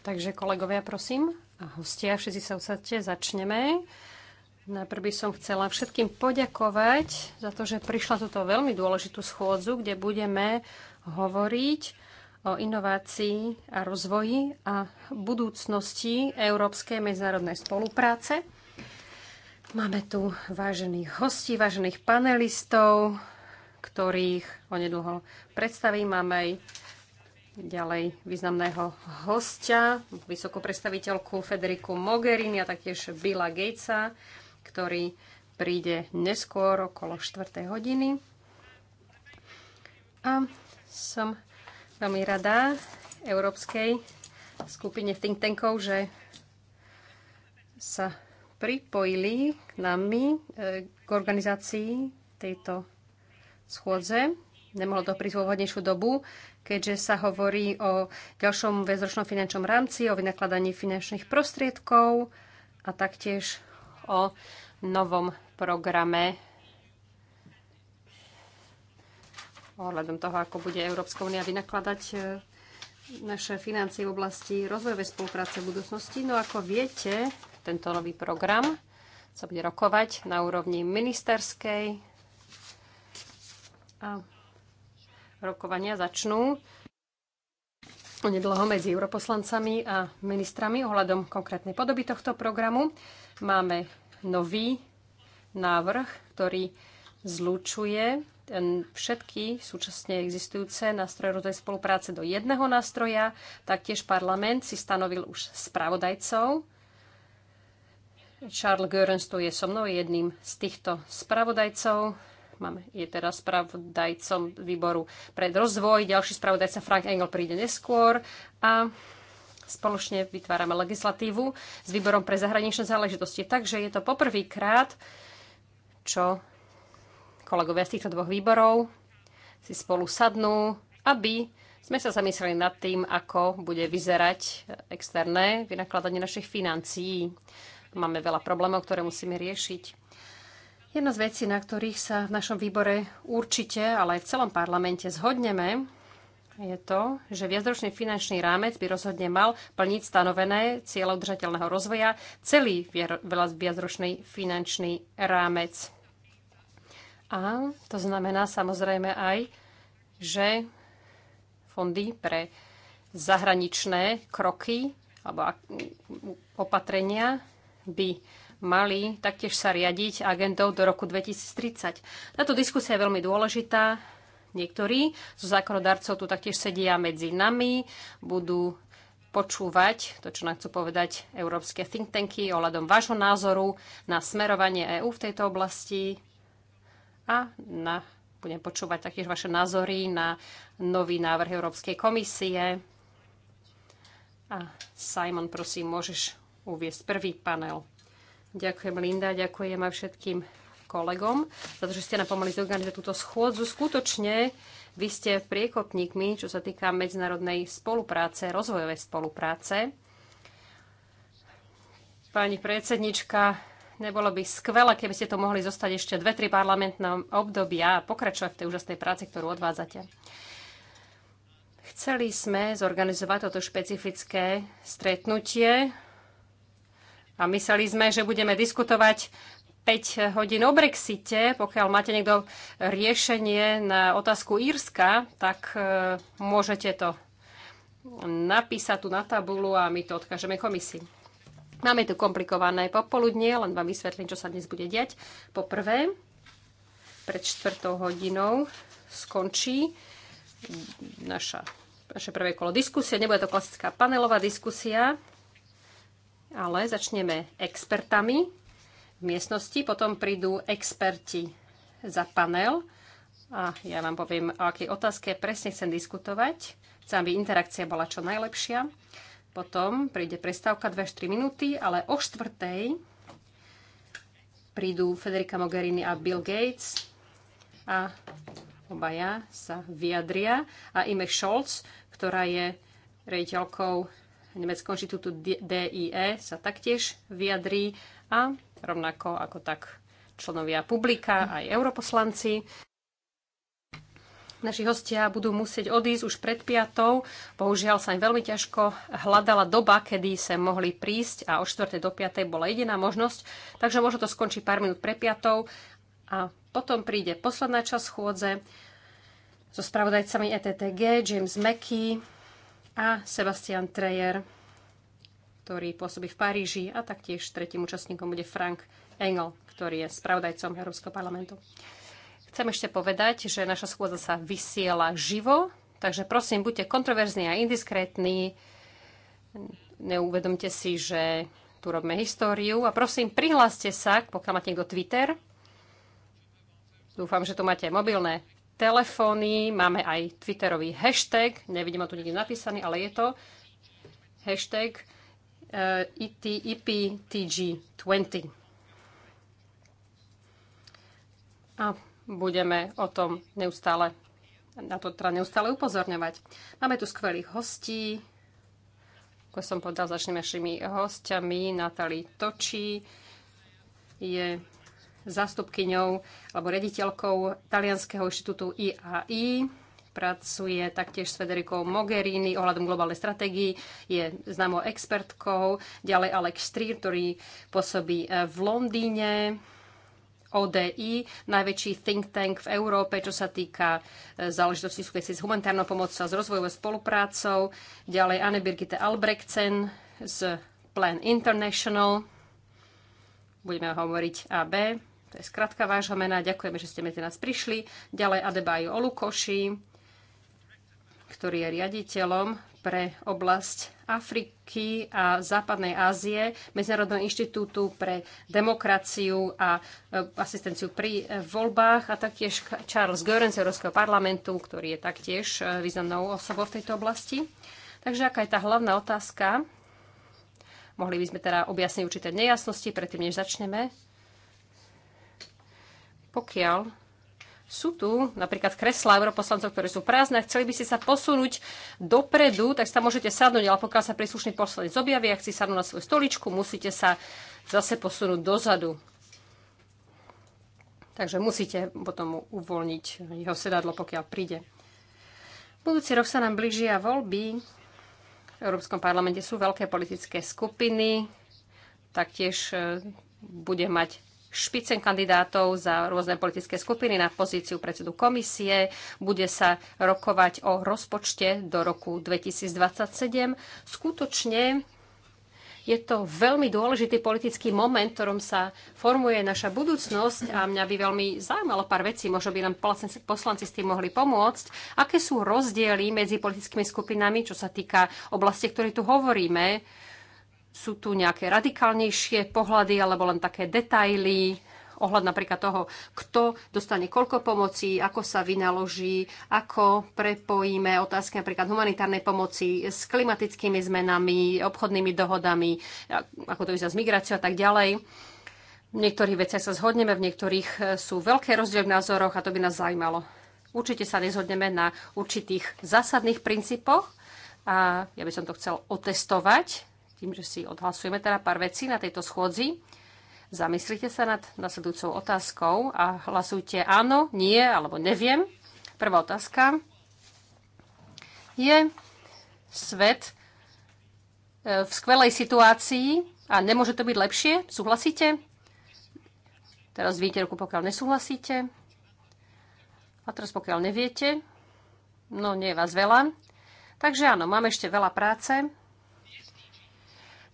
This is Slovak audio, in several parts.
Takže kolegovia, prosím, a hostia, všetci sa usadte, začneme. Najprv by som chcela všetkým poďakovať za to, že prišla túto veľmi dôležitú schôdzu, kde budeme hovoriť o inovácii a rozvoji a budúcnosti európskej medzinárodnej spolupráce. Máme tu vážených hostí, vážených panelistov, ktorých onedlho predstavím. Máme aj ďalej významného hostia, vysokú predstaviteľku Federiku Mogherini a taktiež Billa Gatesa, ktorý príde neskôr okolo 4. hodiny. A som veľmi rada Európskej skupine think tankov, že sa pripojili k nami, e, k organizácii tejto schôdze. Nemohlo to prísť vo dobu keďže sa hovorí o ďalšom väzročnom finančnom rámci, o vynakladaní finančných prostriedkov a taktiež o novom programe ohľadom toho, ako bude Európska únia vynakladať e, naše financie v oblasti rozvojovej spolupráce v budúcnosti. No ako viete, tento nový program sa bude rokovať na úrovni ministerskej. A rokovania začnú nedlho medzi europoslancami a ministrami ohľadom konkrétnej podoby tohto programu. Máme nový návrh, ktorý zlučuje všetky súčasne existujúce nástroje rozvoja spolupráce do jedného nástroja. Taktiež parlament si stanovil už spravodajcov. Charles Görens tu je so mnou jedným z týchto spravodajcov. Máme je teraz spravodajcom výboru pre rozvoj, ďalší spravodajca Frank Engel príde neskôr a spoločne vytvárame legislatívu s výborom pre zahraničné záležitosti. Takže je to poprvýkrát, čo kolegovia z týchto dvoch výborov si spolu sadnú, aby sme sa zamysleli nad tým, ako bude vyzerať externé vynakladanie našich financií. Máme veľa problémov, ktoré musíme riešiť. Jedna z vecí, na ktorých sa v našom výbore určite, ale aj v celom parlamente zhodneme, je to, že viacročný finančný rámec by rozhodne mal plniť stanovené cieľa udržateľného rozvoja celý viacročný finančný rámec. A to znamená samozrejme aj, že fondy pre zahraničné kroky alebo opatrenia by mali taktiež sa riadiť agendou do roku 2030. Táto diskusia je veľmi dôležitá. Niektorí zo zákonodarcov tu taktiež sedia medzi nami, budú počúvať to, čo nám chcú povedať európske think tanky ohľadom vášho názoru na smerovanie EÚ v tejto oblasti a na, budem počúvať taktiež vaše názory na nový návrh Európskej komisie. A Simon, prosím, môžeš uviesť prvý panel. Ďakujem Linda, ďakujem aj všetkým kolegom, za to, že ste nám pomohli zorganizovať túto schôdzu. Skutočne vy ste priekopníkmi, čo sa týka medzinárodnej spolupráce, rozvojovej spolupráce. Pani predsednička, nebolo by skvelé, keby ste to mohli zostať ešte 2-3 parlamentné obdobia a pokračovať v tej úžasnej práci, ktorú odvádzate. Chceli sme zorganizovať toto špecifické stretnutie a mysleli sme, že budeme diskutovať 5 hodín o Brexite. Pokiaľ máte niekto riešenie na otázku Írska, tak e, môžete to napísať tu na tabulu a my to odkážeme komisii. Máme tu komplikované popoludnie, len vám vysvetlím, čo sa dnes bude diať. Poprvé, pred 4 hodinou skončí naša, naše prvé kolo diskusie. Nebude to klasická panelová diskusia, ale začneme expertami v miestnosti, potom prídu experti za panel a ja vám poviem, o akej otázke presne chcem diskutovať. Chcem, aby interakcia bola čo najlepšia. Potom príde prestávka 2-3 minúty, ale o štvrtej prídu Federica Mogherini a Bill Gates a obaja sa vyjadria a Ime Scholz, ktorá je rejiteľkou Nemeckého inštitútu DIE sa taktiež vyjadrí a rovnako ako tak členovia publika aj europoslanci. Naši hostia budú musieť odísť už pred piatou. Bohužiaľ sa im veľmi ťažko hľadala doba, kedy sa mohli prísť a o 4. do 5. bola jediná možnosť. Takže možno to skončí pár minút pre piatou. A potom príde posledná časť schôdze so spravodajcami ETTG, James Mackey, a Sebastian Trejer, ktorý pôsobí v Paríži a taktiež tretím účastníkom bude Frank Engel, ktorý je spravodajcom Európskeho parlamentu. Chcem ešte povedať, že naša schôdza sa vysiela živo, takže prosím, buďte kontroverzní a indiskrétni. Neuvedomte si, že tu robíme históriu a prosím, prihláste sa, pokiaľ máte niekto Twitter. Dúfam, že tu máte mobilné telefóny, máme aj Twitterový hashtag, nevidím ho tu nikde napísaný, ale je to hashtag EPTG20. Eh, A budeme o tom neustále na to teda neustále upozorňovať. Máme tu skvelých hostí, ako som povedal, začneme našimi hostiami. Natali Točí je zástupkyňou alebo rediteľkou Talianského inštitútu IAI. Pracuje taktiež s Federikou Mogherini ohľadom globálnej stratégii, je známou expertkou. Ďalej Alex Strier, ktorý pôsobí e, v Londýne. ODI, najväčší think tank v Európe, čo sa týka e, záležitosti súvisiaci s humanitárnou pomocou a s rozvojovou spoluprácou. Ďalej Anne Birgitte Albrechtsen z Plan International, budeme hovoriť AB. To je skratka vášho mena. Ďakujeme, že ste medzi nás prišli. Ďalej Adebayo Olukoši, ktorý je riaditeľom pre oblasť Afriky a Západnej Ázie Medzinárodného inštitútu pre demokraciu a e, asistenciu pri e, voľbách a taktiež Charles Görens Európskeho parlamentu, ktorý je taktiež e, významnou osobou v tejto oblasti. Takže aká je tá hlavná otázka? Mohli by sme teda objasniť určité nejasnosti predtým, než začneme pokiaľ sú tu napríklad kreslá europoslancov, ktoré sú prázdne a chceli by ste sa posunúť dopredu, tak sa môžete sadnúť, ale pokiaľ sa príslušný poslanec objaví a chci sadnúť na svoju stoličku, musíte sa zase posunúť dozadu. Takže musíte potom uvoľniť jeho sedadlo, pokiaľ príde. Budúci rok sa nám blížia voľby. V Európskom parlamente sú veľké politické skupiny. Taktiež e, bude mať špicen kandidátov za rôzne politické skupiny na pozíciu predsedu komisie. Bude sa rokovať o rozpočte do roku 2027. Skutočne je to veľmi dôležitý politický moment, ktorom sa formuje naša budúcnosť a mňa by veľmi zaujímalo pár vecí, možno by nám poslanci s tým mohli pomôcť. Aké sú rozdiely medzi politickými skupinami, čo sa týka oblasti, ktoré tu hovoríme? sú tu nejaké radikálnejšie pohľady alebo len také detaily ohľad napríklad toho, kto dostane koľko pomoci, ako sa vynaloží, ako prepojíme otázky napríklad humanitárnej pomoci s klimatickými zmenami, obchodnými dohodami, ako to vyzerá s migráciou a tak ďalej. V niektorých veciach sa zhodneme, v niektorých e, sú veľké rozdiely v názoroch a to by nás zaujímalo. Určite sa nezhodneme na určitých zásadných princípoch a ja by som to chcel otestovať tým, že si odhlasujeme teda pár vecí na tejto schôdzi. Zamyslite sa nad nasledujúcou otázkou a hlasujte áno, nie alebo neviem. Prvá otázka je svet e, v skvelej situácii a nemôže to byť lepšie? Súhlasíte? Teraz vidíte ruku, pokiaľ nesúhlasíte. A teraz pokiaľ neviete, no nie je vás veľa. Takže áno, máme ešte veľa práce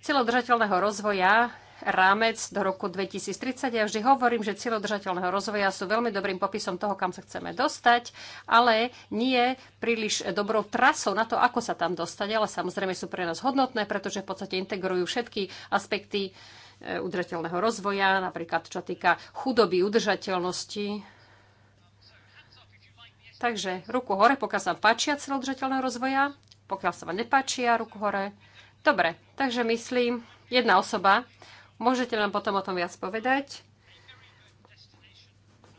cieľodržateľného rozvoja rámec do roku 2030. Ja vždy hovorím, že cieľodržateľného rozvoja sú veľmi dobrým popisom toho, kam sa chceme dostať, ale nie príliš dobrou trasou na to, ako sa tam dostať, ale samozrejme sú pre nás hodnotné, pretože v podstate integrujú všetky aspekty e, udržateľného rozvoja, napríklad čo týka chudoby, udržateľnosti. Takže ruku hore, pokiaľ sa vám páčia udržateľného rozvoja, pokiaľ sa vám nepáčia, ruku hore. Dobre, takže myslím, jedna osoba. Môžete nám potom o tom viac povedať.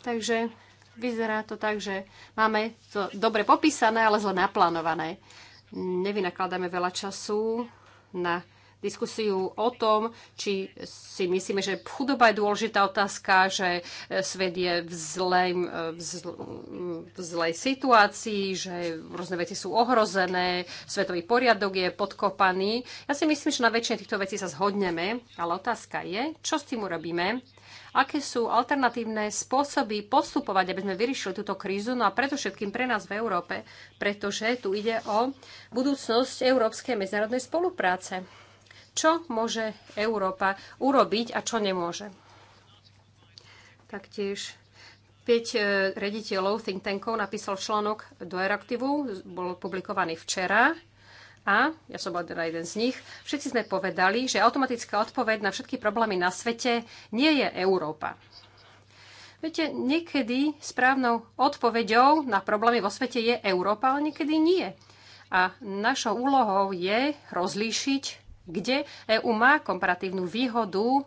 Takže vyzerá to tak, že máme to dobre popísané, ale zle naplánované. Nevynakladáme veľa času na diskusiu o tom, či si myslíme, že chudoba je dôležitá otázka, že e, svet je v zlej, v zl, v zlej situácii, že rôzne veci sú ohrozené, svetový poriadok je podkopaný. Ja si myslím, že na väčšine týchto vecí sa zhodneme, ale otázka je, čo s tým urobíme, aké sú alternatívne spôsoby postupovať, aby sme vyriešili túto krízu, no a preto všetkým pre nás v Európe, pretože tu ide o budúcnosť európskej medzinárodnej spolupráce čo môže Európa urobiť a čo nemôže. Taktiež 5 e, rediteľov think tankov napísal článok do Eraktivu, bol publikovaný včera. A ja som bol teda jeden z nich. Všetci sme povedali, že automatická odpoveď na všetky problémy na svete nie je Európa. Viete, niekedy správnou odpoveďou na problémy vo svete je Európa, ale niekedy nie. A našou úlohou je rozlíšiť kde EU má komparatívnu výhodu,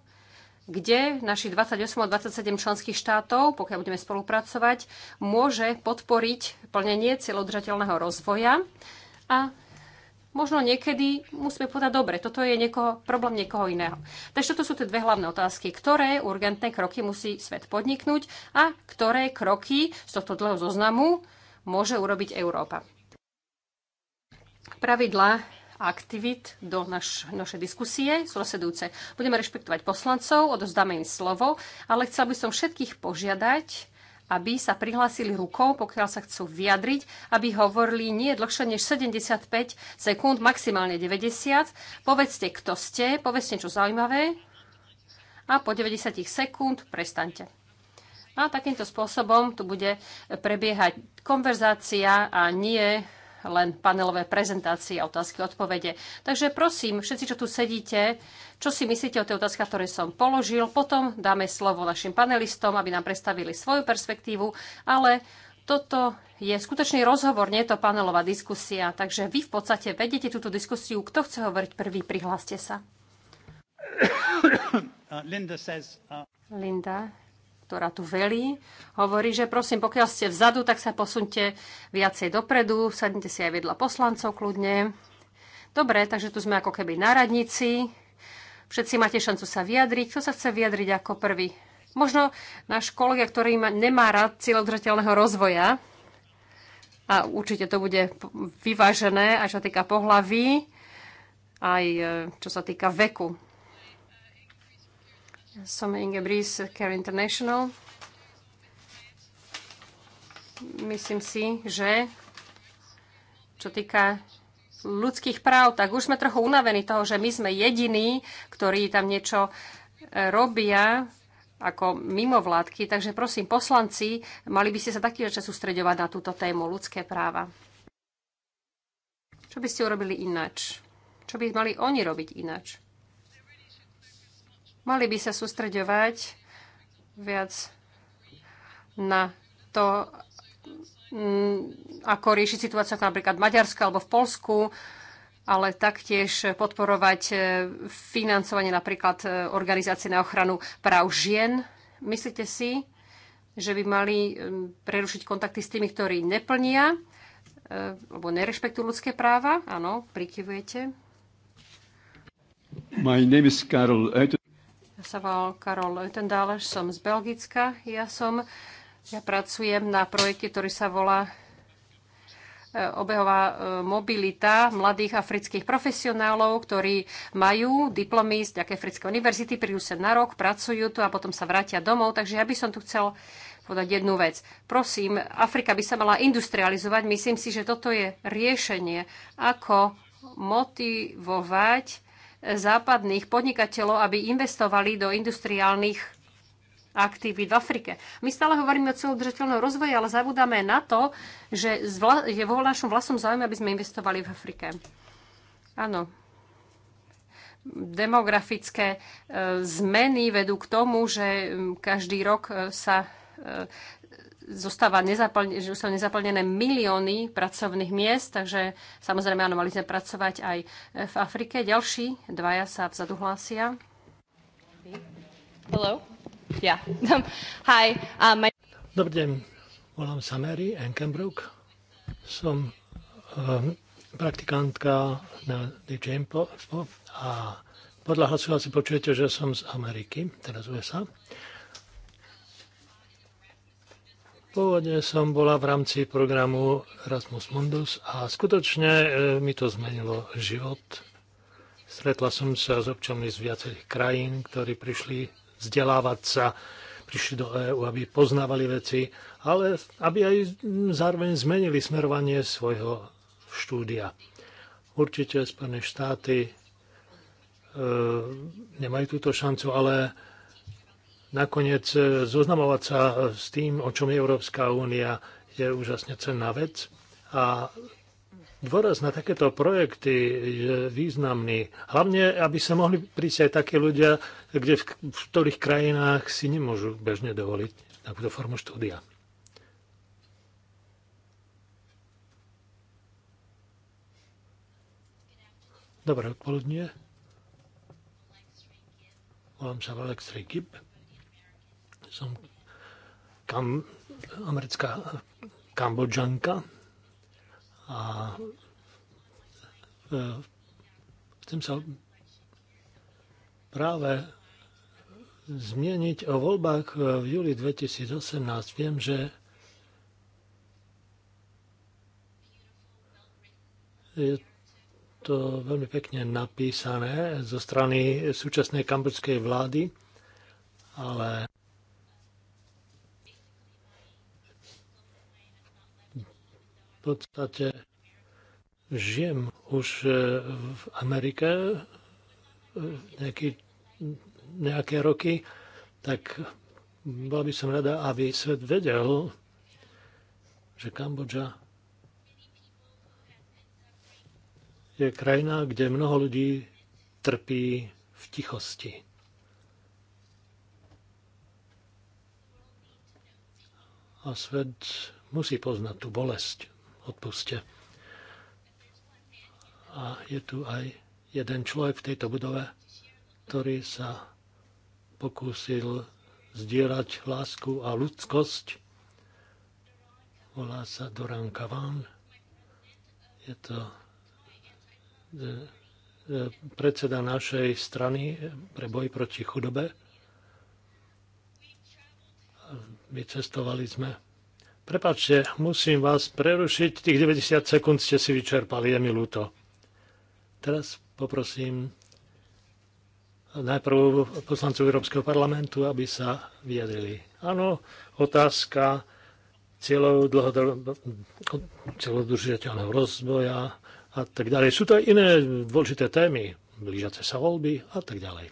kde našich 28 a 27 členských štátov, pokiaľ budeme spolupracovať, môže podporiť plnenie cieľodržateľného rozvoja. A možno niekedy musíme povedať, dobre, toto je niekoho, problém niekoho iného. Takže toto sú tie dve hlavné otázky, ktoré urgentné kroky musí svet podniknúť a ktoré kroky z tohto dlhého zoznamu môže urobiť Európa. Pravidlá aktivít do naš, našej diskusie sú nasledujúce. Budeme rešpektovať poslancov, odozdáme im slovo, ale chcel by som všetkých požiadať, aby sa prihlásili rukou, pokiaľ sa chcú vyjadriť, aby hovorili nie dlhšie než 75 sekúnd, maximálne 90. Povedzte, kto ste, povedzte niečo zaujímavé a po 90 sekúnd prestante. A takýmto spôsobom tu bude prebiehať konverzácia a nie len panelové prezentácie a otázky a odpovede. Takže prosím, všetci, čo tu sedíte, čo si myslíte o tej otázke, ktoré som položil. Potom dáme slovo našim panelistom, aby nám predstavili svoju perspektívu, ale toto je skutočný rozhovor, nie je to panelová diskusia, takže vy v podstate vedete túto diskusiu. Kto chce hovoriť prvý, prihláste sa. Uh, Linda, says, uh... Linda ktorá tu velí, hovorí, že prosím, pokiaľ ste vzadu, tak sa posunte viacej dopredu, sadnite si aj vedľa poslancov kľudne. Dobre, takže tu sme ako keby na radnici. Všetci máte šancu sa vyjadriť. Kto sa chce vyjadriť ako prvý? Možno náš kolega, ktorý nemá rád cieľodržateľného rozvoja, a určite to bude vyvážené aj čo sa týka pohlaví, aj e, čo sa týka veku. Som Inge Bries, Care International. Myslím si, že čo týka ľudských práv, tak už sme trochu unavení toho, že my sme jediní, ktorí tam niečo e, robia ako mimovládky. Takže prosím, poslanci, mali by ste sa taktiež sústreďovať na túto tému ľudské práva. Čo by ste urobili ináč? Čo by mali oni robiť ináč? Mali by sa sústreďovať viac na to, mm, ako riešiť situáciu ako napríklad v Maďarsku alebo v Polsku, ale taktiež podporovať e, financovanie napríklad e, organizácie na ochranu práv žien. Myslíte si, že by mali prerušiť kontakty s tými, ktorí neplnia e, alebo nerešpektujú ľudské práva? Áno, prikyvujete. My name is Karol sa volal Karol Oetendálež, som z Belgicka. Ja som, ja pracujem na projekte, ktorý sa volá e, obehová e, mobilita mladých afrických profesionálov, ktorí majú diplomy z nejakej africké univerzity, prídu sem na rok, pracujú tu a potom sa vrátia domov. Takže ja by som tu chcel povedať jednu vec. Prosím, Afrika by sa mala industrializovať. Myslím si, že toto je riešenie, ako motivovať západných podnikateľov, aby investovali do industriálnych aktivít v Afrike. My stále hovoríme o celodržateľnom rozvoji, ale zabudáme na to, že je vo našom vlastnom záujme, aby sme investovali v Afrike. Áno. Demografické e, zmeny vedú k tomu, že každý rok e, sa e, zostáva nezaplne, že sú nezaplnené milióny pracovných miest, takže samozrejme áno, mali sme pracovať aj v Afrike. Ďalší dvaja sa vzadu hlásia. Hello. Yeah. Hi. Um, my... Dobrý deň. Volám sa Mary Enkenbrook. Som um, praktikantka na DJ a podľa hlasu asi počujete, že som z Ameriky, teda z USA. Pôvodne som bola v rámci programu Erasmus Mundus a skutočne e, mi to zmenilo život. Stretla som sa s občanmi z viacerých krajín, ktorí prišli vzdelávať sa, prišli do EÚ, aby poznávali veci, ale aby aj zároveň zmenili smerovanie svojho štúdia. Určite Spojené štáty e, nemajú túto šancu, ale nakoniec e, zoznamovať sa e, s tým, o čom je Európska únia, je úžasne cenná vec. A dôraz na takéto projekty je významný. Hlavne, aby sa mohli prísť aj také ľudia, kde v, v ktorých krajinách si nemôžu bežne dovoliť takúto formu štúdia. Dobré odpoludnie. Volám sa Valek Strejkip som kam, americká kambodžanka a e, chcem sa práve zmieniť o voľbách e, v júli 2018. Viem, že je to veľmi pekne napísané zo strany súčasnej kambodžskej vlády, ale v podstate žijem už e, v Amerike e, nejaký, nejaké roky, tak bola by som rada, aby svet vedel, že Kambodža je krajina, kde mnoho ľudí trpí v tichosti. A svet musí poznať tú bolesť odpuste. A je tu aj jeden človek v tejto budove, ktorý sa pokúsil zdierať lásku a ľudskosť. Volá sa Doran Kavan. Je to e, e, predseda našej strany pre boj proti chudobe. cestovali sme Prepačte, musím vás prerušiť. Tých 90 sekúnd ste si vyčerpali, je mi ľúto. Teraz poprosím najprv poslancov Európskeho parlamentu, aby sa vyjadrili. Áno, otázka cieľov dlhodržiteľného rozvoja a tak ďalej. Sú to aj iné dôležité témy, blížiace sa voľby a tak ďalej.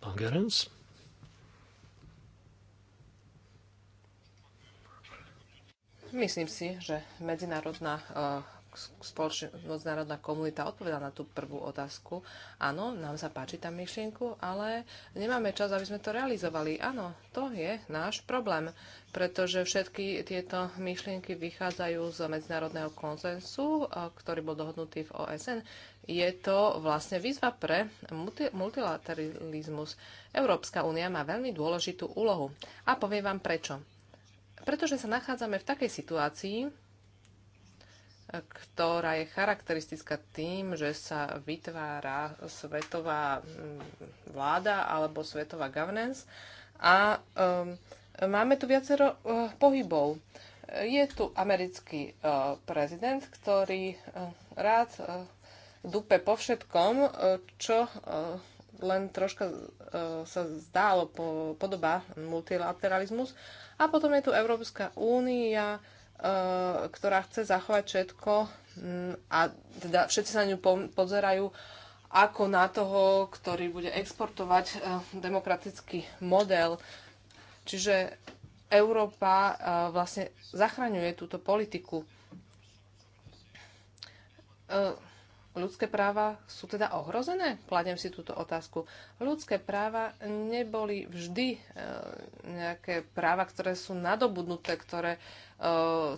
Pán Gerens? Myslím si, že medzinárodná eh, spoločnosť, národná komunita odpovedala na tú prvú otázku. Áno, nám sa páči tá myšlienku, ale nemáme čas, aby sme to realizovali. Áno, to je náš problém, pretože všetky tieto myšlienky vychádzajú z medzinárodného konsensu, eh, ktorý bol dohodnutý v OSN. Je to vlastne výzva pre multi multilateralizmus. Európska únia má veľmi dôležitú úlohu. A poviem vám prečo pretože sa nachádzame v takej situácii, ktorá je charakteristická tým, že sa vytvára svetová mm, vláda alebo svetová governance a um, máme tu viacero uh, pohybov. Je tu americký uh, prezident, ktorý uh, rád uh, dupe po všetkom, uh, čo uh, len troška e, sa zdálo podoba multilateralizmus. A potom je tu Európska únia, e, ktorá chce zachovať všetko a teda všetci sa na ňu pozerajú ako na toho, ktorý bude exportovať e, demokratický model. Čiže Európa vlastne zachraňuje túto politiku Ľudské práva sú teda ohrozené? Kladem si túto otázku. Ľudské práva neboli vždy e, nejaké práva, ktoré sú nadobudnuté, ktoré e,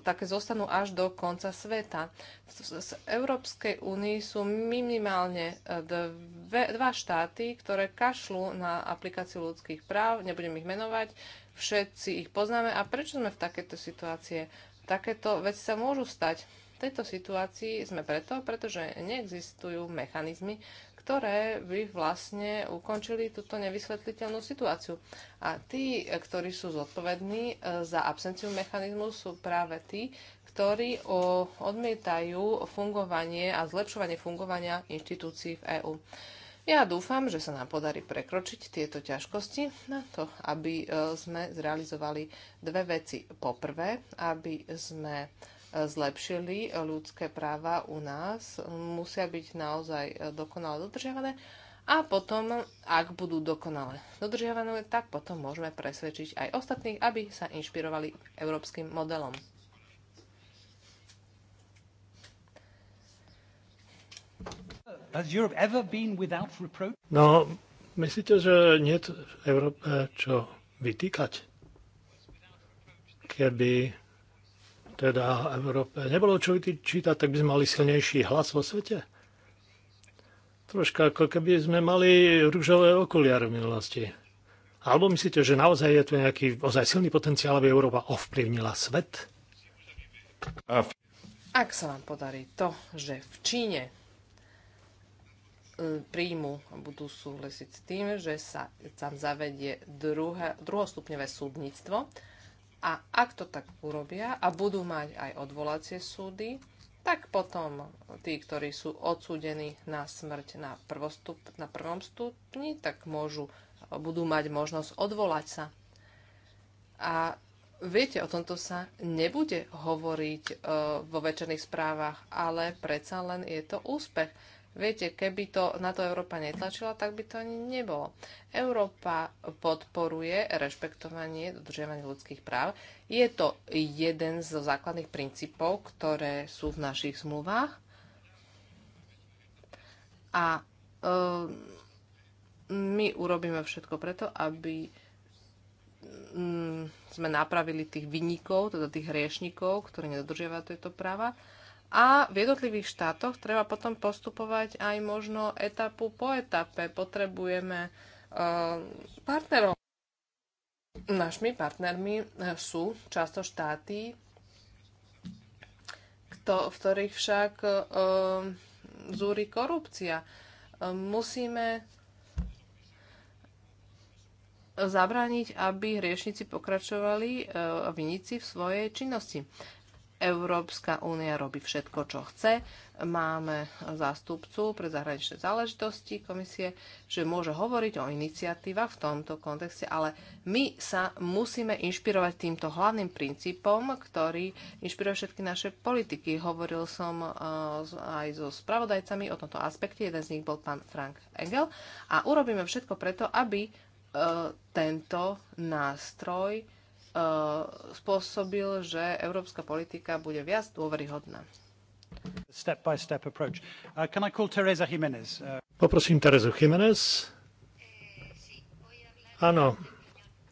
také zostanú až do konca sveta. Z, Európskej únii sú minimálne e, dve, dva štáty, ktoré kašľú na aplikáciu ľudských práv, nebudem ich menovať, všetci ich poznáme. A prečo sme v takéto situácie? Takéto veci sa môžu stať tejto situácii sme preto, pretože neexistujú mechanizmy, ktoré by vlastne ukončili túto nevysvetliteľnú situáciu. A tí, ktorí sú zodpovední e, za absenciu mechanizmu, sú práve tí, ktorí odmietajú fungovanie a zlepšovanie fungovania inštitúcií v EÚ. Ja dúfam, že sa nám podarí prekročiť tieto ťažkosti na to, aby e, sme zrealizovali dve veci. Poprvé, aby sme zlepšili ľudské práva u nás, musia byť naozaj dokonale dodržiavané a potom, ak budú dokonale dodržiavané, tak potom môžeme presvedčiť aj ostatných, aby sa inšpirovali európskym modelom. No, myslíte, že nie je Európe čo vytýkať? Keby teda Európe nebolo čo čítať, tak by sme mali silnejší hlas vo svete? Troška ako keby sme mali rúžové okuliare v minulosti. Alebo myslíte, že naozaj je tu nejaký ozaj silný potenciál, aby Európa ovplyvnila svet? Ak sa vám podarí to, že v Číne e, príjmu a budú súhlasiť s tým, že sa tam zavedie druhé, druhostupňové súdnictvo, a ak to tak urobia a budú mať aj odvolacie súdy, tak potom tí, ktorí sú odsúdení na smrť na, prvostup, na prvom stupni, tak môžu, budú mať možnosť odvolať sa. A viete, o tomto sa nebude hovoriť e, vo večerných správach, ale predsa len je to úspech Viete, keby to na to Európa netlačila, tak by to ani nebolo. Európa podporuje rešpektovanie, dodržiavanie ľudských práv. Je to jeden zo základných princípov, ktoré sú v našich zmluvách. A e, my urobíme všetko preto, aby mm, sme napravili tých vynikov, teda tých hriešnikov, ktorí nedodržiavajú tieto práva a v jednotlivých štátoch treba potom postupovať aj možno etapu po etape. Potrebujeme uh, partnerov. Našimi partnermi eh, sú často štáty, kto, v ktorých však uh, zúri korupcia. Musíme zabrániť, aby hriešnici pokračovali uh, vinici v svojej činnosti. Európska únia robí všetko, čo chce. Máme zástupcu pre zahraničné záležitosti komisie, že môže hovoriť o iniciatívach v tomto kontexte, ale my sa musíme inšpirovať týmto hlavným princípom, ktorý inšpiruje všetky naše politiky. Hovoril som eh, aj so spravodajcami o tomto aspekte, jeden z nich bol pán Frank Engel a urobíme všetko preto, aby eh, tento nástroj E, spôsobil, že európska politika bude viac dôveryhodná. Step by step approach. Uh, can I call Teresa Jimenez? Uh... Poprosím Terezu Jimenez. Áno,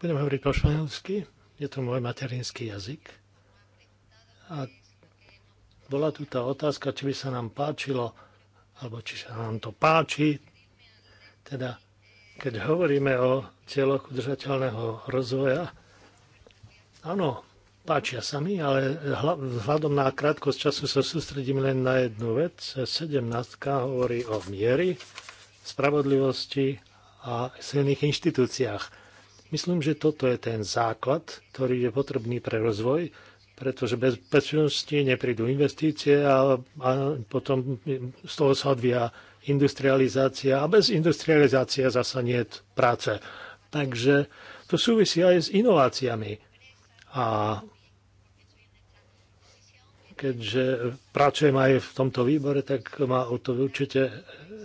budem hovoriť po španielsky. Je to môj materinský jazyk. A bola tu tá otázka, či by sa nám páčilo, alebo či sa nám to páči, teda keď hovoríme o cieľoch udržateľného rozvoja, Áno, páčia sa mi, ale vzhľadom na krátkosť času sa sústredím len na jednu vec. 17. hovorí o miery, spravodlivosti a silných inštitúciách. Myslím, že toto je ten základ, ktorý je potrebný pre rozvoj, pretože bez bezpečnosti neprídu investície a, a potom z toho sa odvíja industrializácia a bez industrializácie zasa nie je práce. Takže to súvisí aj s inováciami. A keďže pracujem aj v tomto výbore, tak ma o to určite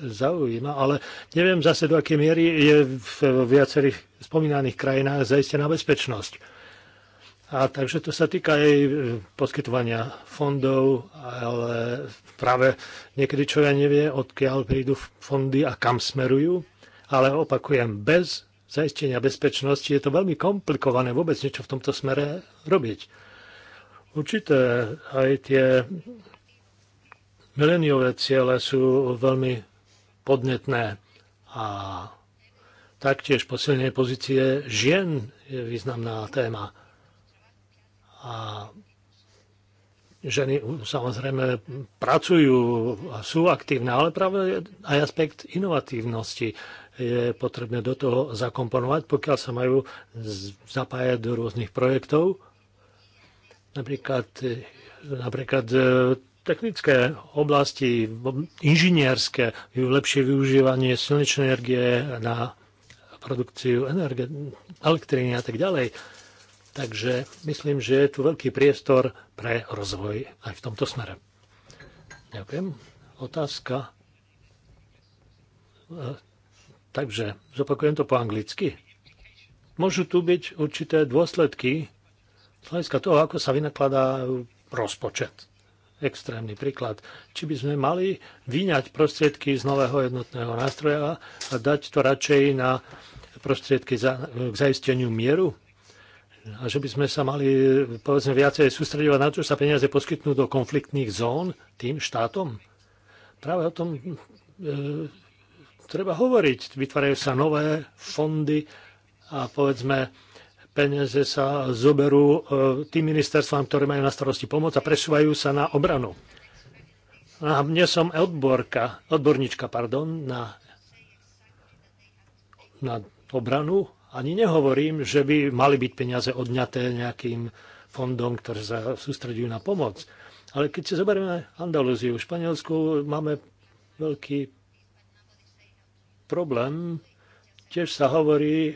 zaujíma, ale neviem zase, do akej miery je v viacerých spomínaných krajinách zaistená bezpečnosť. A takže to sa týka aj poskytovania fondov, ale práve niekedy ja nevie, odkiaľ prídu fondy a kam smerujú, ale opakujem, bez zaistenia bezpečnosti je to veľmi komplikované vôbec niečo v tomto smere robiť. Určité aj tie mileniové ciele sú veľmi podnetné a taktiež posilnenie pozície žien je významná téma. A ženy samozrejme pracujú a sú aktívne, ale práve aj aspekt inovatívnosti je potrebné do toho zakomponovať, pokiaľ sa majú zapájať do rôznych projektov. Napríklad, e, napríklad e, technické oblasti, inžinierské, lepšie využívanie slnečnej energie na produkciu energie, elektriny a tak ďalej. Takže myslím, že je tu veľký priestor pre rozvoj aj v tomto smere. Ďakujem. Otázka e, Takže zopakujem to po anglicky. Môžu tu byť určité dôsledky z hľadiska toho, ako sa vynakladá rozpočet. Extrémny príklad. Či by sme mali vyňať prostriedky z nového jednotného nástroja a dať to radšej na prostriedky za, k zaisteniu mieru? A že by sme sa mali povedzme viacej sústredovať na to, že sa peniaze poskytnú do konfliktných zón tým štátom? Práve o tom e, treba hovoriť. Vytvárajú sa nové fondy a povedzme, peniaze sa zoberú e, tým ministerstvám, ktoré majú na starosti pomoc a presúvajú sa na obranu. No a mne som odborka, odborníčka pardon, na, na obranu. Ani nehovorím, že by mali byť peniaze odňaté nejakým fondom, ktoré sa sústredujú na pomoc. Ale keď si zoberieme Andalúziu, v Španielsku máme veľký problém. Tiež sa hovorí e,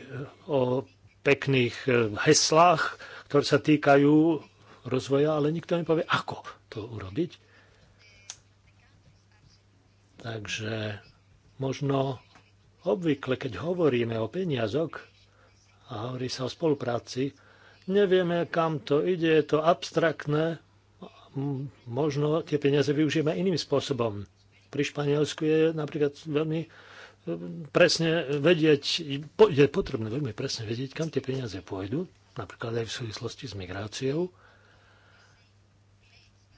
o pekných e, heslách, ktoré sa týkajú rozvoja, ale nikto nepovie, ako to urobiť. Takže možno obvykle, keď hovoríme o peniazok a hovorí sa o spolupráci, nevieme, kam to ide, je to abstraktné, možno tie peniaze využijeme iným spôsobom. Pri Španielsku je napríklad veľmi presne vedieť, je potrebné veľmi presne vedieť, kam tie peniaze pôjdu, napríklad aj v súvislosti s migráciou,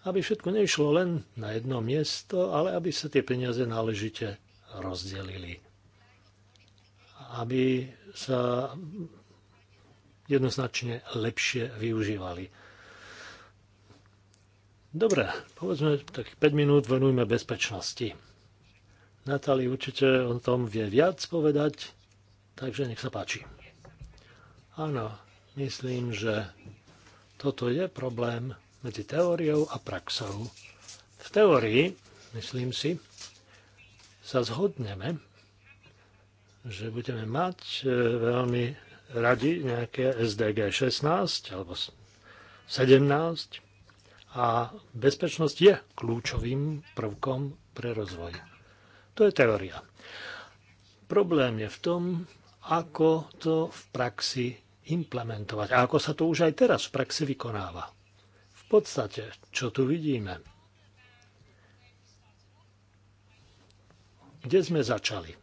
aby všetko neišlo len na jedno miesto, ale aby sa tie peniaze náležite rozdelili. Aby sa jednoznačne lepšie využívali. Dobre, povedzme, takých 5 minút venujme bezpečnosti. Natali určite o tom vie viac povedať, takže nech sa páči. Áno, myslím, že toto je problém medzi teóriou a praxou. V teórii, myslím si, sa zhodneme, že budeme mať e, veľmi radi nejaké SDG 16 alebo 17 a bezpečnosť je kľúčovým prvkom pre rozvoj. To je teória. Problém je v tom, ako to v praxi implementovať a ako sa to už aj teraz v praxi vykonáva. V podstate, čo tu vidíme? Kde sme začali?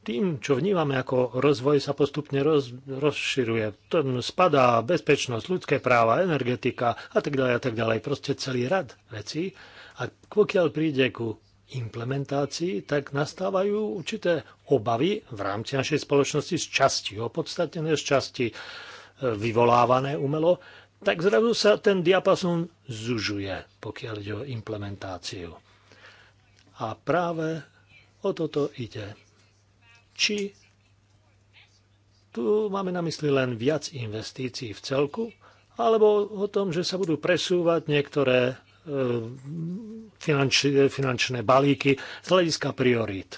Tým, čo vnímame ako rozvoj, sa postupne roz, rozširuje. Tam spadá bezpečnosť, ľudské práva, energetika a tak ďalej a tak ďalej. Proste celý rad vecí. A pokiaľ príde ku implementácii, tak nastávajú určité obavy v rámci našej spoločnosti z časti, opodstatnené z časti e, vyvolávané umelo, tak zrazu sa ten diapason zužuje, pokiaľ ide o implementáciu. A práve o toto ide. Či tu máme na mysli len viac investícií v celku, alebo o tom, že sa budú presúvať niektoré E, finanč, e, finančné balíky z hľadiska priorít.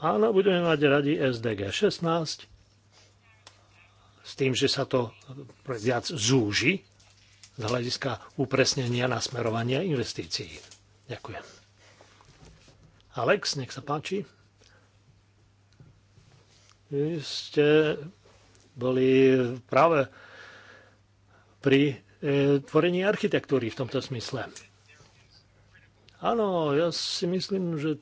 Áno, budeme mať radi SDG 16 s tým, že sa to viac zúži z hľadiska upresnenia nasmerovania investícií. Ďakujem. Alex, nech sa páči. Vy ste boli práve pri E, tvorenie architektúry v tomto smysle. Áno, ja si myslím, že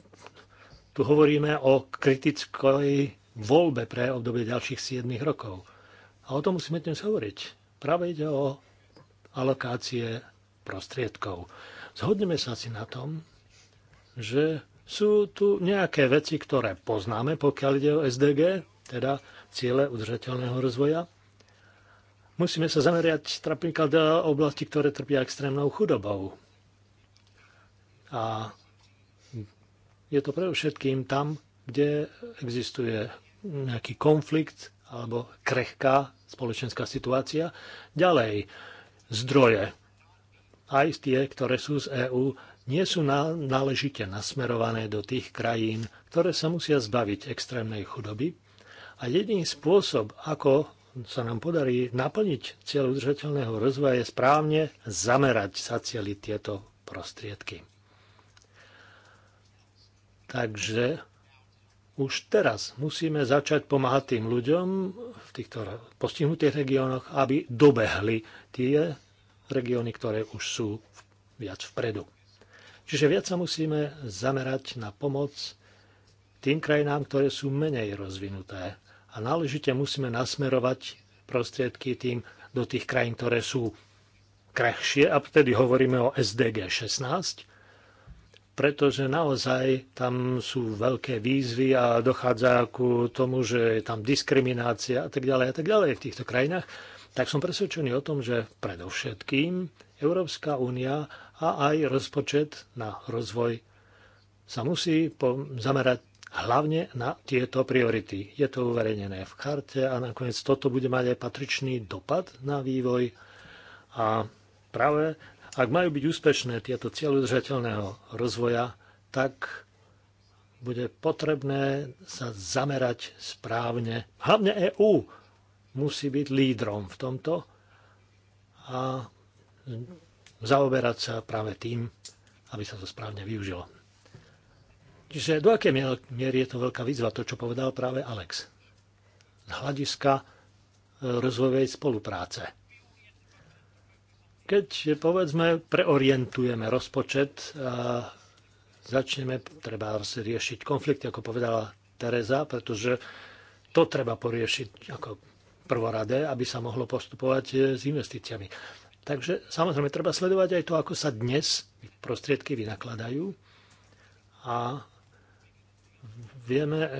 tu hovoríme o kritickej voľbe pre obdobie ďalších 7 rokov. A o tom musíme dnes hovoriť. Práve ide o alokácie prostriedkov. Zhodneme sa si na tom, že sú tu nejaké veci, ktoré poznáme, pokiaľ ide o SDG, teda ciele udržateľného rozvoja. Musíme sa zamerať napríklad do oblasti, ktoré trpia extrémnou chudobou. A je to predovšetkým tam, kde existuje nejaký konflikt alebo krehká spoločenská situácia. Ďalej, zdroje, aj tie, ktoré sú z EÚ, nie sú náležite nasmerované do tých krajín, ktoré sa musia zbaviť extrémnej chudoby. A jediný spôsob, ako sa nám podarí naplniť cieľ udržateľného rozvoja, je správne zamerať sa cieľi tieto prostriedky. Takže už teraz musíme začať pomáhať tým ľuďom v týchto postihnutých regiónoch, aby dobehli tie regióny, ktoré už sú viac vpredu. Čiže viac sa musíme zamerať na pomoc tým krajinám, ktoré sú menej rozvinuté a náležite musíme nasmerovať prostriedky tým do tých krajín, ktoré sú krehšie a vtedy hovoríme o SDG 16, pretože naozaj tam sú veľké výzvy a dochádza ku tomu, že je tam diskriminácia a tak ďalej a tak ďalej v týchto krajinách, tak som presvedčený o tom, že predovšetkým Európska únia a aj rozpočet na rozvoj sa musí zamerať hlavne na tieto priority. Je to uverejnené v karte a nakoniec toto bude mať aj patričný dopad na vývoj a práve ak majú byť úspešné tieto cieľe udržateľného rozvoja, tak bude potrebné sa zamerať správne. Hlavne EÚ musí byť lídrom v tomto a zaoberať sa práve tým, aby sa to správne využilo. Čiže do akej miery je to veľká výzva, to, čo povedal práve Alex. Z hľadiska e, rozvojovej spolupráce. Keď, povedzme, preorientujeme rozpočet a e, začneme treba riešiť konflikty, ako povedala Tereza, pretože to treba poriešiť ako prvoradé, aby sa mohlo postupovať e, s investíciami. Takže samozrejme treba sledovať aj to, ako sa dnes prostriedky vynakladajú a vieme, e,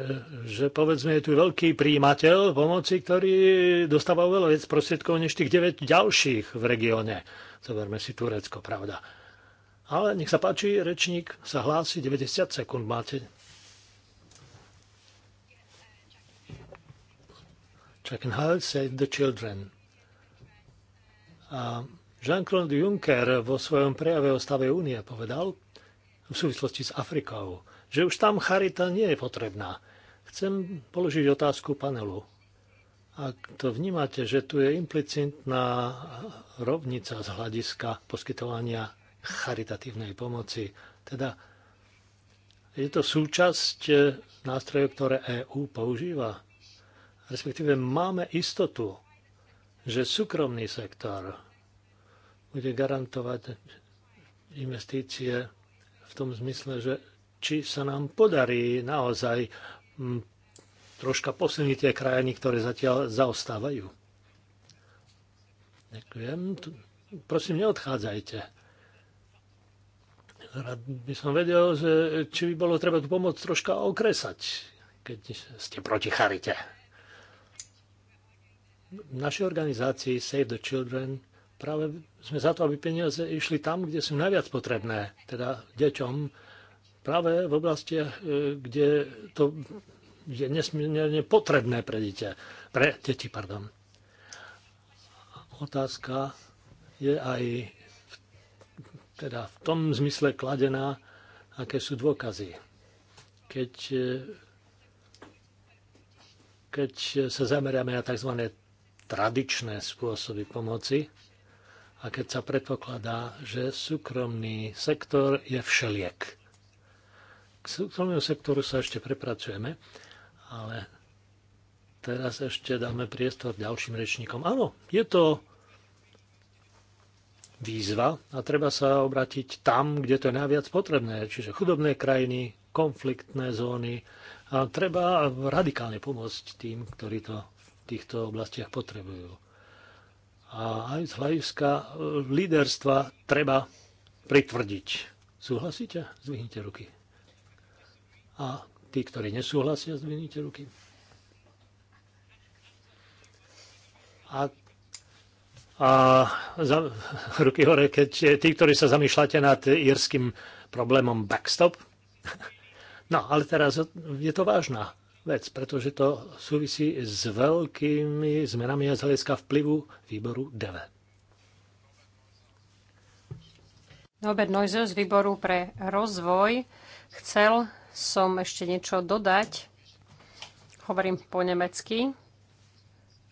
že povedzme je tu veľký príjimateľ pomoci, ktorý dostáva oveľa viac prostriedkov než tých 9 ďalších v regióne. Zoberme si Turecko, pravda. Ale nech sa páči, rečník sa hlási, 90 sekúnd máte. Checkenhall Save the Children. A Jean-Claude Juncker vo svojom prejave o stave únie povedal v súvislosti s Afrikou, že už tam charita nie je potrebná. Chcem položiť otázku panelu. Ak to vnímate, že tu je implicitná rovnica z hľadiska poskytovania charitatívnej pomoci, teda je to súčasť e, nástrojov, ktoré EÚ používa. Respektíve máme istotu, že súkromný sektor bude garantovať investície v tom zmysle, že či sa nám podarí naozaj mm, troška posilniť tie krajiny, ktoré zatiaľ zaostávajú. Ďakujem. Prosím, neodchádzajte. Rád by som vedel, že či by bolo treba tú pomoc troška okresať, keď ste proti charite. V našej organizácii Save the Children práve sme za to, aby peniaze išli tam, kde sú najviac potrebné, teda deťom, práve v oblastiach, e, kde to je nesmierne potrebné pre dieťa, pre deti, pardon. Otázka je aj v, teda v tom zmysle kladená, aké sú dôkazy. Keď, e, keď sa zameriame na tzv. tradičné spôsoby pomoci a keď sa predpokladá, že súkromný sektor je všeliek súkromného sektoru sa ešte prepracujeme, ale teraz ešte dáme priestor ďalším rečníkom. Áno, je to výzva a treba sa obratiť tam, kde to je najviac potrebné, čiže chudobné krajiny, konfliktné zóny a treba radikálne pomôcť tým, ktorí to v týchto oblastiach potrebujú. A aj z hľadiska e, líderstva treba pritvrdiť. Súhlasíte? Zvihnite ruky. A tí, ktorí nesúhlasia, zdvihnite ruky. A, a za, ruky hore, keď tí, ktorí sa zamýšľate nad írským problémom backstop. No, ale teraz je to vážna vec, pretože to súvisí s veľkými zmenami a hľadiska vplyvu výboru DV. Robert Neuser z výboru pre rozvoj chcel som ešte niečo dodať. Hovorím po nemecky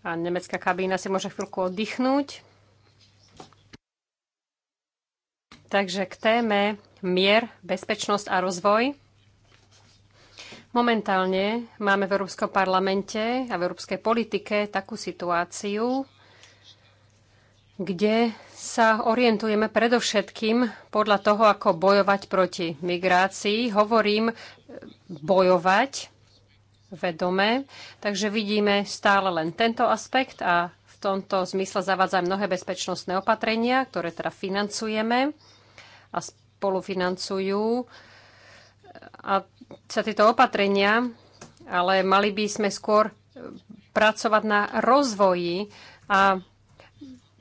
a nemecká kabína si môže chvíľku oddychnúť. Takže k téme mier, bezpečnosť a rozvoj. Momentálne máme v Európskom parlamente a v európskej politike takú situáciu, kde sa orientujeme predovšetkým podľa toho, ako bojovať proti migrácii. Hovorím bojovať vedome, takže vidíme stále len tento aspekt a v tomto zmysle zavádza mnohé bezpečnostné opatrenia, ktoré teda financujeme a spolufinancujú. A sa tieto opatrenia, ale mali by sme skôr pracovať na rozvoji a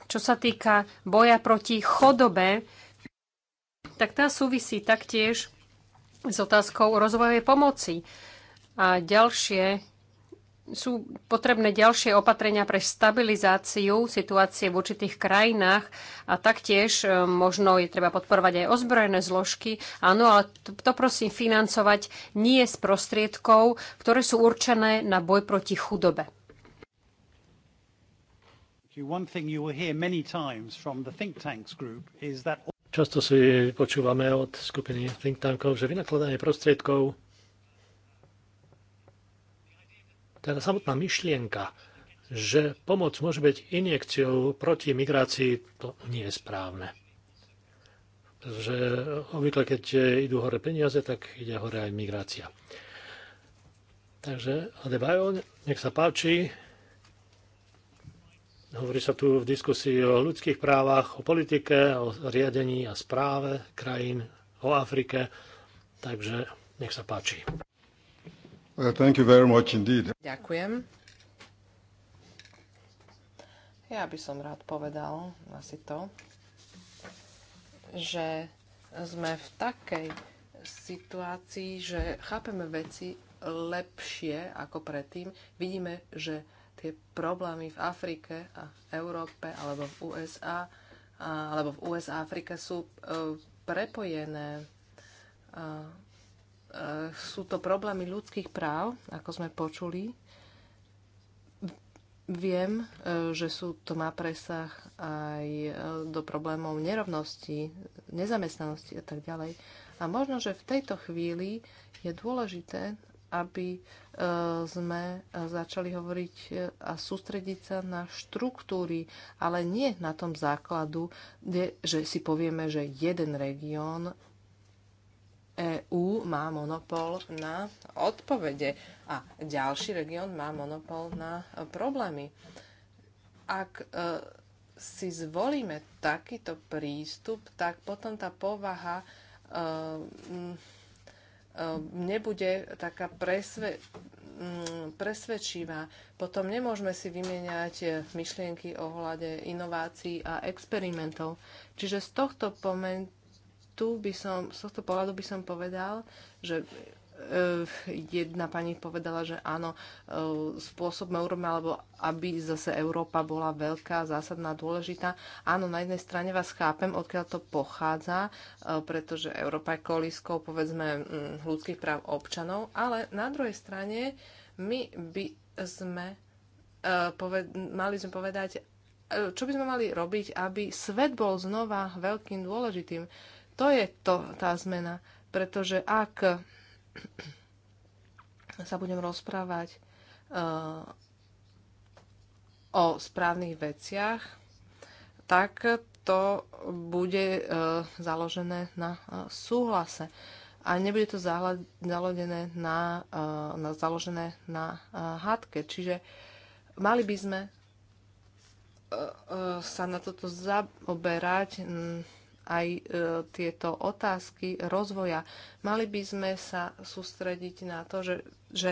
čo sa týka boja proti chodobe, tak tá súvisí taktiež s otázkou rozvojovej pomoci. A ďalšie sú potrebné ďalšie opatrenia pre stabilizáciu situácie v určitých krajinách a taktiež e, možno je treba podporovať aj ozbrojené zložky. Áno, ale to, to prosím financovať nie z prostriedkov, ktoré sú určené na boj proti chudobe. Často si počúvame od skupiny think tankov, že vynakladanie prostriedkov teda samotná myšlienka, že pomoc môže byť injekciou proti migrácii, to nie je správne. Pretože obvykle, keď idú hore peniaze, tak ide hore aj migrácia. Takže, Adebayo, nech sa páči, Hovorí sa tu v diskusii o ľudských právach, o politike, o riadení a správe krajín, o Afrike. Takže nech sa páči. Well, thank you very much indeed. Ďakujem. Ja by som rád povedal asi to, že sme v takej situácii, že chápeme veci lepšie ako predtým. Vidíme, že tie problémy v Afrike a Európe alebo v USA a, alebo v USA a Afrike sú e, prepojené. E, e, sú to problémy ľudských práv, ako sme počuli. Viem, e, že sú, to má presah aj e, do problémov nerovnosti, nezamestnanosti a tak ďalej. A možno, že v tejto chvíli je dôležité, aby e, sme e, začali hovoriť e, a sústrediť sa na štruktúry, ale nie na tom základu, kde, že si povieme, že jeden región EÚ má monopol na odpovede a ďalší región má monopol na problémy. Ak si zvolíme takýto prístup, tak potom tá povaha Ehm, nebude taká presve, mm, presvedčivá. Potom nemôžeme si vymieňať eh, myšlienky o hľade, inovácií a experimentov. Čiže z tohto momentu by som, z tohto pohľadu by som povedal, že Eh, jedna pani povedala, že áno, eh, spôsobme urobme, alebo aby zase Európa bola veľká, zásadná, dôležitá. Áno, na jednej strane vás chápem, odkiaľ to pochádza, eh, pretože Európa je koliskou, povedzme, mm, ľudských práv občanov, ale na druhej strane my by sme mali sme povedať, čo by sme mali robiť, aby svet bol znova veľkým dôležitým. To je to, tá zmena. Pretože ak sa budem rozprávať uh, o správnych veciach, tak to bude uh, založené na uh, súhlase. A nebude to založené na, na, založené na hádke. Čiže mali by sme sa na toto zaoberať hm, aj e, tieto otázky rozvoja. Mali by sme sa sústrediť na to, že, že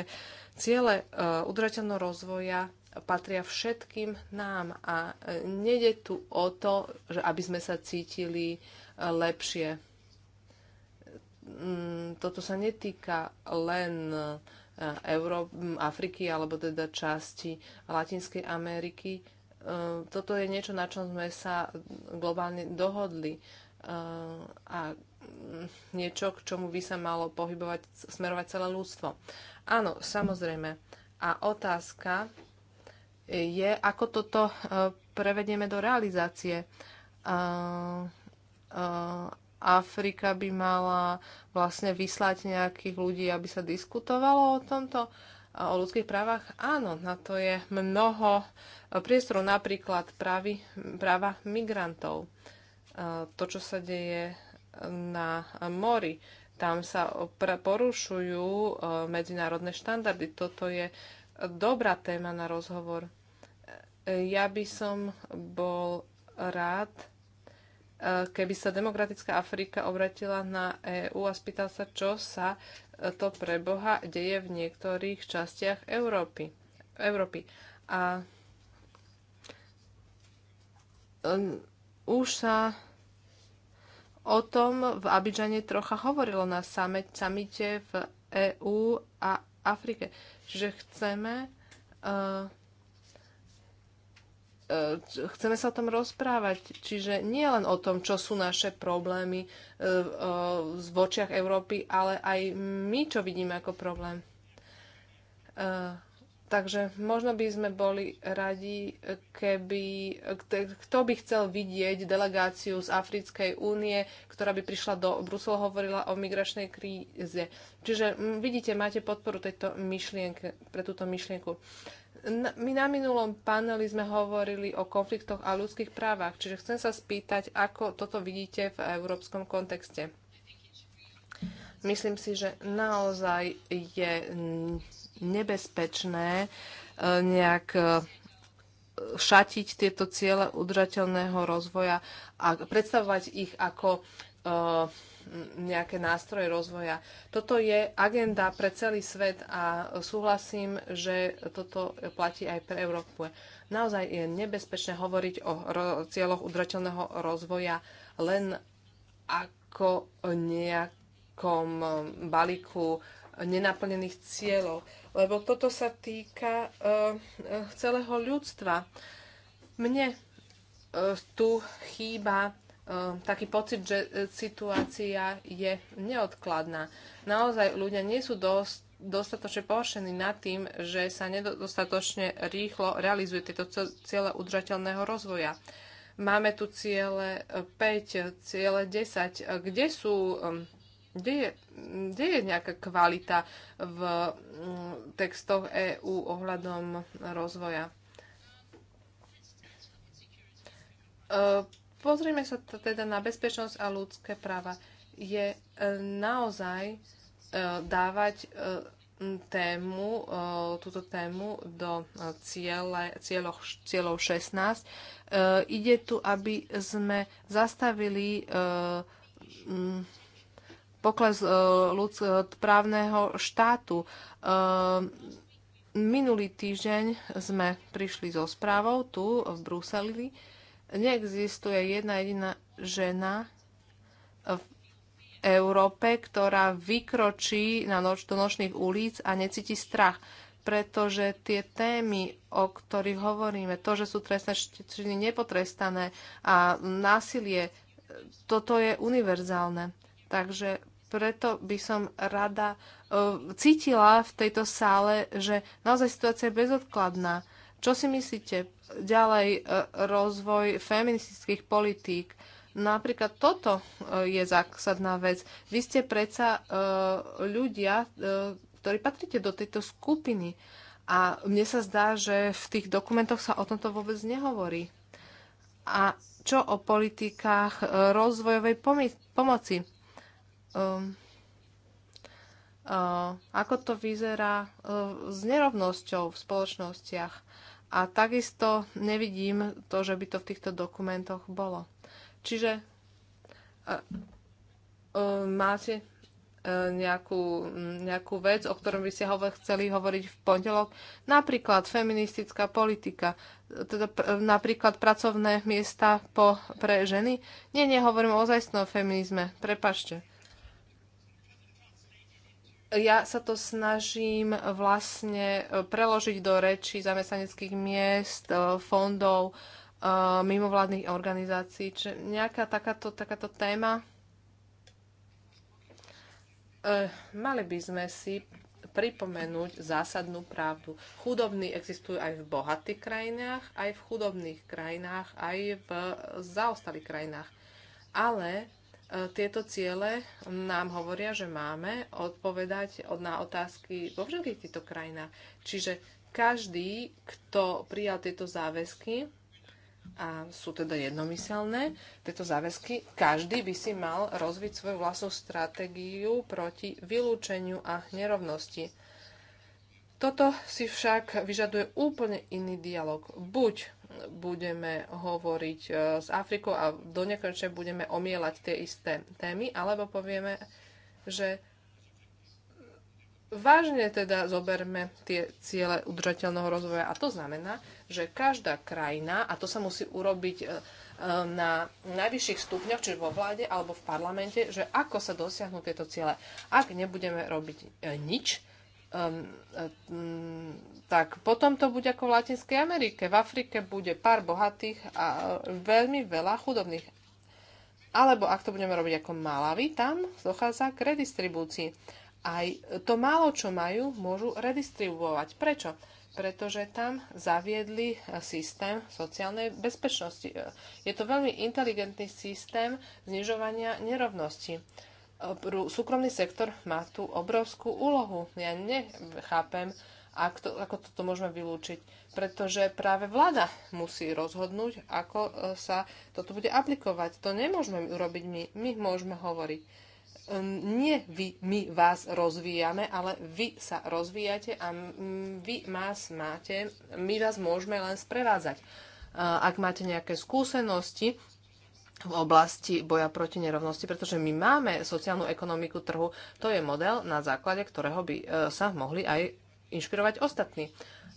ciele e, udržateľného rozvoja patria všetkým nám a e, nede tu o to, že aby sme sa cítili e, lepšie. Mm, toto sa netýka len e, Euró- Afriky alebo teda časti Latinskej Ameriky. Toto je niečo, na čom sme sa globálne dohodli a niečo, k čomu by sa malo pohybovať, smerovať celé ľudstvo. Áno, samozrejme. A otázka je, ako toto e, prevedieme do realizácie. E, e, Afrika by mala vlastne vyslať nejakých ľudí, aby sa diskutovalo o tomto, o ľudských právach. Áno, na to je mnoho priestorov, napríklad právy, práva migrantov to, čo sa deje na mori. Tam sa porušujú e, medzinárodné štandardy. Toto je dobrá téma na rozhovor. E, ja by som bol rád, e, keby sa Demokratická Afrika obratila na EÚ a spýtal sa, čo sa to pre Boha deje v niektorých častiach Európy. Európy. A už sa o tom v Abidžane trocha hovorilo na samite v EÚ a Afrike. Čiže chceme, uh, uh, chceme sa o tom rozprávať. Čiže nie len o tom, čo sú naše problémy uh, v očiach Európy, ale aj my, čo vidíme ako problém. Uh, Takže možno by sme boli radi, keby kto by chcel vidieť delegáciu z Africkej únie, ktorá by prišla do Bruselu, hovorila o migračnej kríze. Čiže vidíte, máte podporu tejto myšlienke, pre túto myšlienku. My na minulom paneli sme hovorili o konfliktoch a ľudských právach, čiže chcem sa spýtať, ako toto vidíte v európskom kontexte. Myslím si, že naozaj je nebezpečné e, nejak e, šatiť tieto ciele udržateľného rozvoja a predstavovať ich ako e, nejaké nástroje rozvoja. Toto je agenda pre celý svet a súhlasím, že toto platí aj pre Európu. Naozaj je nebezpečné hovoriť o cieľoch udržateľného rozvoja len ako o nejakom balíku nenaplnených cieľov lebo toto sa týka eh, celého ľudstva. Mne eh, tu chýba eh, taký pocit, že situácia je neodkladná. Naozaj ľudia nie sú dosť dostatočne pohoršený nad tým, že sa nedostatočne rýchlo realizuje tieto ciele udržateľného rozvoja. Máme tu ciele 5, ciele 10. Kde sú kde je, kde je nejaká kvalita v mm, textoch EÚ ohľadom rozvoja? E, pozrime sa teda na bezpečnosť a ľudské práva. Je e, naozaj e, dávať tému, túto tému do cieľe, cieľoch, cieľov 16. Ide tu, aby sme zastavili pokles e, ľud, e, právneho štátu. E, minulý týždeň sme prišli so správou tu v Bruseli. Neexistuje jedna jediná žena v Európe, ktorá vykročí na noč, do nočných ulic a necíti strach pretože tie témy, o ktorých hovoríme, to, že sú trestné činy nepotrestané a násilie, toto je univerzálne. Takže preto by som rada e, cítila v tejto sále, že naozaj situácia je bezodkladná. Čo si myslíte? Ďalej e, rozvoj feministických politík. Napríklad toto e, je zásadná vec. Vy ste predsa ľudia, ktorí patríte do tejto skupiny. A mne sa zdá, že v tých dokumentoch sa o tomto vôbec nehovorí. A čo o politikách rozvojovej pomoci? Um, uh, ako to vyzerá uh, s nerovnosťou v spoločnostiach. A takisto nevidím to, že by to v týchto dokumentoch bolo. Čiže uh, uh, máte nejakú, nejakú vec, o ktorom by ste hovor, chceli hovoriť v pondelok. Napríklad feministická politika, teda pr- napríklad pracovné miesta po, pre ženy. Nie, nehovorím o ozajstnom feminizme, prepašte ja sa to snažím vlastne e, preložiť do reči zamestnaneckých miest, e, fondov, e, mimovládnych organizácií. Čiže nejaká takáto, takáto téma. Mali by sme si pripomenúť zásadnú pravdu. Chudobní existujú aj v bohatých krajinách, aj v chudobných krajinách, aj v zaostalých krajinách. Ale tieto ciele nám hovoria, že máme odpovedať na otázky vo všetkých týchto krajinách. Čiže každý, kto prijal tieto záväzky, a sú teda jednomyselné, tieto záväzky, každý by si mal rozviť svoju vlastnú stratégiu proti vylúčeniu a nerovnosti. Toto si však vyžaduje úplne iný dialog. Buď budeme hovoriť e, s Afrikou a do nekonečne budeme omielať tie isté témy, alebo povieme, že vážne teda zoberme tie ciele udržateľného rozvoja. A to znamená, že každá krajina, a to sa musí urobiť e, e, na najvyšších stupňoch, čiže vo vláde alebo v parlamente, že ako sa dosiahnu tieto ciele. Ak nebudeme robiť nič, um, um, tak potom to bude ako v Latinskej Amerike. V Afrike bude pár bohatých a veľmi veľa chudobných. Alebo ak to budeme robiť ako malavy, tam dochádza k redistribúcii. Aj to málo, čo majú, môžu redistribuovať. Prečo? Pretože tam zaviedli systém sociálnej bezpečnosti. Je to veľmi inteligentný systém znižovania nerovnosti súkromný sektor má tu obrovskú úlohu. Ja nechápem, ako, ako toto môžeme vylúčiť, pretože práve vláda musí rozhodnúť, ako e, sa toto bude aplikovať. To nemôžeme urobiť my, my môžeme hovoriť. Hm, nie vy, my vás rozvíjame, ale vy sa rozvíjate a vy vás máte, my vás môžeme len sprevádzať. Ak máte nejaké skúsenosti, v oblasti boja proti nerovnosti, pretože my máme sociálnu ekonomiku trhu. To je model, na základe ktorého by e, sa mohli aj inšpirovať ostatní.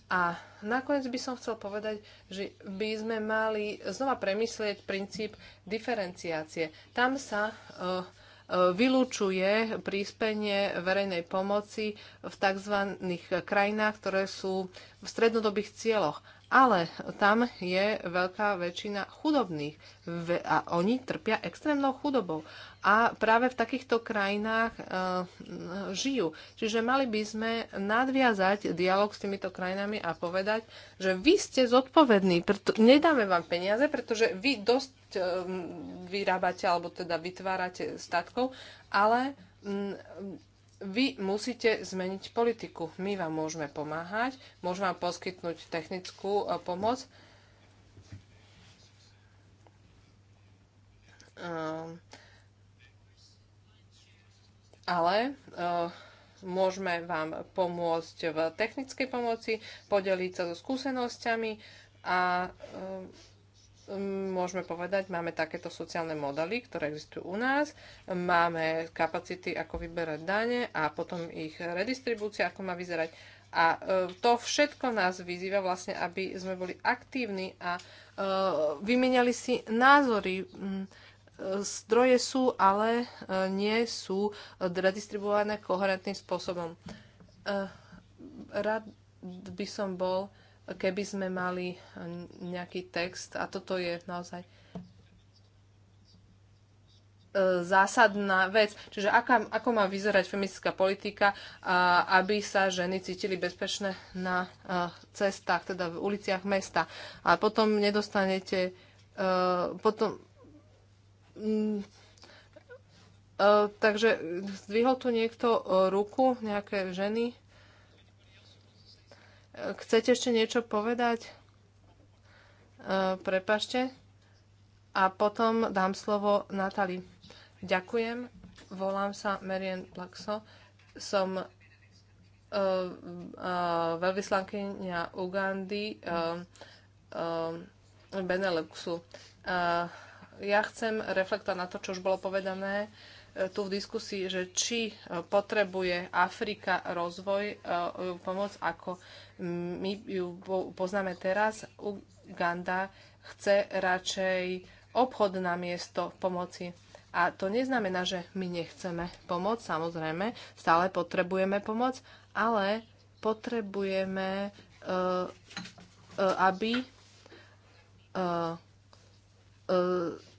A nakoniec by som chcel povedať, že by sme mali znova premyslieť princíp diferenciácie. Tam sa e, e, vylúčuje príspenie verejnej pomoci v tzv. krajinách, ktoré sú v strednodobých cieľoch ale tam je veľká väčšina chudobných a oni trpia extrémnou chudobou a práve v takýchto krajinách e, žijú. Čiže mali by sme nadviazať dialog s týmito krajinami a povedať, že vy ste zodpovední, preto, nedáme vám peniaze, pretože vy dosť e, vyrábate alebo teda vytvárate statkov, ale mm, vy musíte zmeniť politiku. My vám môžeme pomáhať, môžeme vám poskytnúť technickú e, pomoc. Ehm, ale e, môžeme vám pomôcť v technickej pomoci, podeliť sa so skúsenosťami a e, Mm, môžeme povedať, máme takéto sociálne modely, ktoré existujú u nás, máme kapacity, ako vyberať dane a potom ich redistribúcia, ako má vyzerať. A e, to všetko nás vyzýva vlastne, aby sme boli aktívni a e, vymenali si názory. Mm, e, zdroje sú, ale nie sú redistribuované koherentným spôsobom. Rád by som bol keby sme mali e, nejaký text, a toto je naozaj e, zásadná vec. Čiže aká, ako má vyzerať feministická politika, aby sa ženy cítili bezpečné na e, cestách, teda v uliciach mesta. A potom nedostanete... potom, mm, takže zdvihol tu niekto ruku, nejaké ženy? Chcete ešte niečo povedať? E, prepašte. A potom dám slovo Natali. Ďakujem. Volám sa Marian Plaxo. Som e, veľvyslankyňa Ugandy e, Beneluxu. ja chcem reflektovať na to, čo už bolo povedané tu v diskusii, že či potrebuje Afrika rozvoj pomoc ako my ju poznáme teraz. Uganda chce radšej obchod na miesto pomoci. A to neznamená, že my nechceme pomoc, samozrejme, stále potrebujeme pomoc, ale potrebujeme, uh, uh, aby uh,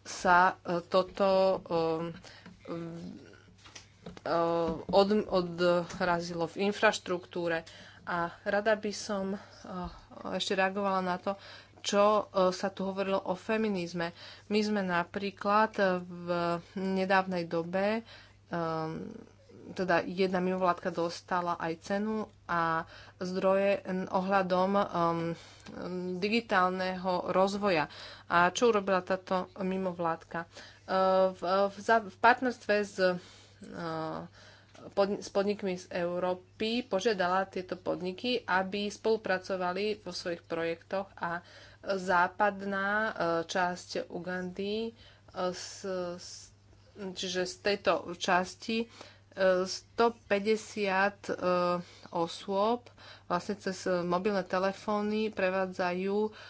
sa toto od, odrazilo v infraštruktúre a rada by som eh, ešte reagovala na to, čo eh, sa tu hovorilo o feminizme. My sme napríklad eh, v nedávnej dobe, teda jedna mimovládka dostala aj cenu a zdroje ohľadom digitálneho rozvoja. A čo urobila táto mimovládka? V, v, v partnerstve s pod, s podnikmi z Európy, požiadala tieto podniky, aby spolupracovali vo svojich projektoch a západná e, časť Ugandy, e, s, s, čiže z tejto časti 150 e, osôb vlastne cez mobilné telefóny prevádzajú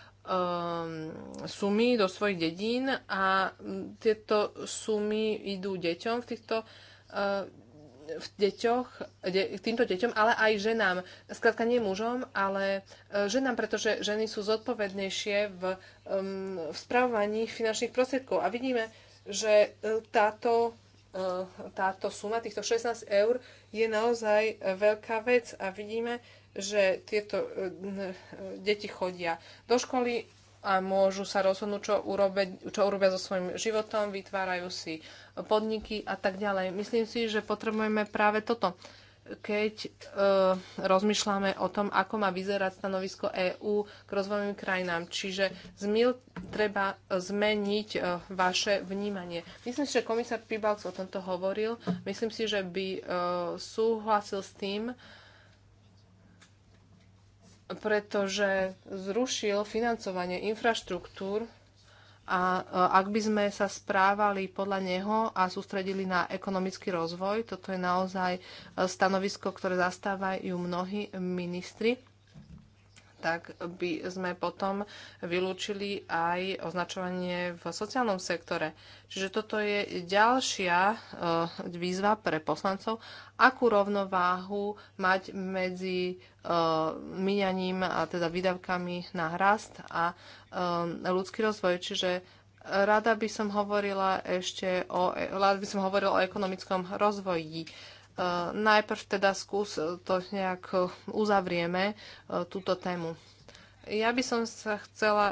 sumy do svojich dedín a tieto sumy idú deťom v týchto v deťoch, de, týmto deťom, ale aj ženám. Skrátka nie mužom, ale e, ženám, pretože ženy sú zodpovednejšie v, um, v spravovaní finančných prostriedkov. A vidíme, že e, táto, e, táto suma, týchto 16 eur, je naozaj veľká vec a vidíme, že tieto deti chodia do školy a môžu sa rozhodnúť, čo, urobe, čo urobia so svojím životom, vytvárajú si podniky a tak ďalej. Myslím si, že potrebujeme práve toto. Keď e, rozmýšľame o tom, ako má vyzerať stanovisko EÚ k rozvojovým krajinám. Čiže zmil, treba zmeniť e, vaše vnímanie. Myslím si, že komisár Pibalc o tomto hovoril. Myslím si, že by e, súhlasil s tým, e, pretože zrušil financovanie infraštruktúr a e, ak by sme sa správali podľa neho a sústredili na ekonomický rozvoj, toto je naozaj e, stanovisko, ktoré zastávajú mnohí ministri, tak by sme potom vylúčili aj označovanie v sociálnom sektore. Čiže toto je ďalšia eh, výzva pre poslancov, akú rovnováhu mať medzi eh, minianím a teda výdavkami na hrast a eh, ľudský rozvoj. Čiže rada by som hovorila ešte o, e-, rada by som hovorila o ekonomickom rozvoji Eh, najprv teda skús eh, to nejak eh, uzavrieme, túto tému. Ja by som sa chcela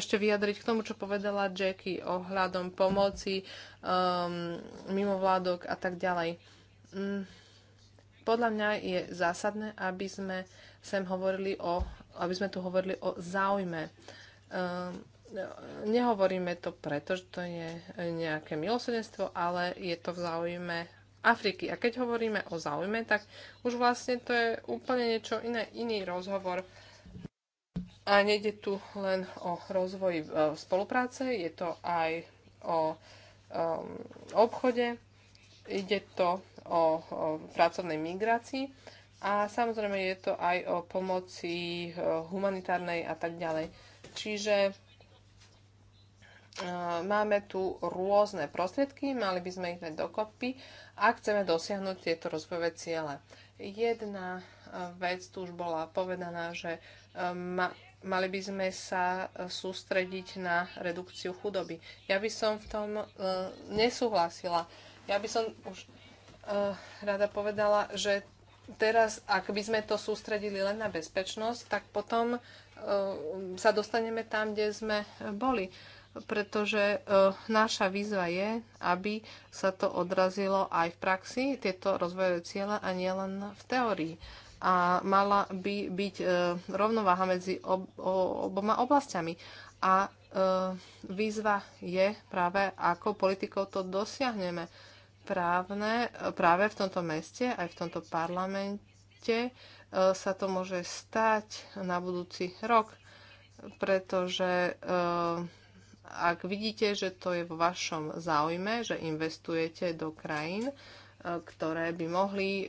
ešte vyjadriť k tomu, čo povedala Jackie ohľadom pomoci, um, mimovládok a tak ďalej. Mm, podľa mňa je zásadné, aby sme sem hovorili o, aby sme tu hovorili o záujme. Um, nehovoríme to preto, že to je nejaké milosrdenstvo, ale je to v záujme Afriky. A keď hovoríme o záujme, tak už vlastne to je úplne niečo iné, iný rozhovor. A nejde tu len o rozvoj e, spolupráce, je to aj o um, obchode, ide to o, o pracovnej migrácii a samozrejme je to aj o pomoci e, humanitárnej a tak ďalej. Čiže máme tu rôzne prostriedky, mali by sme ich dať dokopy a chceme dosiahnuť tieto rozvojové ciele. Jedna vec tu už bola povedaná, že ma, mali by sme sa sústrediť na redukciu chudoby. Ja by som v tom uh, nesúhlasila. Ja by som už uh, rada povedala, že teraz, ak by sme to sústredili len na bezpečnosť, tak potom uh, sa dostaneme tam, kde sme boli pretože e, naša výzva je, aby sa to odrazilo aj v praxi, tieto rozvojové ciele a nielen v teórii. A mala by byť e, rovnováha medzi ob, oboma oblastiami. A e, výzva je práve, ako politikou to dosiahneme. Právne, práve v tomto meste, aj v tomto parlamente sa to môže stať na budúci rok, pretože ak vidíte, že to je vo vašom záujme, že investujete do krajín, e, ktoré by mohli, e,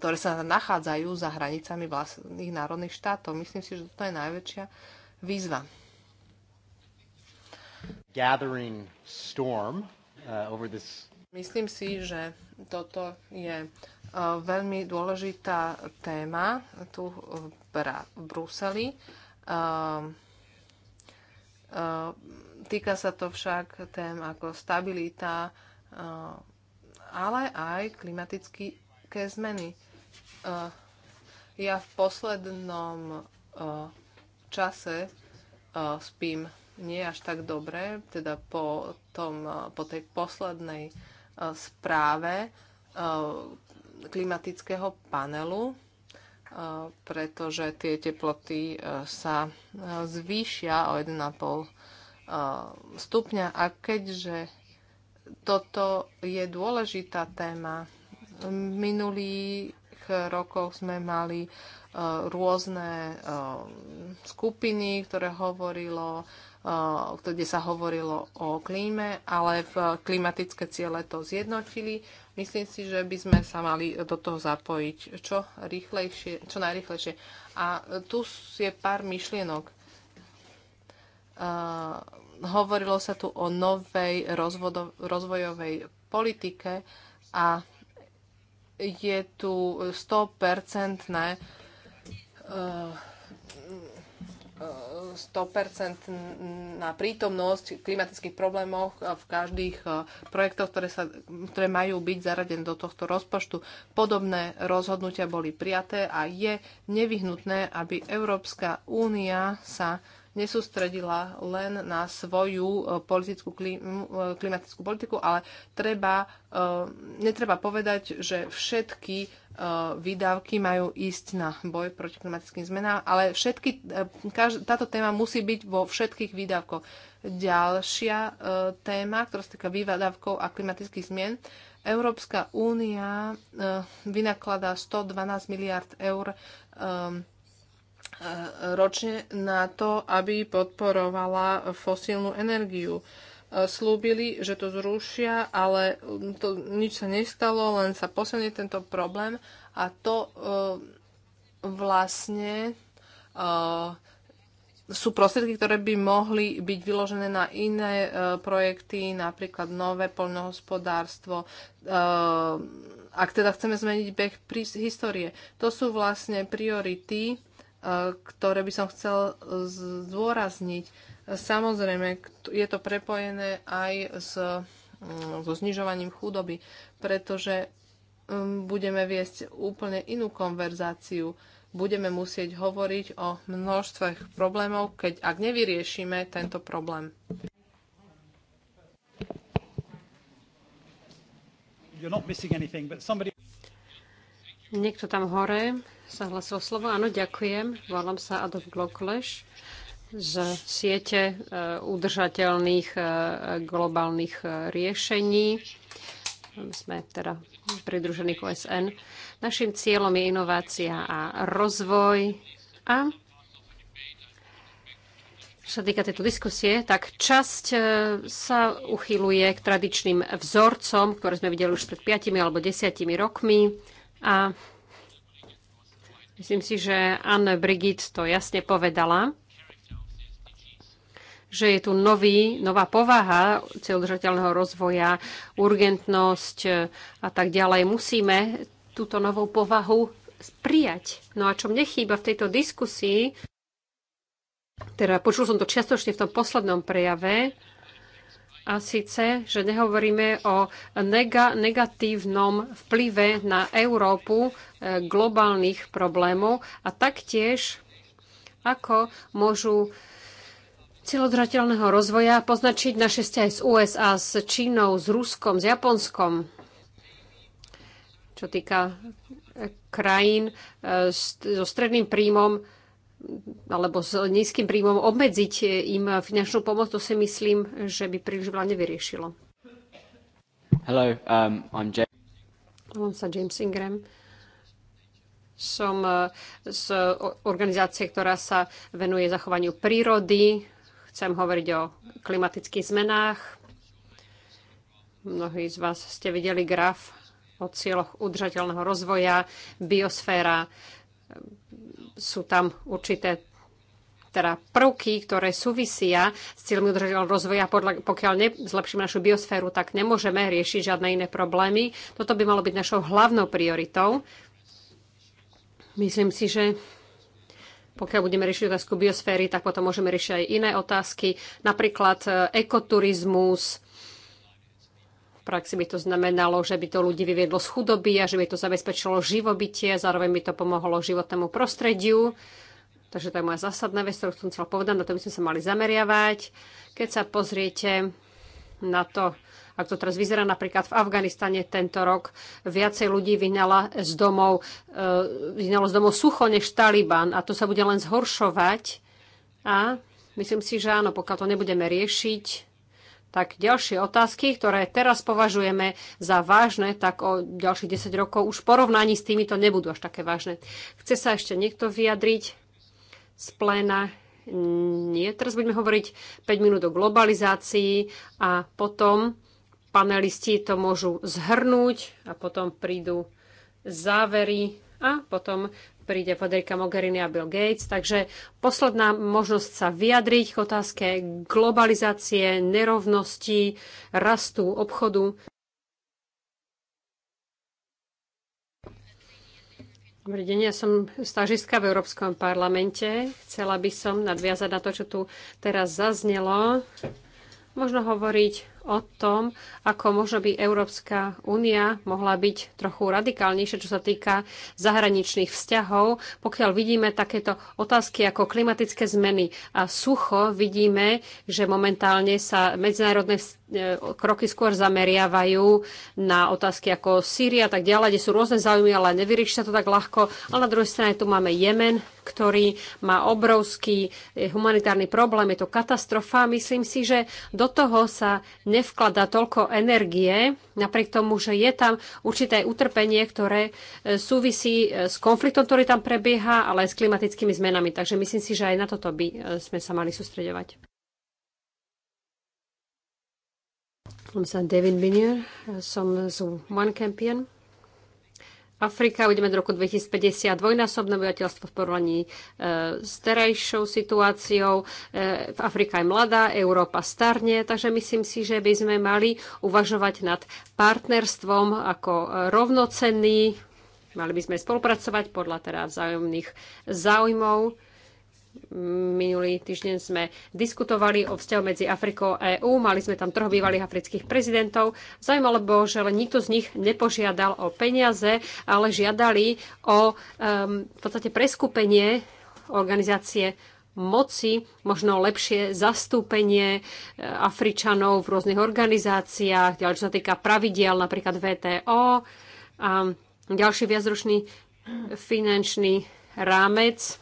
ktoré sa nachádzajú za hranicami vlastných národných štátov. Myslím si, že toto je najväčšia výzva. Storm, uh, this... Myslím si, že toto je uh, veľmi dôležitá téma tu v, Bra v Bruseli. Uh, Týka sa to však tém ako stabilita, eh, ale aj klimatické zmeny. Eh, ja v poslednom eh, čase spím nie až tak dobre, teda po, tom, po tej poslednej správe klimatického panelu, pretože tie teploty sa zvýšia o Eh, stupňa. A keďže toto je dôležitá téma, v minulých rokoch sme mali eh, rôzne eh, skupiny, ktoré hovorilo kde sa hovorilo o klíme, ale v klimatické ciele to zjednotili. Myslím si, že by sme sa mali do toho zapojiť čo, rýchlejšie, čo najrychlejšie. A tu je pár myšlienok. Eh, hovorilo sa tu o novej rozvodo, rozvojovej politike a je tu 100-percentné 100% na prítomnosť klimatických problémov v každých eh, projektoch, ktoré, sa, ktoré majú byť zaradené do tohto rozpočtu. Podobné rozhodnutia boli prijaté a je nevyhnutné, aby Európska únia sa uh, nesústredila len na svoju e, politickú e, klimatickú politiku, ale treba, e, netreba povedať, že všetky výdavky majú ísť na boj proti klimatickým zmenám, ale všetky, táto téma musí byť vo všetkých výdavkoch. Ďalšia téma, ktorá sa týka výdavkov a klimatických zmien, Európska únia vynakladá 112 miliard eur E, ročne na to, aby podporovala fosílnu energiu. E, slúbili, že to zrušia, ale to nič sa nestalo, len sa posilní tento problém a to e, vlastne sú prostriedky, ktoré by mohli byť vyložené na iné e, projekty, napríklad nové poľnohospodárstvo. E, ak teda chceme zmeniť beh histórie, to sú vlastne priority, ktoré by som chcel zdôrazniť. Samozrejme, je to prepojené aj s, mm, so znižovaním chudoby, pretože mm, budeme viesť úplne inú konverzáciu. Budeme musieť hovoriť o množstve problémov, keď ak nevyriešime tento problém. You're not missing anything, but somebody... Niekto tam hore sa hlasil slovo. Áno, ďakujem. Volám sa Adolf Glokleš z siete e, udržateľných e, globálnych e, riešení. Sme teda pridružení k OSN. Našim cieľom je inovácia a rozvoj. A čo sa týka tejto diskusie, tak časť sa uchyluje k tradičným vzorcom, ktoré sme videli už pred 5 alebo 10 rokmi. A myslím si, že Anne Brigitte to jasne povedala, že je tu nový, nová povaha celodržateľného rozvoja, urgentnosť a tak ďalej. Musíme túto novú povahu prijať. No a čo mne chýba v tejto diskusii, teda počul som to čiastočne v tom poslednom prejave, a síce, že nehovoríme o nega, negatívnom vplyve na Európu e, globálnych problémov a taktiež, ako môžu celodrateľného rozvoja poznačiť naše vzťahy s USA, s Čínou, s Ruskom, s Japonskom, čo týka e, krajín e, so stredným príjmom alebo s nízkym príjmom obmedziť im finančnú pomoc, to si myslím, že by príliš veľa nevyriešilo. Hello, um, I'm James. Volám sa James Ingram. Som eh, z organizácie, ktorá sa venuje zachovaniu prírody. Chcem hovoriť o klimatických zmenách. Mnohí z vás ste videli graf o cieľoch udržateľného rozvoja, biosféra, sú tam určité teda prvky, ktoré súvisia s cieľmi udržateľného rozvoja. Podľa, pokiaľ nezlepšíme našu biosféru, tak nemôžeme riešiť žiadne iné problémy. Toto by malo byť našou hlavnou prioritou. Myslím si, že pokiaľ budeme riešiť otázku biosféry, tak potom môžeme riešiť aj iné otázky, napríklad e, ekoturizmus, praxi by to znamenalo, že by to ľudí vyviedlo z chudoby a že by to zabezpečilo živobytie, zároveň by to pomohlo životnému prostrediu. Takže to je moja zásadná vec, ktorú som chcela povedať, na to by sme sa mali zameriavať. Keď sa pozriete na to, ak to teraz vyzerá napríklad v Afganistane tento rok, viacej ľudí vyhnala z domov, e, vyhnalo z domov sucho než Taliban a to sa bude len zhoršovať. A myslím si, že áno, pokiaľ to nebudeme riešiť, tak ďalšie otázky, ktoré teraz považujeme za vážne, tak o ďalších 10 rokov už v porovnaní s týmito nebudú až také vážne. Chce sa ešte niekto vyjadriť z pléna? Nie. Teraz budeme hovoriť 5 minút o globalizácii a potom panelisti to môžu zhrnúť a potom prídu závery a potom príde Federica Mogherini a Bill Gates. Takže posledná možnosť sa vyjadriť k otázke globalizácie, nerovnosti, rastu, obchodu. Dobrý deň, ja som stážistka v Európskom parlamente. Chcela by som nadviazať na to, čo tu teraz zaznelo. Možno hovoriť o tom, ako možno by Európska únia mohla byť trochu radikálnejšia, čo sa týka zahraničných vzťahov. Pokiaľ vidíme takéto otázky ako klimatické zmeny a sucho, vidíme, že momentálne sa medzinárodné vzťahy E, kroky skôr zameriavajú na otázky ako Sýria a tak ďalej, kde sú rôzne záujmy, ale nevyrieši sa to tak ľahko. Ale na druhej strane tu máme Jemen, ktorý má obrovský e, humanitárny problém, je to katastrofa. Myslím si, že do toho sa nevklada toľko energie, napriek tomu, že je tam určité utrpenie, ktoré e, súvisí s konfliktom, ktorý tam prebieha, ale aj s klimatickými zmenami. Takže myslím si, že aj na toto by sme sa mali sústredovať. On sa David Binier, som z One Campion. Afrika, ujdeme do roku 2050, dvojnásobné obyvateľstvo v porovnaní e, terajšou situáciou. E, Afrika je mladá, Európa starne, takže myslím si, že by sme mali uvažovať nad partnerstvom ako e, rovnocenný. Mali by sme spolupracovať podľa teda vzájomných záujmov Minulý týždeň sme diskutovali o vzťahu medzi Afrikou a EÚ. Mali sme tam troch bývalých afrických prezidentov. Zaujímalo bolo, že len nikto z nich nepožiadal o peniaze, ale žiadali o um, v podstate preskupenie organizácie moci, možno lepšie zastúpenie eh, Afričanov v rôznych organizáciách, ďalej čo sa týka pravidiel, napríklad VTO a ďalší viacročný finančný rámec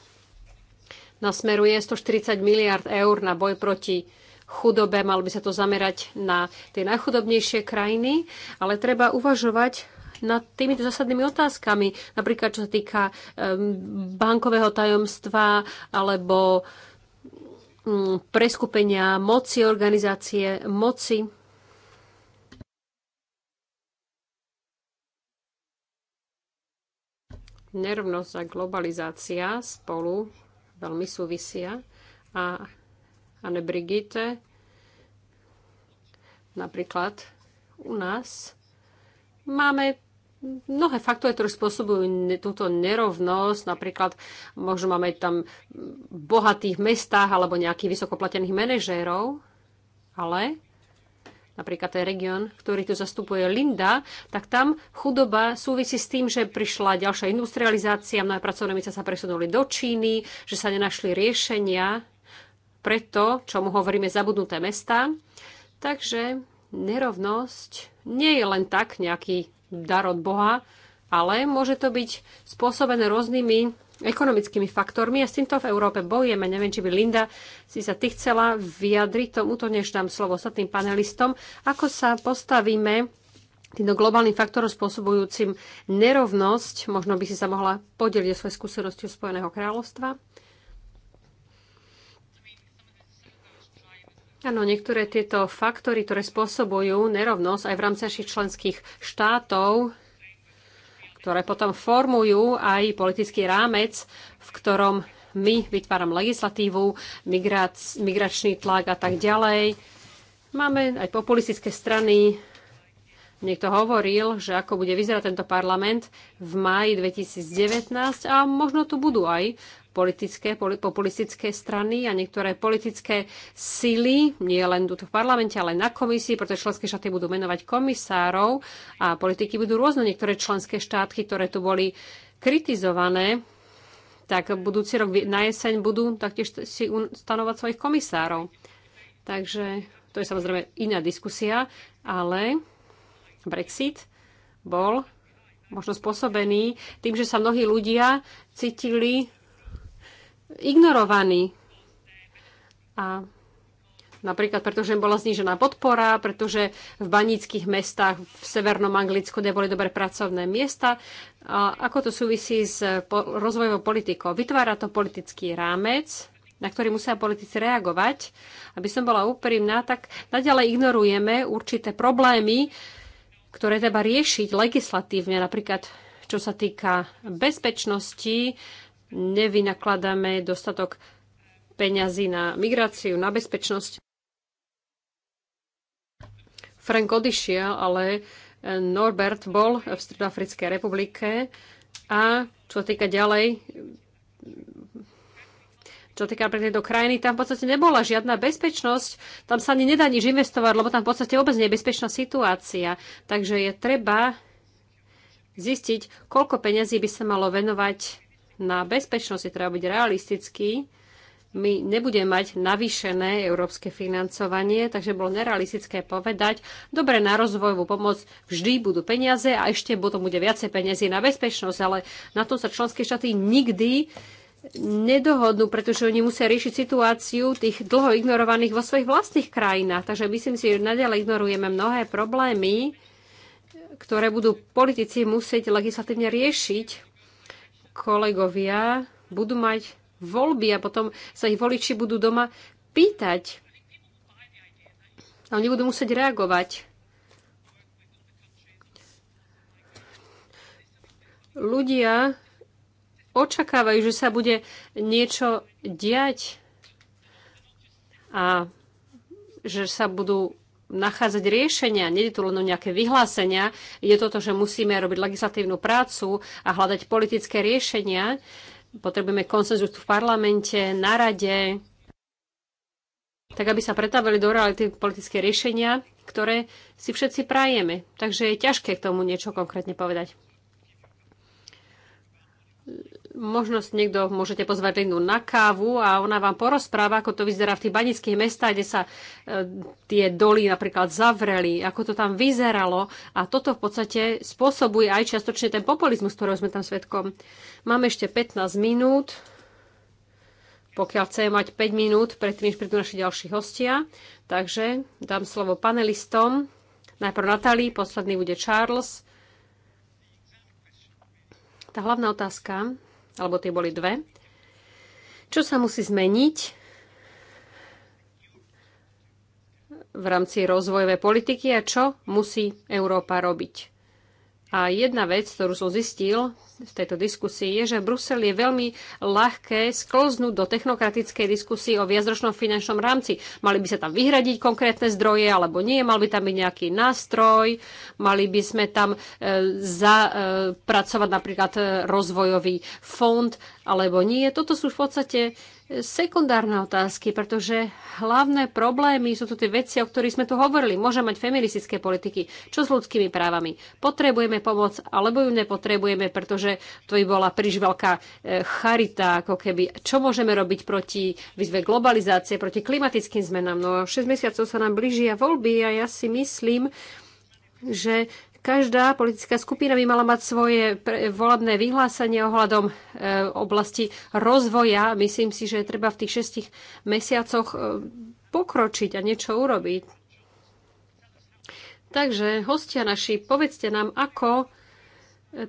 nasmeruje 140 miliard eur na boj proti chudobe, mal by sa to zamerať na tie najchudobnejšie krajiny, ale treba uvažovať nad týmito zásadnými otázkami, napríklad čo sa týka bankového tajomstva alebo mm, preskupenia moci, organizácie moci. Nerovnosť a globalizácia spolu veľmi súvisia. A Anne Brigitte napríklad u nás máme mnohé faktory, ktoré spôsobujú túto nerovnosť. Napríklad možno máme tam bohatých mestách alebo nejakých vysokoplatených manažérov, ale napríklad ten región, ktorý tu zastupuje Linda, tak tam chudoba súvisí s tým, že prišla ďalšia industrializácia, mnohé pracovné miesta sa presunuli do Číny, že sa nenašli riešenia pre to, mu hovoríme zabudnuté mesta. Takže nerovnosť nie je len tak nejaký dar od Boha, ale môže to byť spôsobené rôznymi ekonomickými faktormi a s týmto v Európe bojujeme. Neviem, či by Linda si sa ty chcela vyjadriť tomuto, než dám slovo ostatným panelistom. Ako sa postavíme týmto globálnym faktorom spôsobujúcim nerovnosť? Možno by si sa mohla podeliť o svoje skúsenosti Spojeného kráľovstva. Áno, niektoré tieto faktory, ktoré spôsobujú nerovnosť aj v rámci našich členských štátov, ktoré potom formujú aj politický rámec, v ktorom my vytváram legislatívu, migrac, migračný tlak a tak ďalej. Máme aj populistické strany. Niekto hovoril, že ako bude vyzerať tento parlament v máji 2019 a možno tu budú aj politické, populistické strany a niektoré politické síly, nie len tu v parlamente, ale na komisii, pretože členské štáty budú menovať komisárov a politiky budú rôzne. Niektoré členské štátky, ktoré tu boli kritizované, tak budúci rok na jeseň budú taktiež si stanovať svojich komisárov. Takže to je samozrejme iná diskusia, ale Brexit bol možno spôsobený tým, že sa mnohí ľudia cítili ignorovaní. A napríklad pretože im bola znížená podpora, pretože v baníckých mestách v severnom Anglicku neboli dobré pracovné miesta. A ako to súvisí s rozvojovou politikou? Vytvára to politický rámec, na ktorý musia politici reagovať. Aby som bola úprimná, tak naďalej ignorujeme určité problémy, ktoré treba riešiť legislatívne, napríklad čo sa týka bezpečnosti, nevynakladáme dostatok peňazí na migráciu, na bezpečnosť. Frank odišiel, ale e, Norbert bol v Stredoafrickej republike a čo týka ďalej, čo týka pre tejto krajiny, tam v podstate nebola žiadna bezpečnosť, tam sa ani nedá nič investovať, lebo tam v podstate vôbec nie je bezpečná situácia. Takže je treba zistiť, koľko peňazí by sa malo venovať na bezpečnosť, treba byť realistický. My nebudeme mať navýšené európske financovanie, takže bolo nerealistické povedať, dobre, na rozvojovú pomoc vždy budú peniaze a ešte potom bude viacej peniazy na bezpečnosť, ale na to sa členské štáty nikdy nedohodnú, pretože oni musia riešiť situáciu tých dlho ignorovaných vo svojich vlastných krajinách. Takže myslím si, že nadalej ignorujeme mnohé problémy, ktoré budú politici musieť legislatívne riešiť kolegovia budú mať voľby a potom sa ich voliči budú doma pýtať. A oni budú musieť reagovať. Ľudia očakávajú, že sa bude niečo diať a že sa budú nachádzať riešenia, nie je tu len nejaké vyhlásenia, je to to, že musíme robiť legislatívnu prácu a hľadať politické riešenia. Potrebujeme konsenzus v parlamente, na rade, tak aby sa pretavili do reality politické riešenia, ktoré si všetci prajeme. Takže je ťažké k tomu niečo konkrétne povedať možno niekto môžete pozvať Lindu na kávu a ona vám porozpráva, ako to vyzerá v tých banických mestách, kde sa e, tie doly napríklad zavreli, ako to tam vyzeralo. A toto v podstate spôsobuje aj čiastočne ten populizmus, ktorého sme tam svetkom. Máme ešte 15 minút, pokiaľ chceme mať 5 minút, predtým, než prídu naši ďalší hostia. Takže dám slovo panelistom. Najprv Natálii, posledný bude Charles. Tá hlavná otázka, alebo tie boli dve. Čo sa musí zmeniť v rámci rozvojovej politiky a čo musí Európa robiť? A jedna vec, ktorú som zistil v tejto diskusii, je, že Brusel je veľmi ľahké sklznúť do technokratickej diskusie o viacročnom finančnom rámci. Mali by sa tam vyhradiť konkrétne zdroje alebo nie, mal by tam byť nejaký nástroj, mali by sme tam e, zapracovať e, napríklad e, rozvojový fond alebo nie. Toto sú v podstate sekundárne otázky, pretože hlavné problémy sú to tie veci, o ktorých sme tu hovorili. Môže mať feministické politiky. Čo s ľudskými právami? Potrebujeme pomoc, alebo ju nepotrebujeme, pretože to by bola príliš veľká e, charita, ako keby. Čo môžeme robiť proti výzve globalizácie, proti klimatickým zmenám? No 6 mesiacov sa nám blížia voľby a ja si myslím, že Každá politická skupina by mala mať svoje volebné vyhlásenie ohľadom e, oblasti rozvoja. Myslím si, že treba v tých šestich mesiacoch e, pokročiť a niečo urobiť. Takže, hostia naši, povedzte nám, ako e,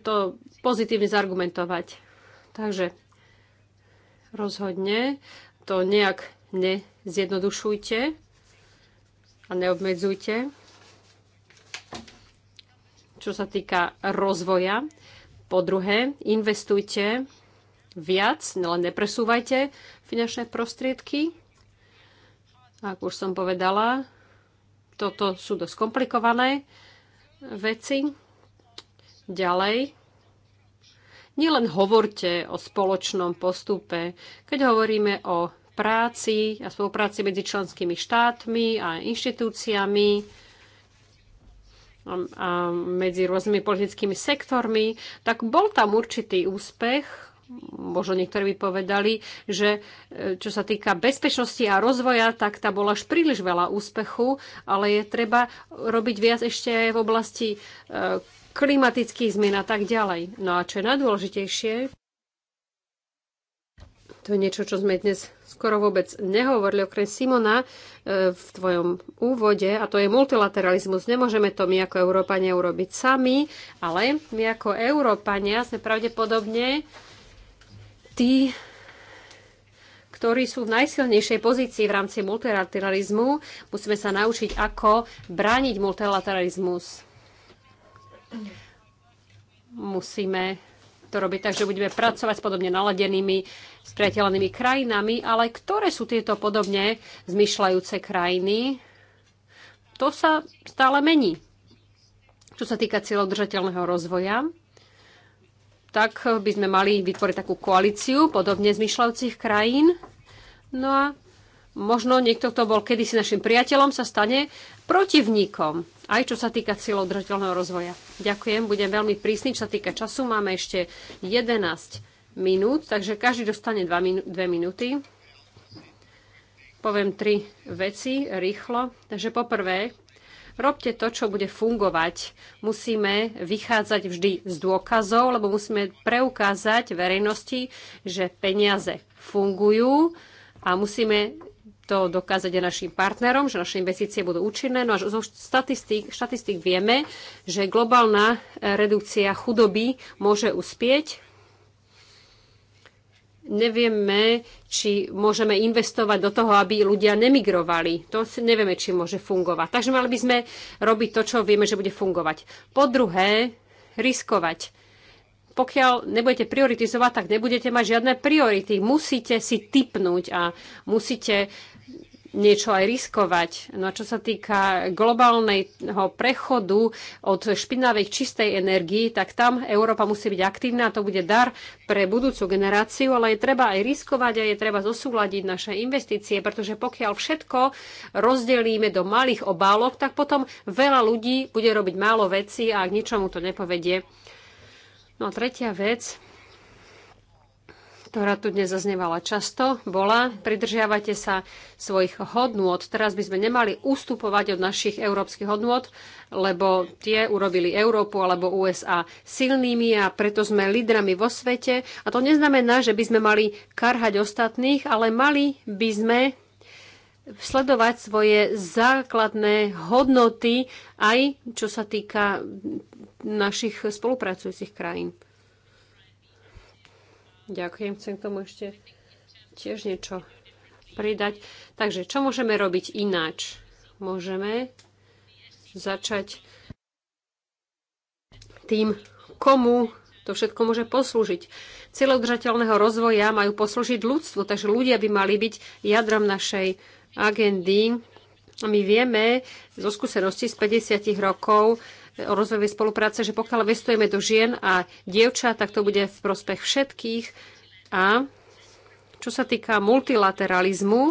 to pozitívne zargumentovať. Takže, rozhodne to nejak nezjednodušujte a neobmedzujte čo sa týka rozvoja. Po druhé, investujte viac, len nepresúvajte finančné prostriedky. Ako už som povedala, toto sú dosť komplikované veci. Ďalej, nielen hovorte o spoločnom postupe. Keď hovoríme o práci a spolupráci medzi členskými štátmi a inštitúciami, a medzi rôznymi politickými sektormi, tak bol tam určitý úspech. Možno niektorí by povedali, že e, čo sa týka bezpečnosti a rozvoja, tak tá bola až príliš veľa úspechu, ale je treba robiť viac ešte aj v oblasti e, klimatických zmien a tak ďalej. No a čo je najdôležitejšie, to je niečo, čo sme dnes skoro vôbec nehovorili, okrem Simona e, v tvojom úvode, a to je multilateralizmus. Nemôžeme to my ako Európania urobiť sami, ale my ako Európania sme pravdepodobne tí, ktorí sú v najsilnejšej pozícii v rámci multilateralizmu. Musíme sa naučiť, ako brániť multilateralizmus. Musíme to robiť tak, že budeme pracovať s podobne naladenými, spriateľnými krajinami, ale ktoré sú tieto podobne zmyšľajúce krajiny, to sa stále mení. Čo sa týka cieľodržateľného rozvoja, tak by sme mali vytvoriť takú koalíciu podobne zmyšľajúcich krajín. No a možno niekto, kto bol kedysi našim priateľom, sa stane protivníkom aj čo sa týka cieľov držiteľného rozvoja. Ďakujem, budem veľmi prísny, čo sa týka času. Máme ešte 11 minút, takže každý dostane 2 minú- minúty. Poviem tri veci rýchlo. Takže poprvé, robte to, čo bude fungovať. Musíme vychádzať vždy z dôkazov, lebo musíme preukázať verejnosti, že peniaze fungujú a musíme to dokázať aj našim partnerom, že naše investície budú účinné. No a zo štatistík, štatistík vieme, že globálna redukcia chudoby môže uspieť. Nevieme, či môžeme investovať do toho, aby ľudia nemigrovali. To nevieme, či môže fungovať. Takže mali by sme robiť to, čo vieme, že bude fungovať. Po druhé, riskovať pokiaľ nebudete prioritizovať, tak nebudete mať žiadne priority. Musíte si typnúť a musíte niečo aj riskovať. No a čo sa týka globálneho prechodu od špinavej k čistej energii, tak tam Európa musí byť aktívna, to bude dar pre budúcu generáciu, ale je treba aj riskovať a je treba zosúľadiť naše investície, pretože pokiaľ všetko rozdelíme do malých obálok, tak potom veľa ľudí bude robiť málo vecí a k ničomu to nepovedie. No a tretia vec, ktorá tu dnes zaznevala často, bola pridržiavate sa svojich hodnôt. Teraz by sme nemali ustupovať od našich európskych hodnôt, lebo tie urobili Európu alebo USA silnými a preto sme lídrami vo svete. A to neznamená, že by sme mali karhať ostatných, ale mali by sme sledovať svoje základné hodnoty aj čo sa týka našich spolupracujúcich krajín. Ďakujem, chcem k tomu ešte tiež niečo pridať. Takže, čo môžeme robiť ináč? Môžeme začať tým, komu to všetko môže poslúžiť. Cieľ udržateľného rozvoja majú poslúžiť ľudstvu, takže ľudia by mali byť jadrom našej agendy. a My vieme zo skúsenosti z 50 rokov, o rozvojovej spolupráce, že pokiaľ vestujeme do žien a dievčat, tak to bude v prospech všetkých. A čo sa týka multilateralizmu,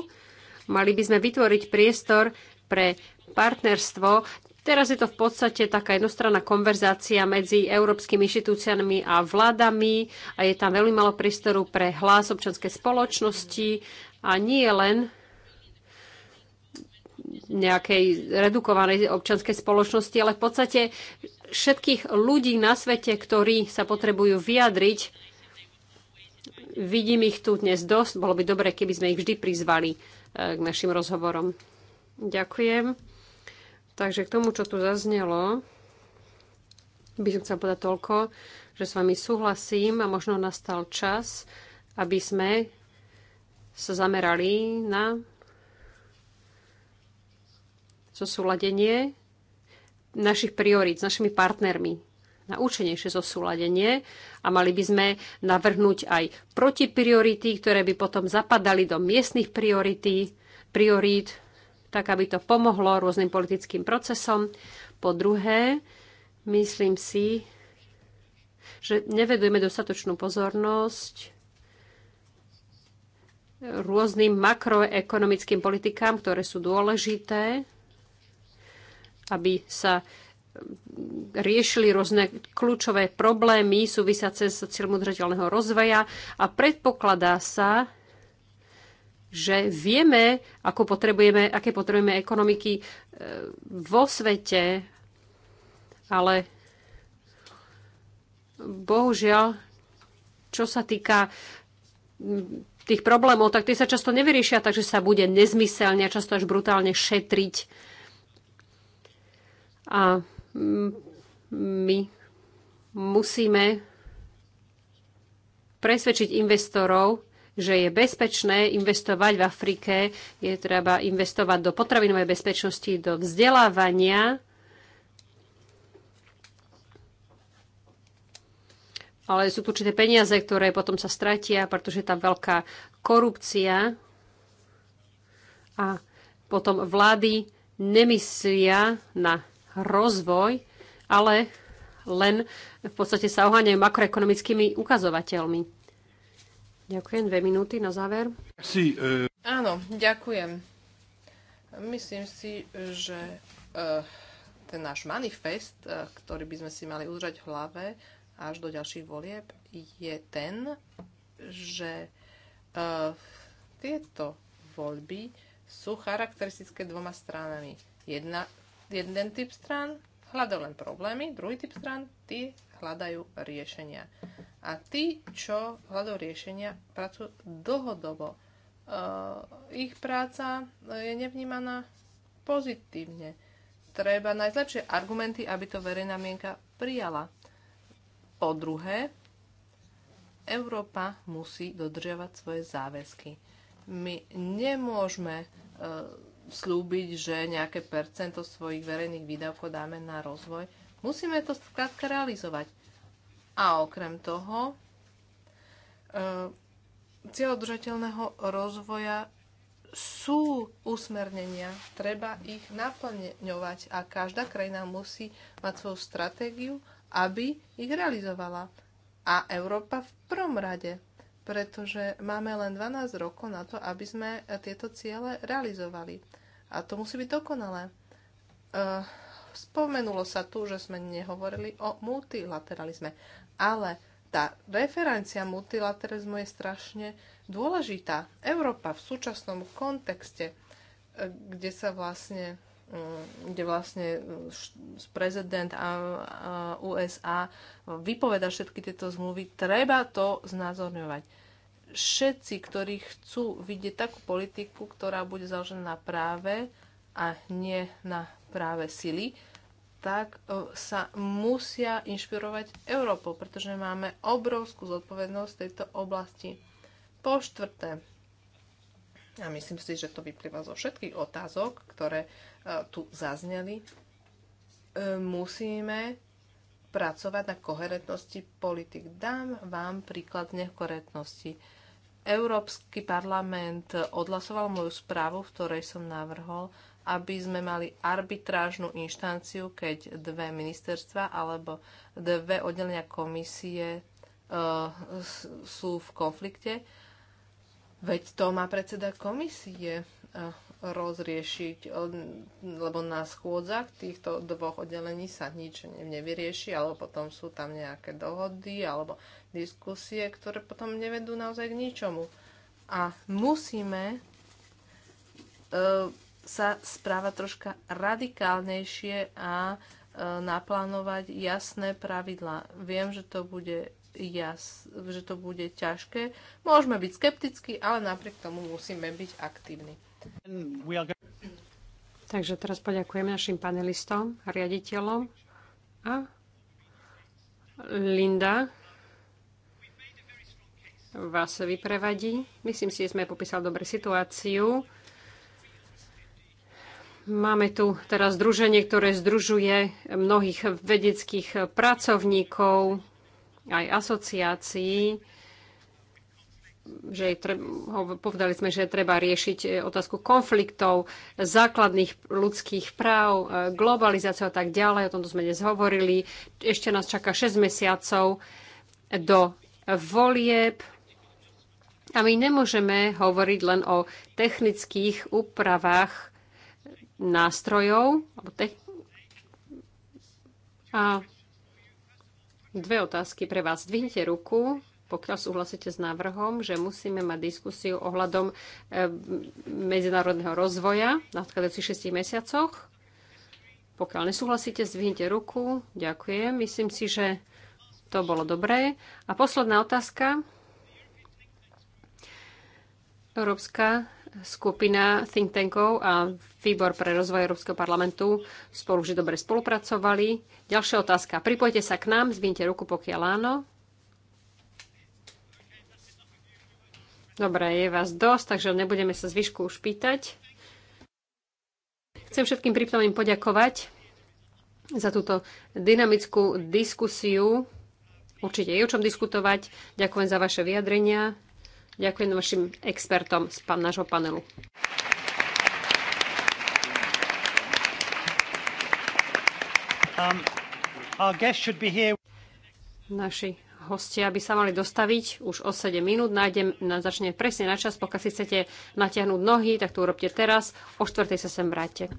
mali by sme vytvoriť priestor pre partnerstvo. Teraz je to v podstate taká jednostranná konverzácia medzi európskymi inštitúciami a vládami a je tam veľmi malo priestoru pre hlas občanskej spoločnosti a nie len nejakej redukovanej občanskej spoločnosti, ale v podstate všetkých ľudí na svete, ktorí sa potrebujú vyjadriť. Vidím ich tu dnes dosť. Bolo by dobre, keby sme ich vždy prizvali eh, k našim rozhovorom. Ďakujem. Takže k tomu, čo tu zaznelo, by som chcela povedať toľko, že s vami súhlasím a možno nastal čas, aby sme sa zamerali na zosúladenie našich priorít s našimi partnermi na účenejšie zosúladenie a mali by sme navrhnúť aj protipriority, ktoré by potom zapadali do miestnych priority, priorít, tak aby to pomohlo rôznym politickým procesom. Po druhé, myslím si, že nevedujeme dostatočnú pozornosť rôznym makroekonomickým politikám, ktoré sú dôležité aby sa mm, riešili rôzne kľúčové problémy súvisiace s cieľom udržateľného rozvoja a predpokladá sa, že vieme, ako potrebujeme, aké potrebujeme ekonomiky e, vo svete, ale bohužiaľ, čo sa týka mm, tých problémov, tak tie sa často nevyriešia, takže sa bude nezmyselne, často až brutálne šetriť a my musíme presvedčiť investorov, že je bezpečné investovať v Afrike, je treba investovať do potravinovej bezpečnosti, do vzdelávania. Ale sú tu určité peniaze, ktoré potom sa stratia, pretože je tam veľká korupcia a potom vlády nemyslia na rozvoj, ale len v podstate sa oháňajú makroekonomickými ukazovateľmi. Ďakujem, dve minúty na záver. Si, uh... Eh. Áno, ďakujem. Myslím si, že uh, ten náš manifest, uh, ktorý by sme si mali udržať v hlave až do ďalších volieb, je ten, že uh, tieto voľby sú charakteristické dvoma stranami. Jedna Jeden typ strán hľadajú len problémy, druhý typ strán, tí hľadajú riešenia. A tí, čo hľadajú riešenia, pracujú dlhodobo. Uh, ich práca eh, je nevnímaná pozitívne. Treba najlepšie argumenty, aby to verejná mienka prijala. Po druhé, Európa musí dodržiavať svoje záväzky. My nemôžeme eh, slúbiť, že nejaké percento svojich verejných výdavkov dáme na rozvoj. Musíme to skrátka realizovať. A okrem toho, e, cieľ udržateľného rozvoja sú usmernenia, treba ich naplňovať a každá krajina musí mať svoju stratégiu, aby ich realizovala. A Európa v prvom rade pretože máme len 12 rokov na to, aby sme tieto ciele realizovali. A to musí byť dokonalé. E, spomenulo sa tu, že sme nehovorili o multilateralizme, ale tá referencia multilateralizmu je strašne dôležitá. Európa v súčasnom kontexte, e, kde sa vlastne Mm, kde vlastne mm, prezident USA vypoveda všetky tieto zmluvy, treba to znázorňovať. Všetci, ktorí chcú vidieť takú politiku, ktorá bude založená na práve a nie na práve sily, tak e, sa musia inšpirovať Európou, pretože máme obrovskú zodpovednosť v tejto oblasti. Po štvrté, a myslím si, že to vyplýva zo všetkých otázok, ktoré e, tu zazneli. E, musíme pracovať na koherentnosti politik. Dám vám príklad nekoherentnosti. Európsky parlament odhlasoval moju správu, v ktorej som navrhol, aby sme mali arbitrážnu inštanciu, keď dve ministerstva alebo dve oddelenia komisie e, sú v konflikte Veď to má predseda komisie eh, rozriešiť, eh, lebo na schôdzach týchto dvoch oddelení sa nič nevyrieši, alebo potom sú tam nejaké dohody alebo diskusie, ktoré potom nevedú naozaj k ničomu. A musíme eh, sa správať troška radikálnejšie a naplánovať jasné pravidlá. Viem, že to bude jas, že to bude ťažké. Môžeme byť skeptickí, ale napriek tomu musíme byť aktívni. Takže teraz poďakujem našim panelistom, riaditeľom a Linda vás vyprevadí. Myslím si, že sme popísali dobre situáciu. Máme tu teraz združenie, ktoré združuje mnohých vedeckých pracovníkov, aj asociácií, že treb, povedali sme, že treba riešiť e, otázku konfliktov, základných ľudských práv, e, globalizáciu a tak ďalej. O tomto sme dnes hovorili. Ešte nás čaká 6 mesiacov do volieb. A my nemôžeme hovoriť len o technických úpravách nástrojov. A Dve otázky pre vás. Zdvihnite ruku, pokiaľ súhlasíte s návrhom, že musíme mať diskusiu ohľadom eh, medzinárodného rozvoja v nadchádzajúcich 6 mesiacoch. Pokiaľ nesúhlasíte, zdvihnite ruku. Ďakujem. Myslím si, že to bolo dobré. A posledná otázka. Európska skupina think tankov a výbor pre rozvoj Európskeho parlamentu spolu už dobre spolupracovali. Ďalšia otázka. Pripojte sa k nám, zvinte ruku, pokiaľ áno. Dobre, je vás dosť, takže nebudeme sa zvyšku už pýtať. Chcem všetkým prítomným poďakovať za túto dynamickú diskusiu. Určite je o čom diskutovať. Ďakujem za vaše vyjadrenia. Ďakujem vašim expertom z nášho panelu. Um, Naši hostia by sa mali dostaviť už o 7 minút. Nájdem, na, začne presne na čas. Pokiaľ si chcete natiahnuť nohy, tak to urobte teraz. O 4. sa sem vráte.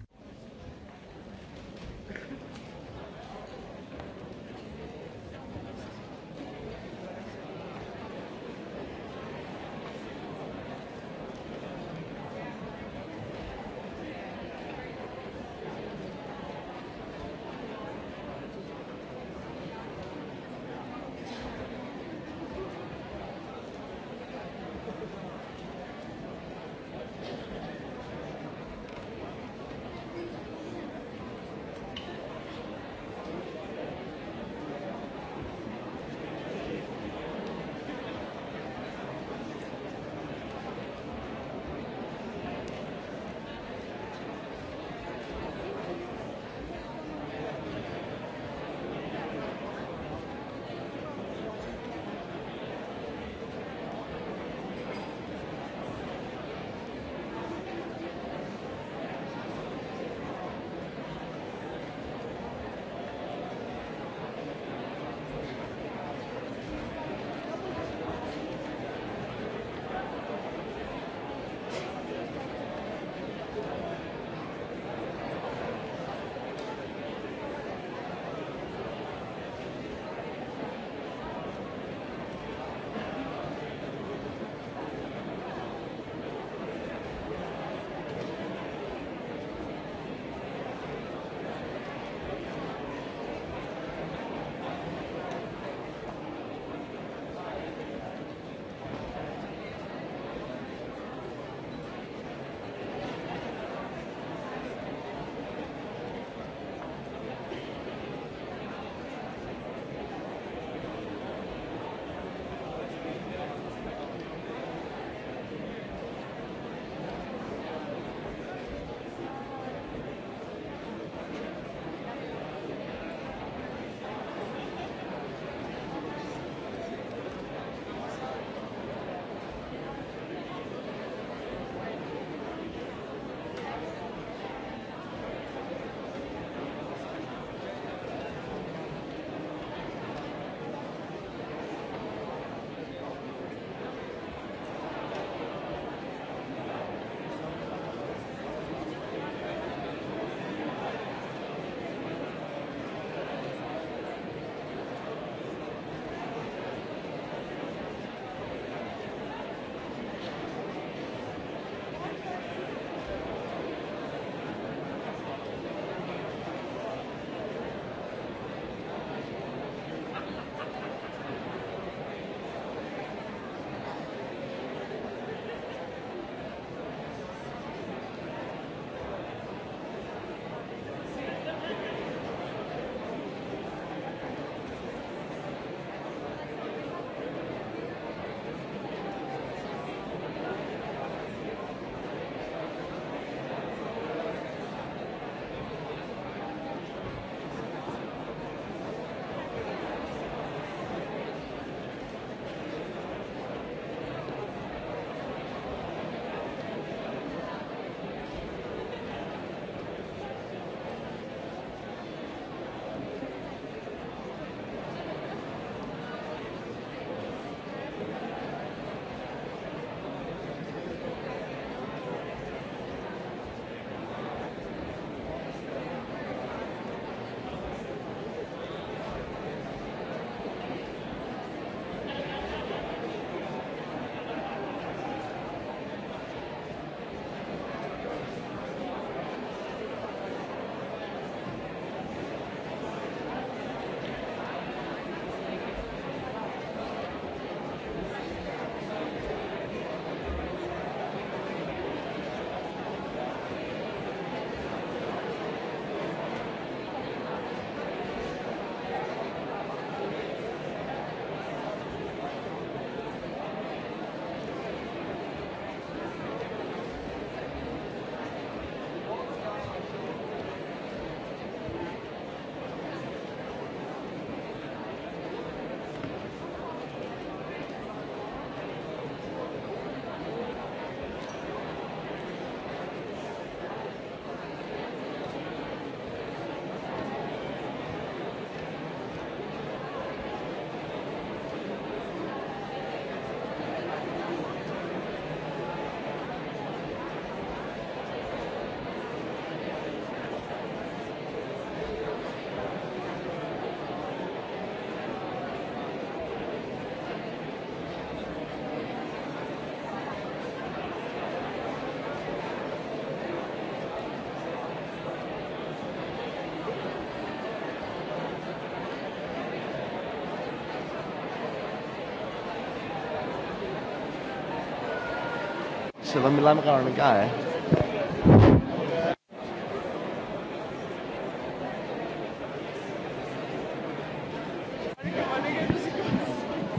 se non mi lembrar no lugar, é?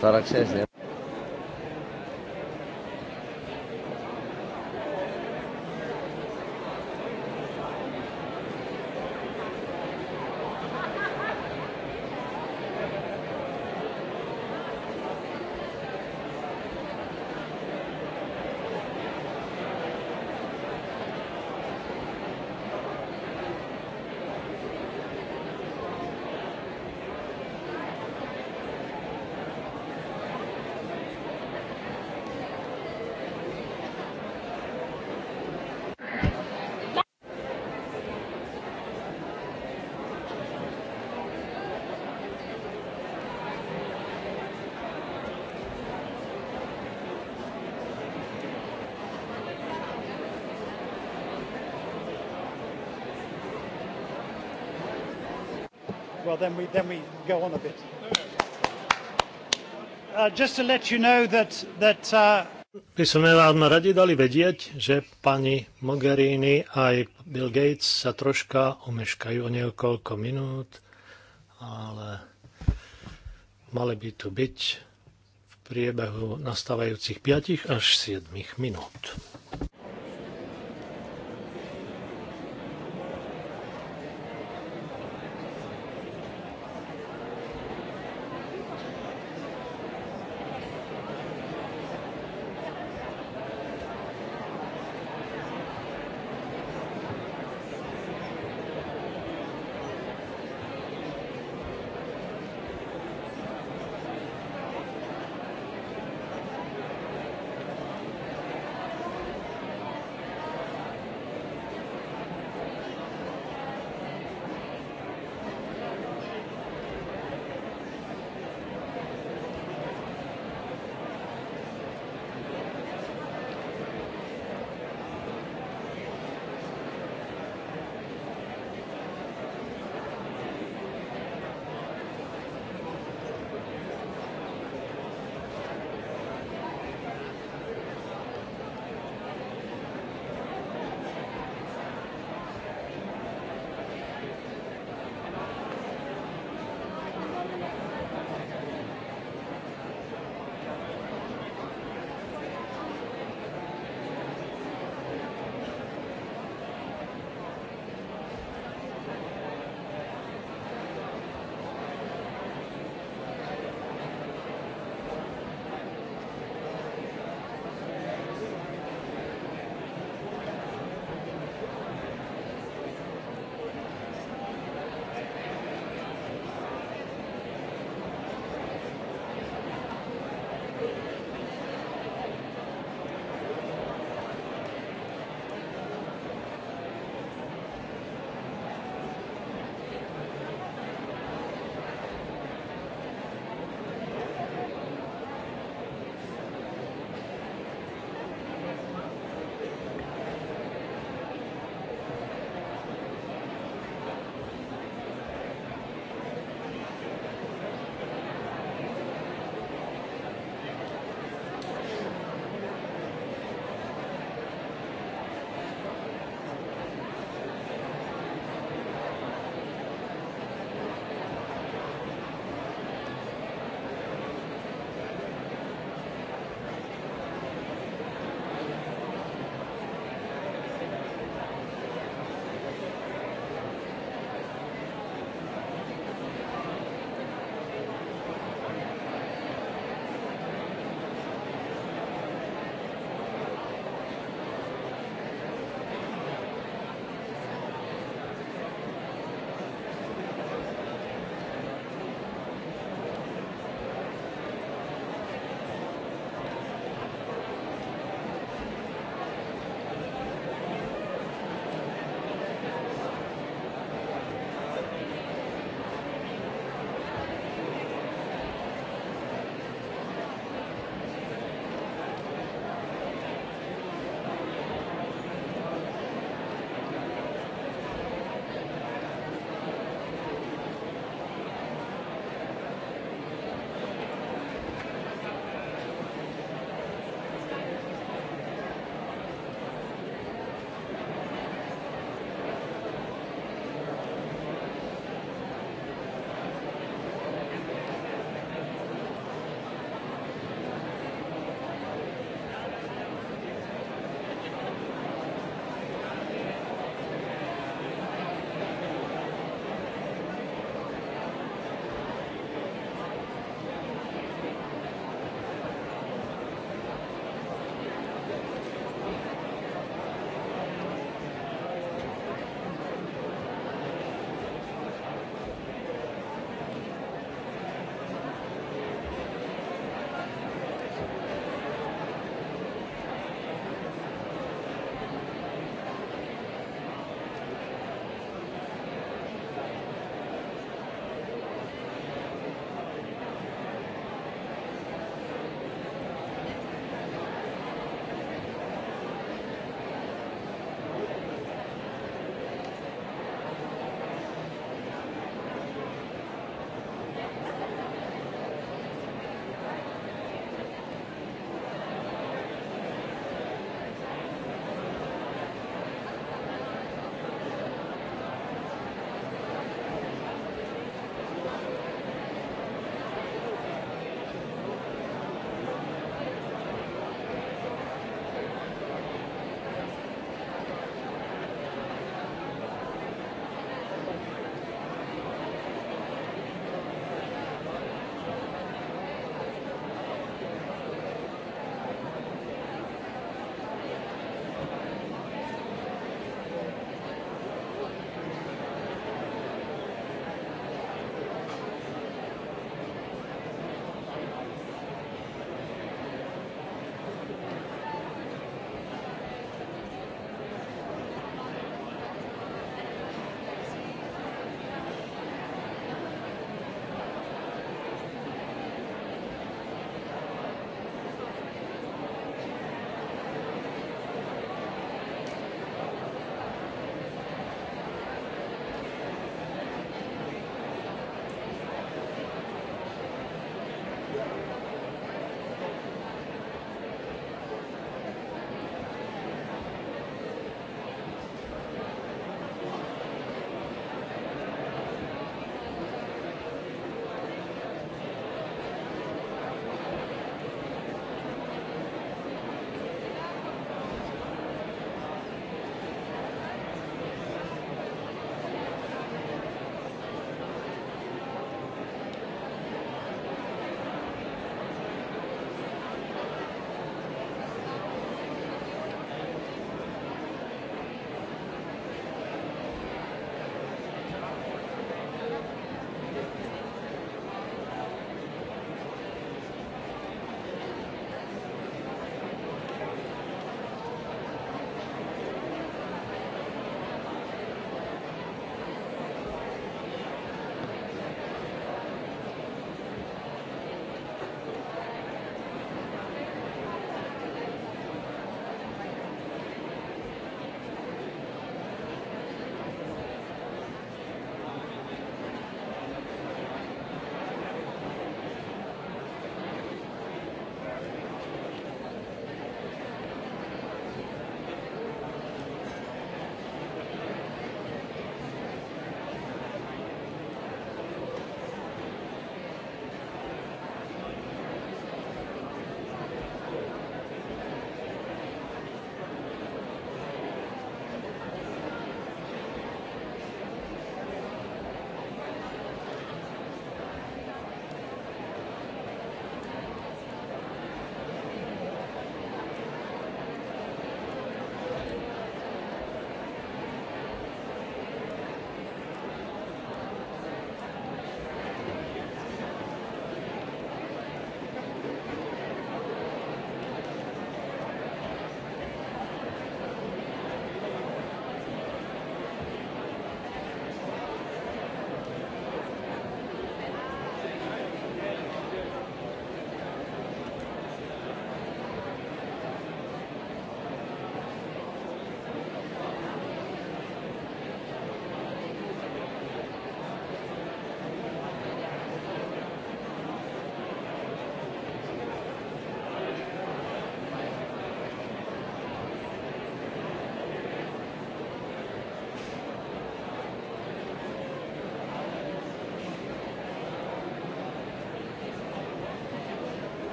Τώρα ξέρεις, then we, then we go on a bit. Uh, just to let you know that, that uh, by sme vám radi dali vedieť, že pani Mogherini aj Bill Gates sa troška omeškajú o niekoľko minút, ale mali by tu byť v priebehu nastávajúcich 5 až 7 minút.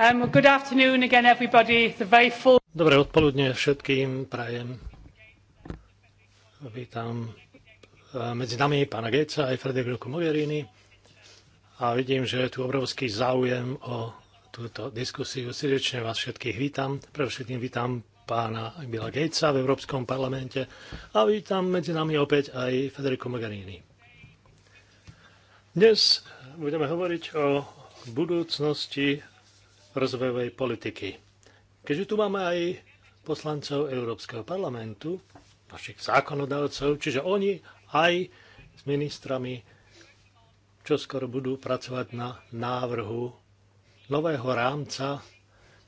Um, Dobré odpoludne všetkým prajem. Vítam eh, medzi nami pána Gejca aj Frederiku Mogherini a vidím, že je tu obrovský záujem o túto diskusiu. Srdečne vás všetkých vítam. Pre všetkým vítam pána Billa Gatesa v Európskom parlamente a vítam medzi nami opäť aj Federico Mogherini. Dnes budeme hovoriť o budúcnosti rozvojovej politiky. Keďže tu máme aj poslancov Európskeho parlamentu, našich zákonodavcov, čiže oni aj s ministrami čo skoro budú pracovať na návrhu nového rámca,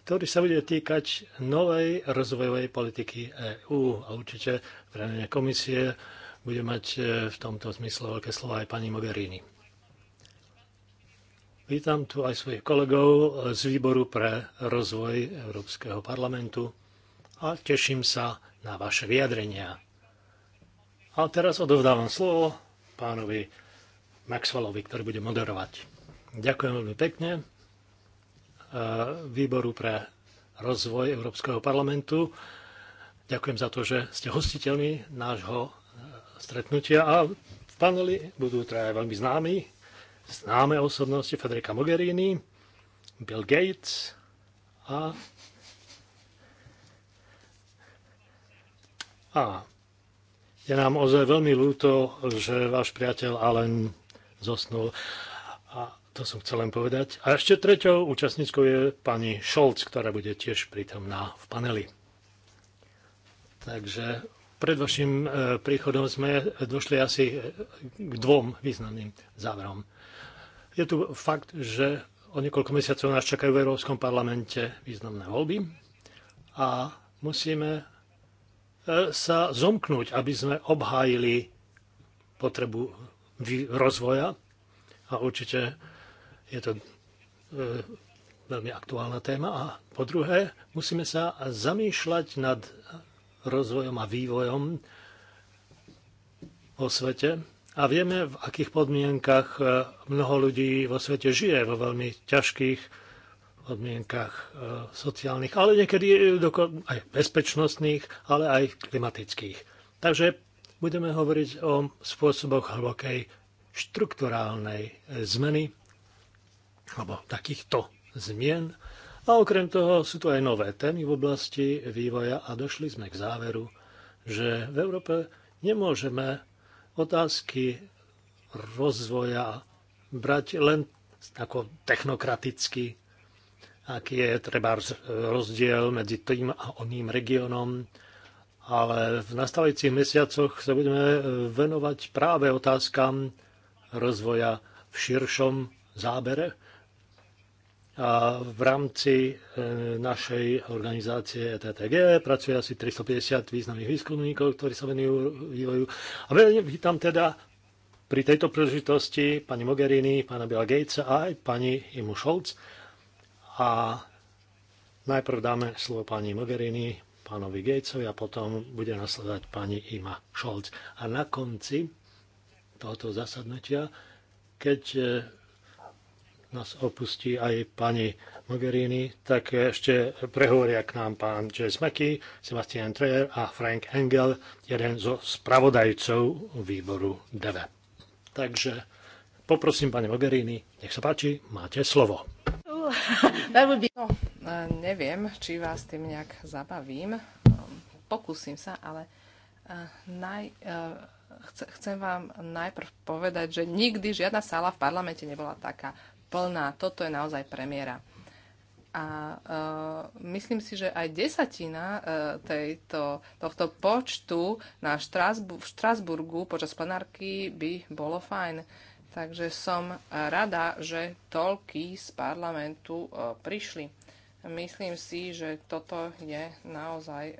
ktorý sa bude týkať novej rozvojovej politiky EÚ. A určite vrejme komisie bude mať e, v tomto zmysle veľké slovo aj pani Mogherini. Vítam tu aj svojich kolegov z Výboru pre rozvoj Európskeho parlamentu a teším sa na vaše vyjadrenia. A teraz odovdávam slovo pánovi Maxwellovi, ktorý bude moderovať. Ďakujem veľmi pekne e, Výboru pre rozvoj Európskeho parlamentu. Ďakujem za to, že ste hostiteľmi nášho e, stretnutia a v paneli budú traja veľmi známi známe osobnosti Federica Mogherini, Bill Gates a A je nám ozaj veľmi ľúto, že váš priateľ Allen zosnul. A to som chcel len povedať. A ešte treťou účastníckou je pani Šolc, ktorá bude tiež prítomná v paneli. Takže pred vašim eh, príchodom sme došli asi k dvom významným záverom. Je tu fakt, že o niekoľko mesiacov nás čakajú v Európskom parlamente významné voľby a musíme e, sa zomknúť, aby sme obhájili potrebu rozvoja a určite je to e, veľmi aktuálna téma. A po druhé, musíme sa zamýšľať nad rozvojom a vývojom vo svete a vieme, v akých podmienkach e, mnoho ľudí vo svete žije, vo veľmi ťažkých podmienkach e, sociálnych, ale niekedy aj bezpečnostných, ale aj klimatických. Takže budeme hovoriť o spôsoboch hlbokej štruktúrálnej zmeny, alebo takýchto zmien. A okrem toho sú tu aj nové témy v oblasti vývoja a došli sme k záveru, že v Európe nemôžeme otázky rozvoja brať len ako technokraticky, aký je treba rozdiel medzi tým a oným regiónom, ale v nastavujúcich mesiacoch sa budeme venovať práve otázkam rozvoja v širšom zábere a v rámci e, našej organizácie e TTG pracuje asi 350 významných výskumníkov, ktorí sa venujú vývoju. A vítam teda pri tejto príležitosti pani Mogherini, pána Bela Gatesa a aj pani Imu Scholz. A najprv dáme slovo pani Mogherini, pánovi Gatesovi a potom bude nasledovať pani Ima Scholz. A na konci tohoto zasadnutia, keď e, nás opustí aj pani Mogherini, tak ešte prehovoria k nám pán James Mackey, Sebastian Trejer a Frank Engel, jeden zo spravodajcov výboru DV. Takže poprosím pani Mogherini, nech sa páči, máte slovo. No, neviem, či vás tým nejak zabavím. Um, pokúsim sa, ale uh, naj, uh, chcem vám najprv povedať, že nikdy žiadna sála v parlamente nebola taká plná. Toto je naozaj premiéra. A uh, myslím si, že aj desatina uh, tejto, tohto počtu na Štrasbu- v Štrasburgu počas plenárky by bolo fajn. Takže som rada, že toľky z parlamentu uh, prišli. Myslím si, že toto je naozaj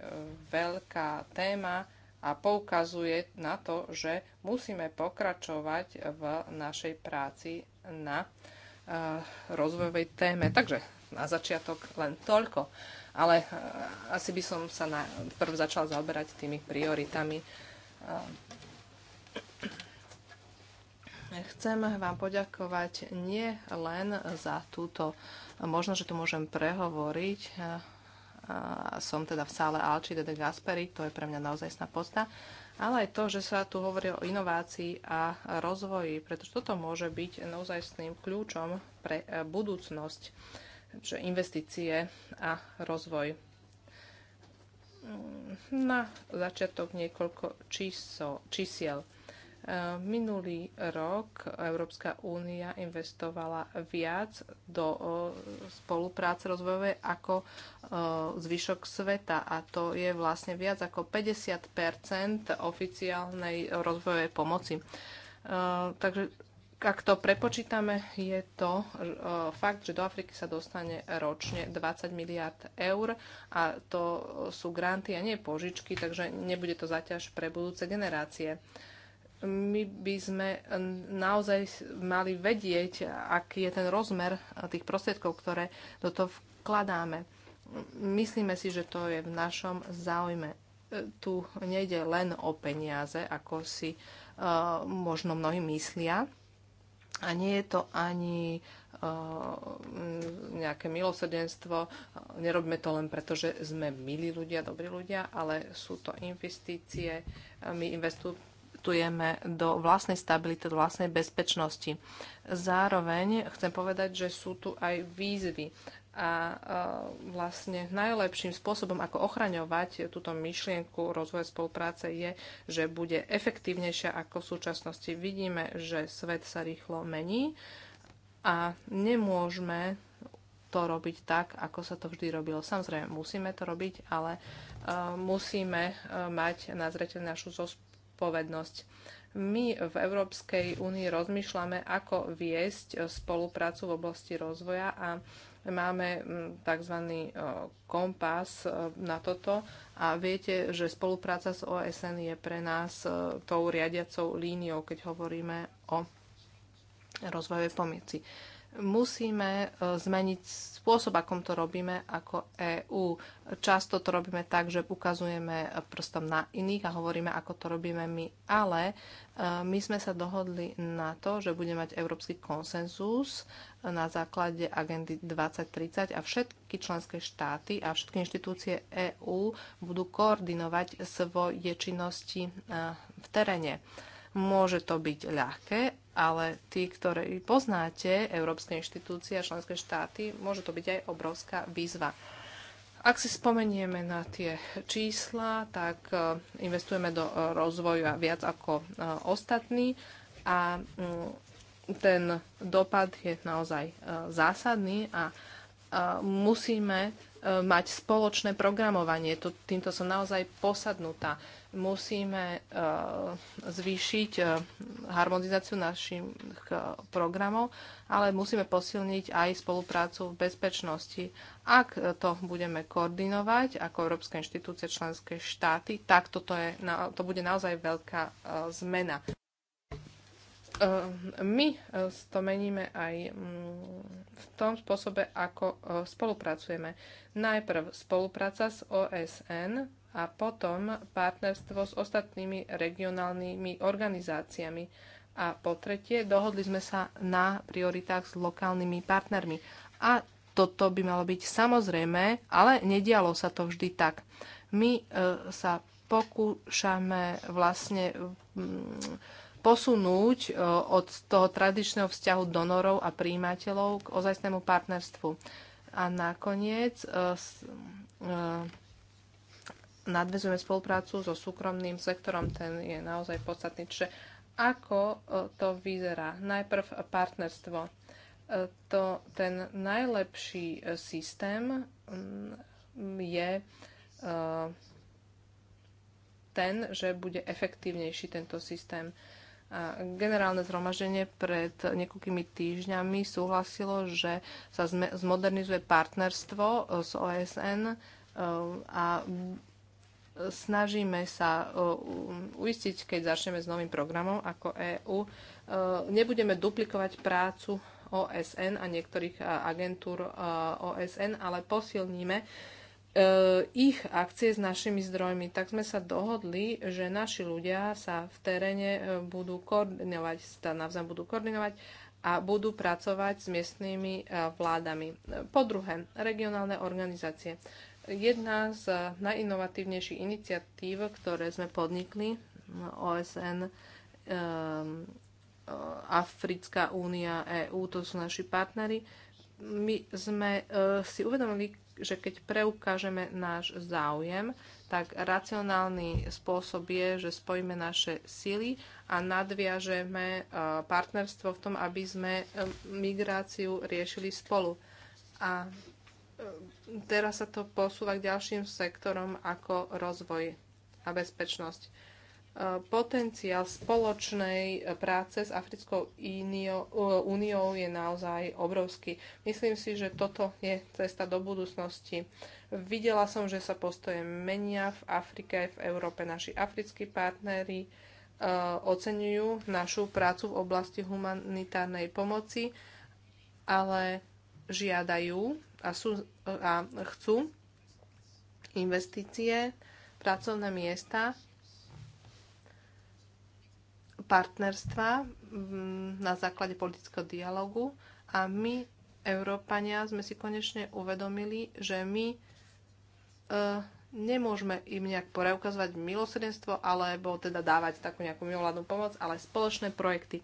veľká téma a poukazuje na to, že musíme pokračovať v našej práci na uh, Eh, rozvojovej téme. Takže na začiatok len toľko. Ale eh, asi by som sa na, prv začala zaoberať tými prioritami. Eh, chcem vám poďakovať nie len za túto možnosť, že tu môžem prehovoriť. Som teda v sále Alči de Gasperi, to je pre mňa naozaj sná posta, ale aj to, že sa tu hovorí o inovácii a rozvoji, pretože toto môže byť naozajstným kľúčom pre e, budúcnosť, čiže investície a rozvoj. Mm, na začiatok niekoľko čísel. čísiel. E, minulý rok Európska únia investovala viac do e, spolupráce rozvojovej ako e, zvyšok sveta a to je vlastne viac ako 50 oficiálnej rozvojovej pomoci. Takže ak to prepočítame, je to fakt, že do Afriky sa dostane ročne 20 miliard eur a to sú granty a nie požičky, takže nebude to zaťaž pre budúce generácie my by sme naozaj mali vedieť, aký je ten rozmer tých prostriedkov, ktoré do toho vkladáme. Myslíme si, že to je v našom záujme. Tu nejde len o peniaze, ako si uh, možno mnohí myslia. A nie je to ani e, nejaké milosrdenstvo. nerobíme to len preto, že sme milí ľudia, dobrí ľudia, ale sú to investície. My investujeme investujeme do vlastnej stability, do vlastnej bezpečnosti. Zároveň chcem povedať, že sú tu aj výzvy. A e, vlastne najlepším spôsobom, ako ochraňovať túto myšlienku rozvoja spolupráce je, že bude efektívnejšia ako v súčasnosti. Vidíme, že svet sa rýchlo mení a nemôžeme to robiť tak, ako sa to vždy robilo. Samozrejme, musíme to robiť, ale e, musíme e, mať na zreteľ našu zodpovednosť. My v Európskej únii rozmýšľame, ako viesť e, spoluprácu v oblasti rozvoja a máme tzv. E, kompas e, na toto a viete, že spolupráca s OSN je pre nás tou riadiacou líniou, keď hovoríme o rozvojovej pomoci. Musíme zmeniť spôsob, akom to robíme ako EÚ. Často to robíme tak, že ukazujeme prstom na iných a hovoríme, ako to robíme my, ale e, my sme sa dohodli na to, že budeme mať európsky konsenzus na základe agendy 2030 a všetky členské štáty a všetky inštitúcie EÚ budú koordinovať svoje činnosti e, v teréne. Môže to byť ľahké, ale tí, ktorí poznáte európske inštitúcie a členské štáty, môže to byť aj obrovská výzva. Ak si spomenieme na tie čísla, tak e, investujeme do e, rozvoja viac ako e, ostatní a mm, ten dopad je naozaj zásadný a musíme mať spoločné programovanie. Týmto som naozaj posadnutá musíme e, zvýšiť e, harmonizáciu našich e, programov, ale musíme posilniť aj spoluprácu v bezpečnosti. Ak to budeme koordinovať ako Európske inštitúcie členské štáty, tak toto je, to bude naozaj veľká zmena. Ehm, my eh, to meníme aj mm, v tom spôsobe, ako eh, spolupracujeme. Najprv spolupráca s OSN a potom partnerstvo s ostatnými regionálnymi organizáciami. A po tretie, dohodli sme sa na prioritách s lokálnymi partnermi. A toto by malo byť samozrejme, ale nedialo sa to vždy tak. My eh, sa pokúšame vlastne mm, posunúť e, od toho tradičného vzťahu donorov a príjimateľov k ozajstnému partnerstvu. A nakoniec e, e, nadvezujeme spoluprácu so súkromným sektorom, ten je naozaj podstatný. Čiže ako to vyzerá? Najprv partnerstvo. To, ten najlepší systém je ten, že bude efektívnejší tento systém. Generálne zhromaždenie pred niekoľkými týždňami súhlasilo, že sa zmodernizuje partnerstvo e, s OSN e, a snažíme sa e, uistiť, keď začneme s novým programom ako EÚ, nebudeme duplikovať prácu OSN a niektorých agentúr OSN, ale posilníme E, ich akcie s našimi zdrojmi. Tak sme sa dohodli, že naši ľudia sa v teréne e, budú koordinovať, sa navzájom budú koordinovať a budú pracovať s miestnymi e, vládami. Po druhé, regionálne organizácie. Jedna z najinovatívnejších iniciatív, ktoré sme podnikli, OSN, Africká únia, EÚ, to sú naši partnery, my sme si uvedomili, že keď preukážeme náš záujem, tak racionálny spôsob je, že spojíme naše sily a nadviažeme e, partnerstvo v tom, aby sme e, migráciu riešili spolu. A e, teraz sa to posúva k ďalším sektorom ako rozvoj a bezpečnosť potenciál spoločnej práce s Africkou úniou je naozaj obrovský. Myslím si, že toto je cesta do budúcnosti. Videla som, že sa postoje menia v Afrike aj v Európe. Naši africkí partnery e, oceňujú našu prácu v oblasti humanitárnej pomoci, ale žiadajú a, sú, a chcú investície, pracovné miesta partnerstva mm, na základe politického dialogu a my, Európania, sme si konečne uvedomili, že my e, nemôžeme im nejak poreukazovať milosrdenstvo alebo teda dávať takú nejakú mimovládnu pomoc, ale spoločné projekty.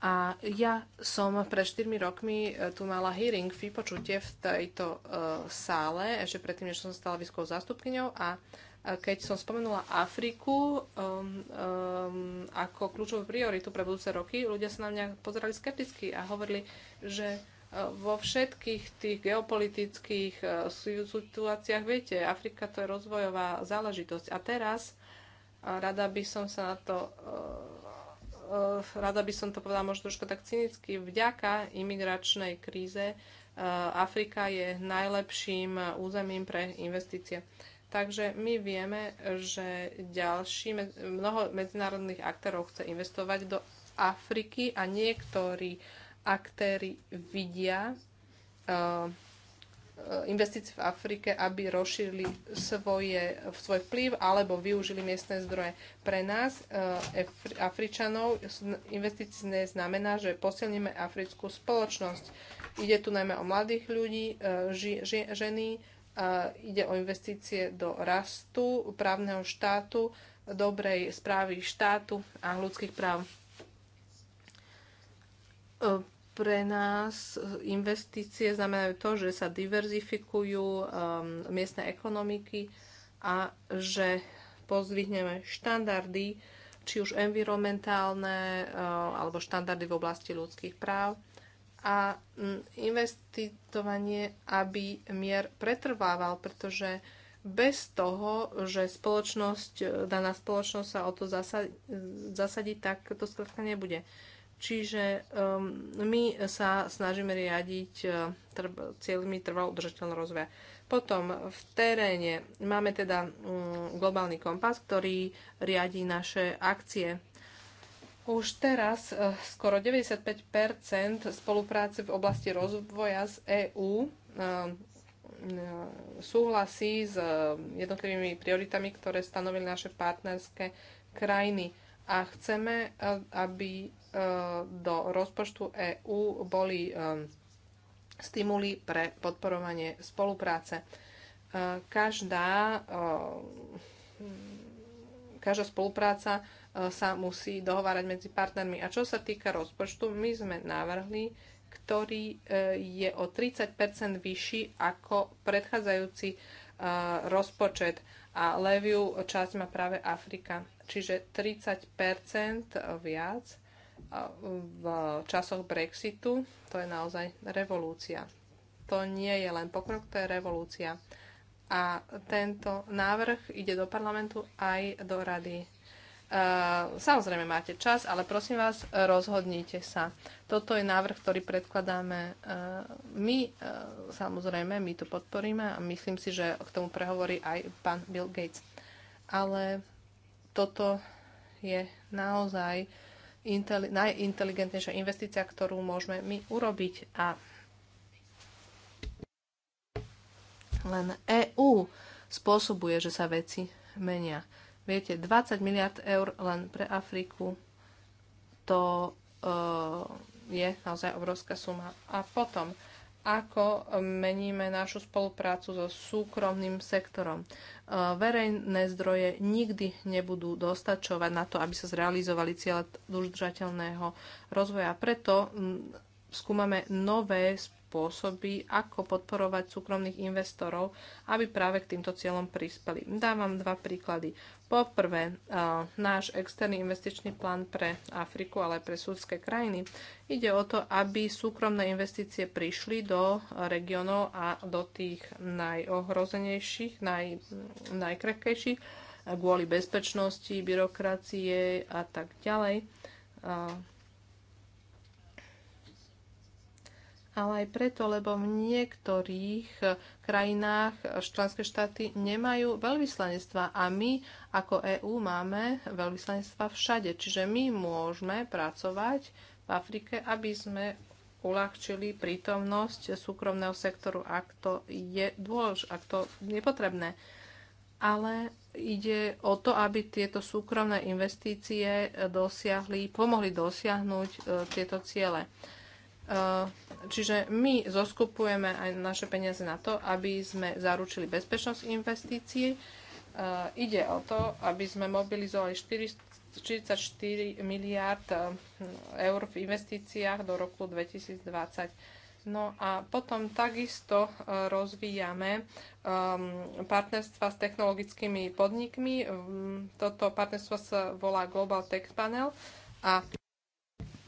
A ja som pred 4 rokmi e, tu mala hearing, vypočutie v tejto e, sále, ešte predtým, než som stala výskou zástupkyňou a e, keď som spomenula Afriku um, um, ako kľúčovú prioritu pre budúce roky, ľudia sa na mňa pozerali skepticky a hovorili, že uh, vo všetkých tých geopolitických uh, situáciách, viete, Afrika to je rozvojová záležitosť. A teraz uh, rada by som sa na to rada by som to povedala možno trošku tak cynicky, vďaka imigračnej kríze Afrika je najlepším územím pre investície. Takže my vieme, že ďalší, mnoho medzinárodných aktérov chce investovať do Afriky a niektorí aktéry vidia uh, investície v Afrike, aby rozšírili svoje, svoj vplyv alebo využili miestne zdroje. Pre nás, eh, Afričanov, investície znamená, že posilníme africkú spoločnosť. Ide tu najmä o mladých ľudí, eh, ži, ži, ženy, ide o investície do rastu, právneho štátu, dobrej správy štátu a ľudských práv. E, pre nás investície znamenajú to, že sa diverzifikujú um, miestne ekonomiky a že pozvihneme štandardy, či už environmentálne, uh, alebo štandardy v oblasti ľudských práv a investovanie, aby mier pretrvával, pretože bez toho, že spoločnosť, e, daná spoločnosť sa o to zasadí, zasadí tak to skrátka nebude. Čiže um, my sa snažíme riadiť uh, trv, cieľmi trvalo udržateľného rozvoja. Potom v teréne máme teda um, globálny kompas, ktorý riadi naše akcie už teraz eh, skoro 95 spolupráce v oblasti rozvoja z EÚ eh, eh, súhlasí s jednotlivými prioritami, ktoré stanovili naše partnerské krajiny. A chceme, aby do rozpočtu EÚ boli stimuly pre podporovanie spolupráce. Každá, každá spolupráca sa musí dohovárať medzi partnermi. A čo sa týka rozpočtu, my sme navrhli, ktorý e, je o 30 vyšší ako predchádzajúci e, rozpočet a leviu časť má práve Afrika. Čiže 30 viac e, v časoch Brexitu, to je naozaj revolúcia. To nie je len pokrok, to je revolúcia. A tento návrh ide do parlamentu aj do rady Eh, samozrejme máte čas, ale prosím vás, rozhodnite sa. Toto je návrh, ktorý predkladáme eh, my. Eh, samozrejme, my to podporíme a myslím si, že k tomu prehovorí aj pán Bill Gates. Ale toto je naozaj najinteligentnejšia investícia, ktorú môžeme my urobiť. A len EU spôsobuje, že sa veci menia Viete, 20 miliard eur len pre Afriku, to e, je naozaj obrovská suma. A potom, ako meníme našu spoluprácu so súkromným sektorom. E, verejné zdroje nikdy nebudú dostačovať na to, aby sa zrealizovali cieľe udržateľného rozvoja. Preto m, hm, skúmame nové spôsoby, ako podporovať súkromných investorov, aby práve k týmto cieľom prispeli. Dávam dva príklady. Poprvé, náš externý investičný plán pre Afriku, ale aj pre súdske krajiny. Ide o to, aby súkromné investície prišli do regionov a do tých najohrozenejších, naj, najkrehkejších kvôli bezpečnosti, byrokracie a tak ďalej. ale aj preto, lebo v niektorých eh, krajinách eh, členské štáty nemajú veľvyslanectva a my ako EÚ máme veľvyslanectva všade. Čiže my môžeme pracovať v Afrike, aby sme uľahčili prítomnosť súkromného sektoru, ak to je dôlež, ak to je potrebné. Ale ide o to, aby tieto súkromné investície dosiahli, pomohli dosiahnuť eh, tieto ciele. Eh, čiže my zoskupujeme aj naše peniaze na to, aby sme zaručili bezpečnosť investícií. Eh, ide o to, aby sme mobilizovali 44 miliard eh, eur v investíciách do roku 2020. No a potom takisto rozvíjame ehm, partnerstva s technologickými podnikmi. Ehm, toto partnerstvo sa volá Global Tech Panel a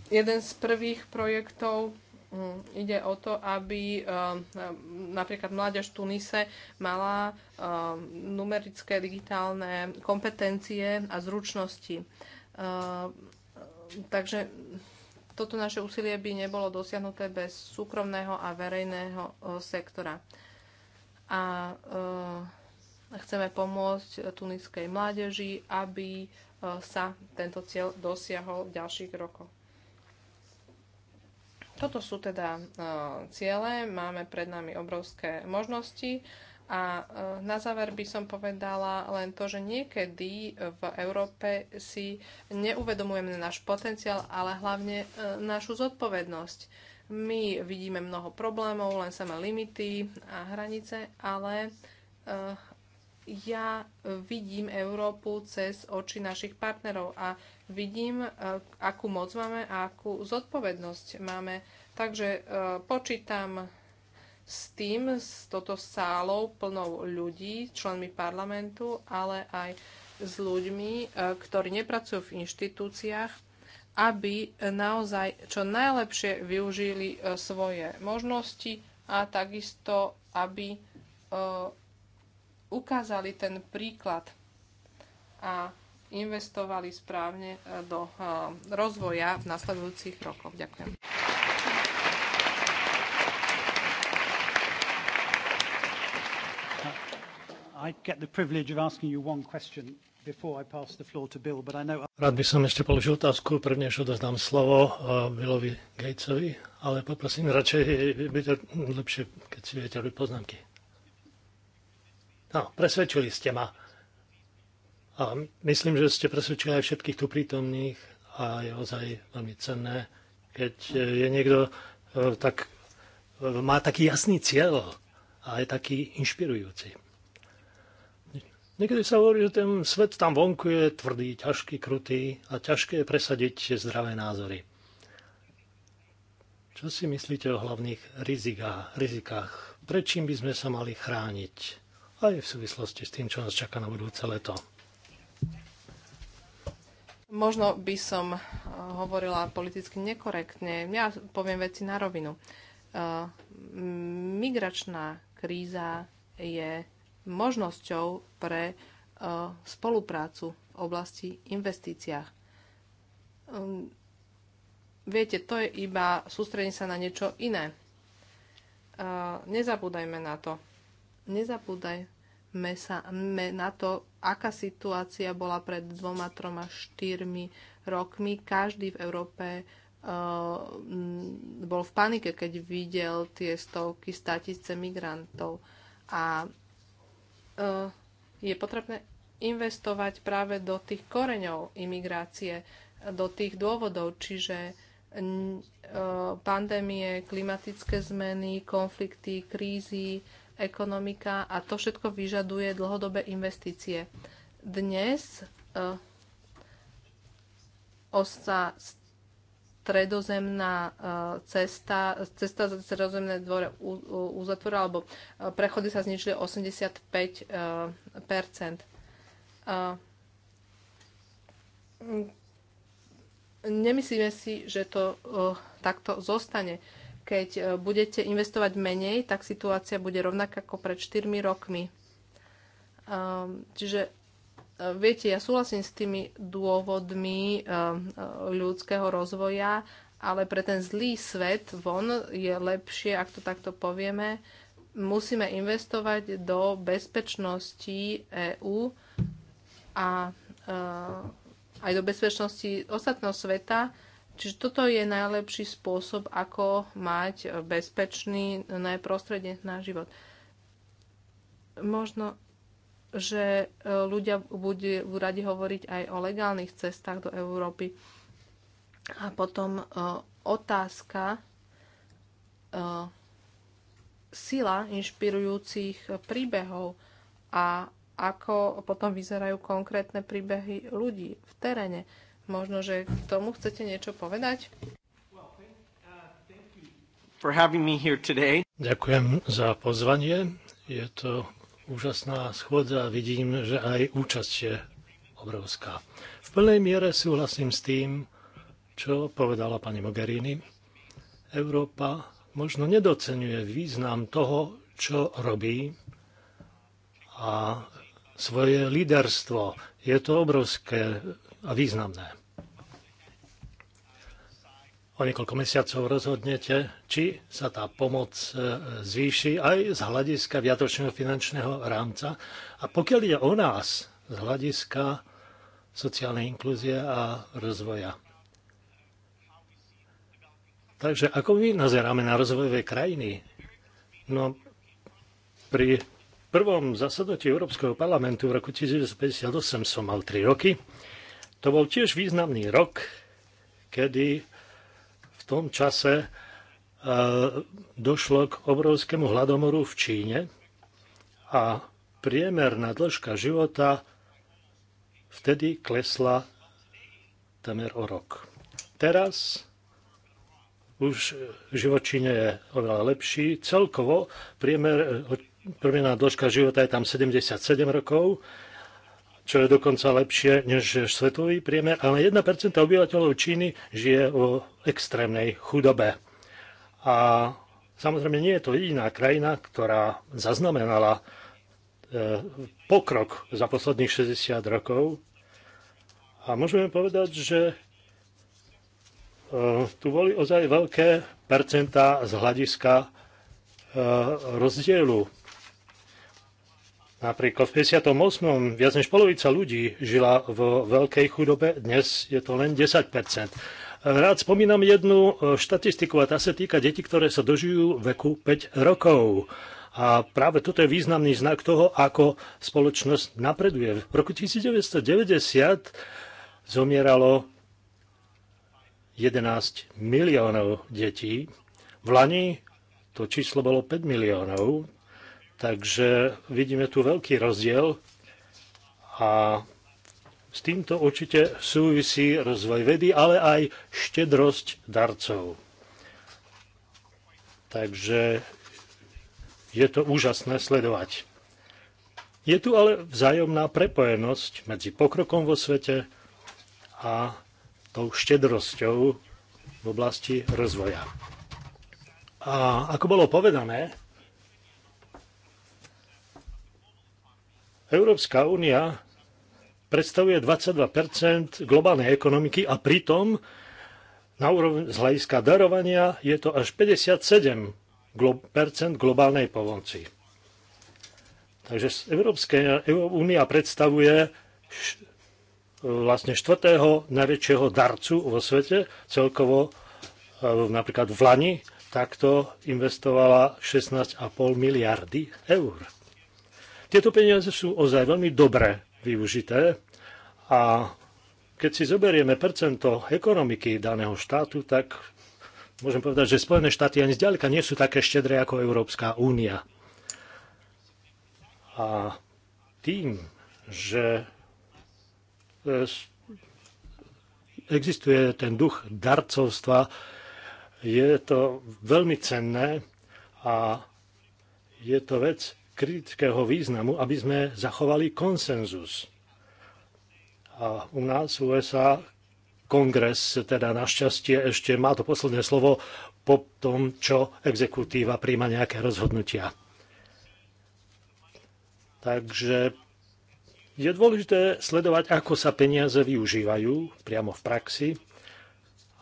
Jeden z prvých projektov mm, ide o to, aby eh, napríklad mládež v Tunise mala eh, numerické digitálne kompetencie a zručnosti. Eh, takže toto naše úsilie by nebolo dosiahnuté bez súkromného a verejného sektora. A chceme pomôcť tuniskej mládeži, aby sa tento cieľ dosiahol v ďalších rokoch. Toto sú teda e, ciele, máme pred nami obrovské možnosti a e, na záver by som povedala len to, že niekedy v Európe si neuvedomujeme náš potenciál, ale hlavne e, našu zodpovednosť. My vidíme mnoho problémov, len samé limity a hranice, ale ja e, vidím Európu cez oči našich partnerov a vidím, e, akú moc máme a akú zodpovednosť máme. Takže e, počítam s tým, s toto sálou plnou ľudí, členmi parlamentu, ale aj s ľuďmi, ktorí nepracujú v inštitúciách, aby naozaj čo najlepšie využili svoje možnosti a takisto, aby ukázali ten príklad a investovali správne e, do e, rozvoja v nasledujúcich rokoch. Ďakujem. Uh, Rád by som ešte položil otázku, prvne než odozdám slovo uh, Billovi Gatesovi, ale poprosím radšej, by to lepšie, keď si viete poznámky. No, presvedčili ste ma. A myslím, že ste presvedčili aj všetkých tu prítomných a je ozaj veľmi cenné, keď je niekto e, tak, e, má taký jasný cieľ a je taký inšpirujúci. Niekedy sa hovorí, že ten svet tam vonku je tvrdý, ťažký, krutý a ťažké je presadiť zdravé názory. Čo si myslíte o hlavných rizikách? rizikách? Prečím by sme sa mali chrániť? aj v súvislosti s tým, čo nás čaká na budúce leto. Možno by som eh, hovorila politicky nekorektne. Ja poviem veci na rovinu. Eh, migračná kríza je možnosťou pre eh, spoluprácu v oblasti investíciách. Ehm, viete, to je iba sústredenie sa na niečo iné. Nezabúdajme na to nezabúdajme sa na to, aká situácia bola pred dvoma, troma, štyrmi rokmi. Každý v Európe Uh, bol v panike, keď videl tie stovky, statice migrantov. A uh, je potrebné investovať práve do tých koreňov imigrácie, do tých dôvodov, čiže eh, pandémie, klimatické zmeny, konflikty, krízy, ekonomika a to všetko vyžaduje dlhodobé investície. Dnes e, osa stredozemná e, cesta, cesta za stredozemné dvore uzatvorila, alebo e, prechody sa znižili 85 mm, Nemyslíme si, že to takto zostane keď e, budete investovať menej, tak situácia bude rovnaká ako pred 4 rokmi. Ehm, čiže e, viete, ja súhlasím s tými dôvodmi e, ľudského rozvoja, ale pre ten zlý svet von je lepšie, ak to takto povieme, musíme investovať do bezpečnosti EÚ a aj do bezpečnosti ostatného sveta, Čiže toto je najlepší spôsob, ako mať bezpečný prostredie na život. Možno, že e, ľudia budú radi hovoriť aj o legálnych cestách do Európy. A potom e, otázka e, sila inšpirujúcich príbehov a ako potom vyzerajú konkrétne príbehy ľudí v teréne Možno, že k tomu chcete niečo povedať? Ďakujem za pozvanie. Je to úžasná schôdza a vidím, že aj účasť je obrovská. V plnej miere súhlasím s tým, čo povedala pani Mogherini. Európa možno nedocenuje význam toho, čo robí a svoje líderstvo. Je to obrovské a významné. O niekoľko mesiacov rozhodnete, či sa tá pomoc e, zvýši aj z hľadiska viatočného finančného rámca. A pokiaľ ide o nás, z hľadiska sociálnej inklúzie a rozvoja. Takže ako my nazeráme na rozvojové krajiny? No, pri prvom zasadnutí Európskeho parlamentu v roku 1958 som mal 3 roky to bol tiež významný rok, kedy v tom čase e, došlo k obrovskému hladomoru v Číne a priemerná dĺžka života vtedy klesla temer o rok. Teraz už život Číne je oveľa lepší. Celkovo priemer, e, priemerná dĺžka života je tam 77 rokov čo je dokonca lepšie než svetový priemer, ale 1% obyvateľov Číny žije v extrémnej chudobe. A samozrejme nie je to jediná krajina, ktorá zaznamenala e, pokrok za posledných 60 rokov. A môžeme povedať, že e, tu boli ozaj veľké percentá z hľadiska e, rozdielu Napríklad v 58. viac než polovica ľudí žila v veľkej chudobe, dnes je to len 10 Rád spomínam jednu e, štatistiku a tá sa týka detí, ktoré sa dožijú veku 5 rokov. A práve toto je významný znak toho, ako spoločnosť napreduje. V roku 1990 zomieralo 11 miliónov detí. V Lani to číslo bolo 5 miliónov, Takže vidíme tu veľký rozdiel a s týmto určite súvisí rozvoj vedy, ale aj štedrosť darcov. Takže je to úžasné sledovať. Je tu ale vzájomná prepojenosť medzi pokrokom vo svete a tou štedrosťou v oblasti rozvoja. A ako bolo povedané, Európska únia predstavuje 22 globálnej ekonomiky a pritom na úroveň z hľadiska darovania je to až 57 globálnej pomoci. Takže Európska únia predstavuje vlastne štvrtého najväčšieho darcu vo svete, celkovo e, napríklad v Lani, takto investovala 16,5 miliardy eur. Tieto peniaze sú ozaj veľmi dobre využité a keď si zoberieme percento ekonomiky daného štátu, tak môžem povedať, že Spojené štáty ani zďaleka nie sú také štedré ako Európska únia. A tým, že e, existuje ten duch darcovstva, je to veľmi cenné a je to vec, kritického významu, aby sme zachovali konsenzus. A u nás v USA kongres teda našťastie ešte má to posledné slovo po tom, čo exekutíva príjma nejaké rozhodnutia. Takže je dôležité sledovať, ako sa peniaze využívajú priamo v praxi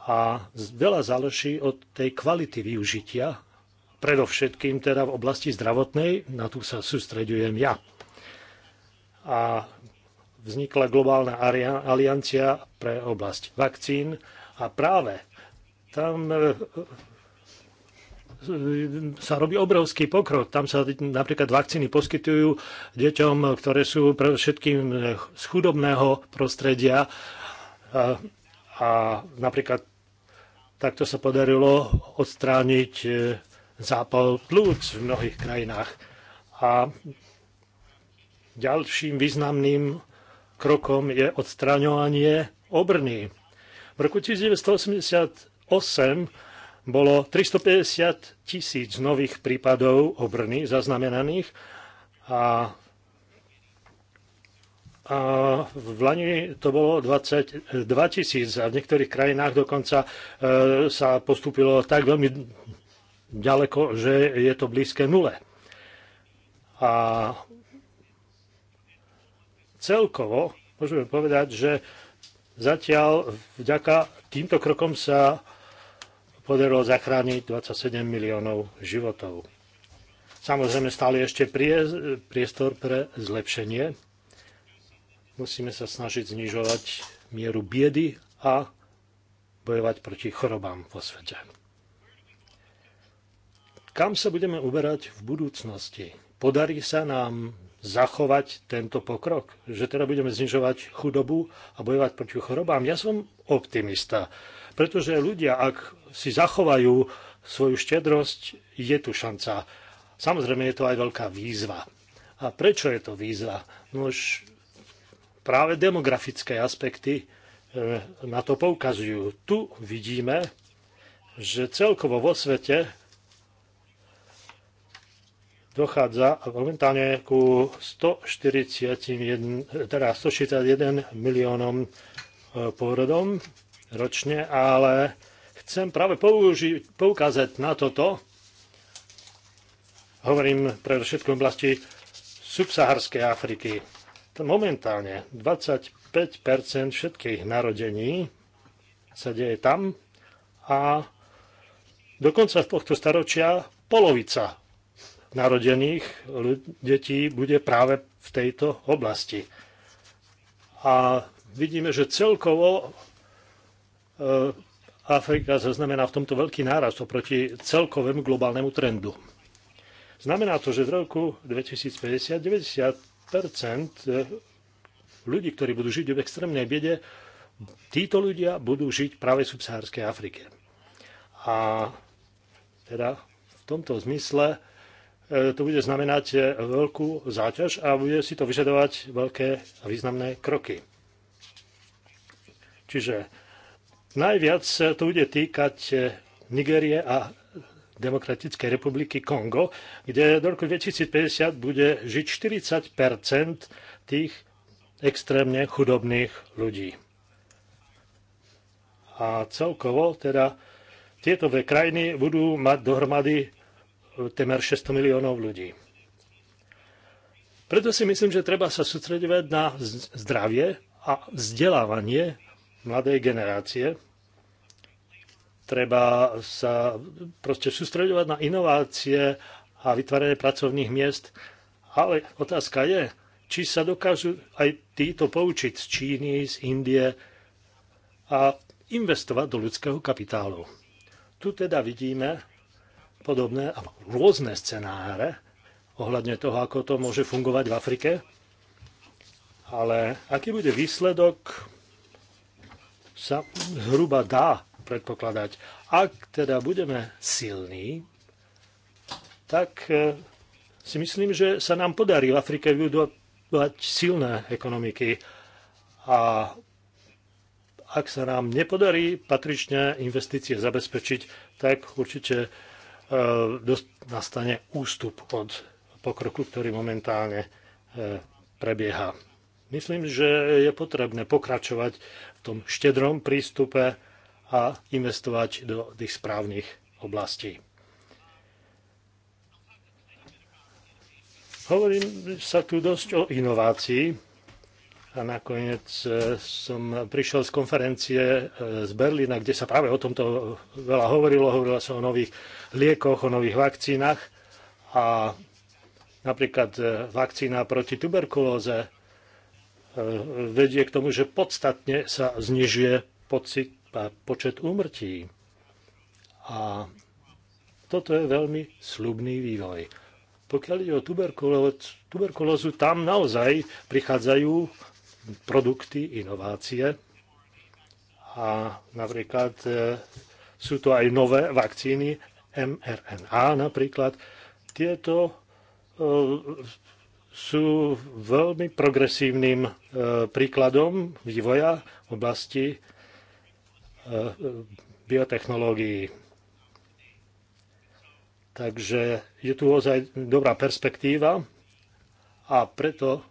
a veľa záleží od tej kvality využitia predovšetkým teda v oblasti zdravotnej, na tú sa sústreďujem ja. A vznikla globálna aliancia pre oblasť vakcín a práve tam e, sa robí obrovský pokrok. Tam sa napríklad vakcíny poskytujú deťom, ktoré sú pre všetkým z chudobného prostredia. A, a napríklad takto sa podarilo odstrániť e, zápal plúc v mnohých krajinách. A ďalším významným krokom je odstraňovanie obrny. V roku 1988 bolo 350 tisíc nových prípadov obrny zaznamenaných a, a v Lani to bolo 22 tisíc a v niektorých krajinách dokonca e, sa postúpilo tak veľmi ďaleko, že je to blízke nule. A celkovo môžeme povedať, že zatiaľ vďaka týmto krokom sa podarilo zachrániť 27 miliónov životov. Samozrejme, stále ešte priestor pre zlepšenie. Musíme sa snažiť znižovať mieru biedy a bojovať proti chorobám vo svete kam sa budeme uberať v budúcnosti. Podarí sa nám zachovať tento pokrok, že teda budeme znižovať chudobu a bojovať proti chorobám. Ja som optimista, pretože ľudia, ak si zachovajú svoju štedrosť, je tu šanca. Samozrejme je to aj veľká výzva. A prečo je to výzva? No už práve demografické aspekty e, na to poukazujú. Tu vidíme, že celkovo vo svete dochádza momentálne ku 141, teda miliónom e, pôrodom ročne, ale chcem práve poukázať na toto, hovorím pre v oblasti subsaharskej Afriky. Momentálne 25 všetkých narodení sa deje tam a do konca tohto staročia polovica narodených detí bude práve v tejto oblasti. A vidíme, že celkovo e, Afrika zaznamená v tomto veľký nárast oproti celkovému globálnemu trendu. Znamená to, že v roku 2050 90 e, ľudí, ktorí budú žiť v extrémnej biede, títo ľudia budú žiť práve v subsahárskej Afrike. A teda v tomto zmysle E, to bude znamenať e, veľkú záťaž a bude si to vyžadovať veľké a významné kroky. Čiže najviac to bude týkať e, Nigérie a Demokratickej republiky Kongo, kde do roku 2050 bude žiť 40 tých extrémne chudobných ľudí. A celkovo teda tieto dve krajiny budú mať dohromady temer 600 miliónov ľudí. Preto si myslím, že treba sa sústredovať na zdravie a vzdelávanie mladej generácie. Treba sa proste sústredovať na inovácie a vytváranie pracovných miest. Ale otázka je, či sa dokážu aj títo poučiť z Číny, z Indie a investovať do ľudského kapitálu. Tu teda vidíme, podobné a rôzne scenáre ohľadne toho, ako to môže fungovať v Afrike. Ale aký bude výsledok, sa zhruba dá predpokladať. Ak teda budeme silní, tak e, si myslím, že sa nám podarí v Afrike vybudovať silné ekonomiky. A ak sa nám nepodarí patrične investície zabezpečiť, tak určite E, nastane ústup od pokroku, ktorý momentálne e, prebieha. Myslím, že je potrebné pokračovať v tom štedrom prístupe a investovať do tých správnych oblastí. Hovorím sa tu dosť o inovácii a nakoniec e, som prišiel z konferencie e, z Berlína, kde sa práve o tomto veľa hovorilo. Hovorilo sa o nových liekoch, o nových vakcínach. A napríklad e, vakcína proti tuberkulóze vedie k tomu, že podstatne sa znižuje pocit, počet úmrtí. A toto je veľmi slubný vývoj. Pokiaľ ide o tuberkulózu, tam naozaj prichádzajú produkty, inovácie a napríklad e, sú to aj nové vakcíny mRNA napríklad. Tieto e, sú veľmi progresívnym e, príkladom vývoja v oblasti biotechnológií. Takže je tu ozaj dobrá perspektíva a preto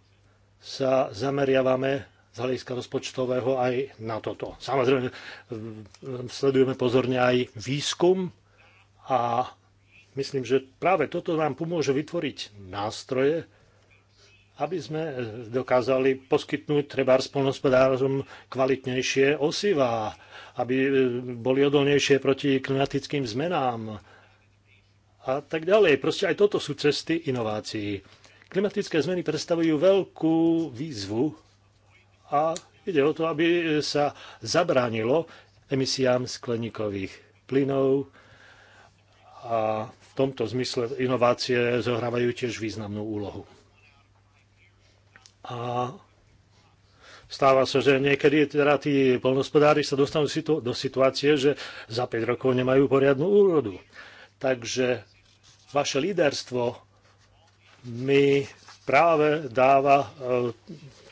sa zameriavame z hľadiska rozpočtového aj na toto. Samozrejme, sledujeme pozorne aj výskum a myslím, že práve toto nám pomôže vytvoriť nástroje, aby sme dokázali poskytnúť treba spolnospodárom kvalitnejšie osiva, aby e, boli odolnejšie proti klimatickým zmenám a tak ďalej. Proste aj toto sú cesty inovácií. Klimatické zmeny predstavujú veľkú výzvu a ide o to, aby sa zabránilo emisiám skleníkových plynov a v tomto zmysle inovácie zohrávajú tiež významnú úlohu. A Stáva sa, že niekedy teda tí polnospodári sa dostanú situ- do situácie, že za 5 rokov nemajú poriadnu úrodu. Takže vaše líderstvo mi práve dáva e,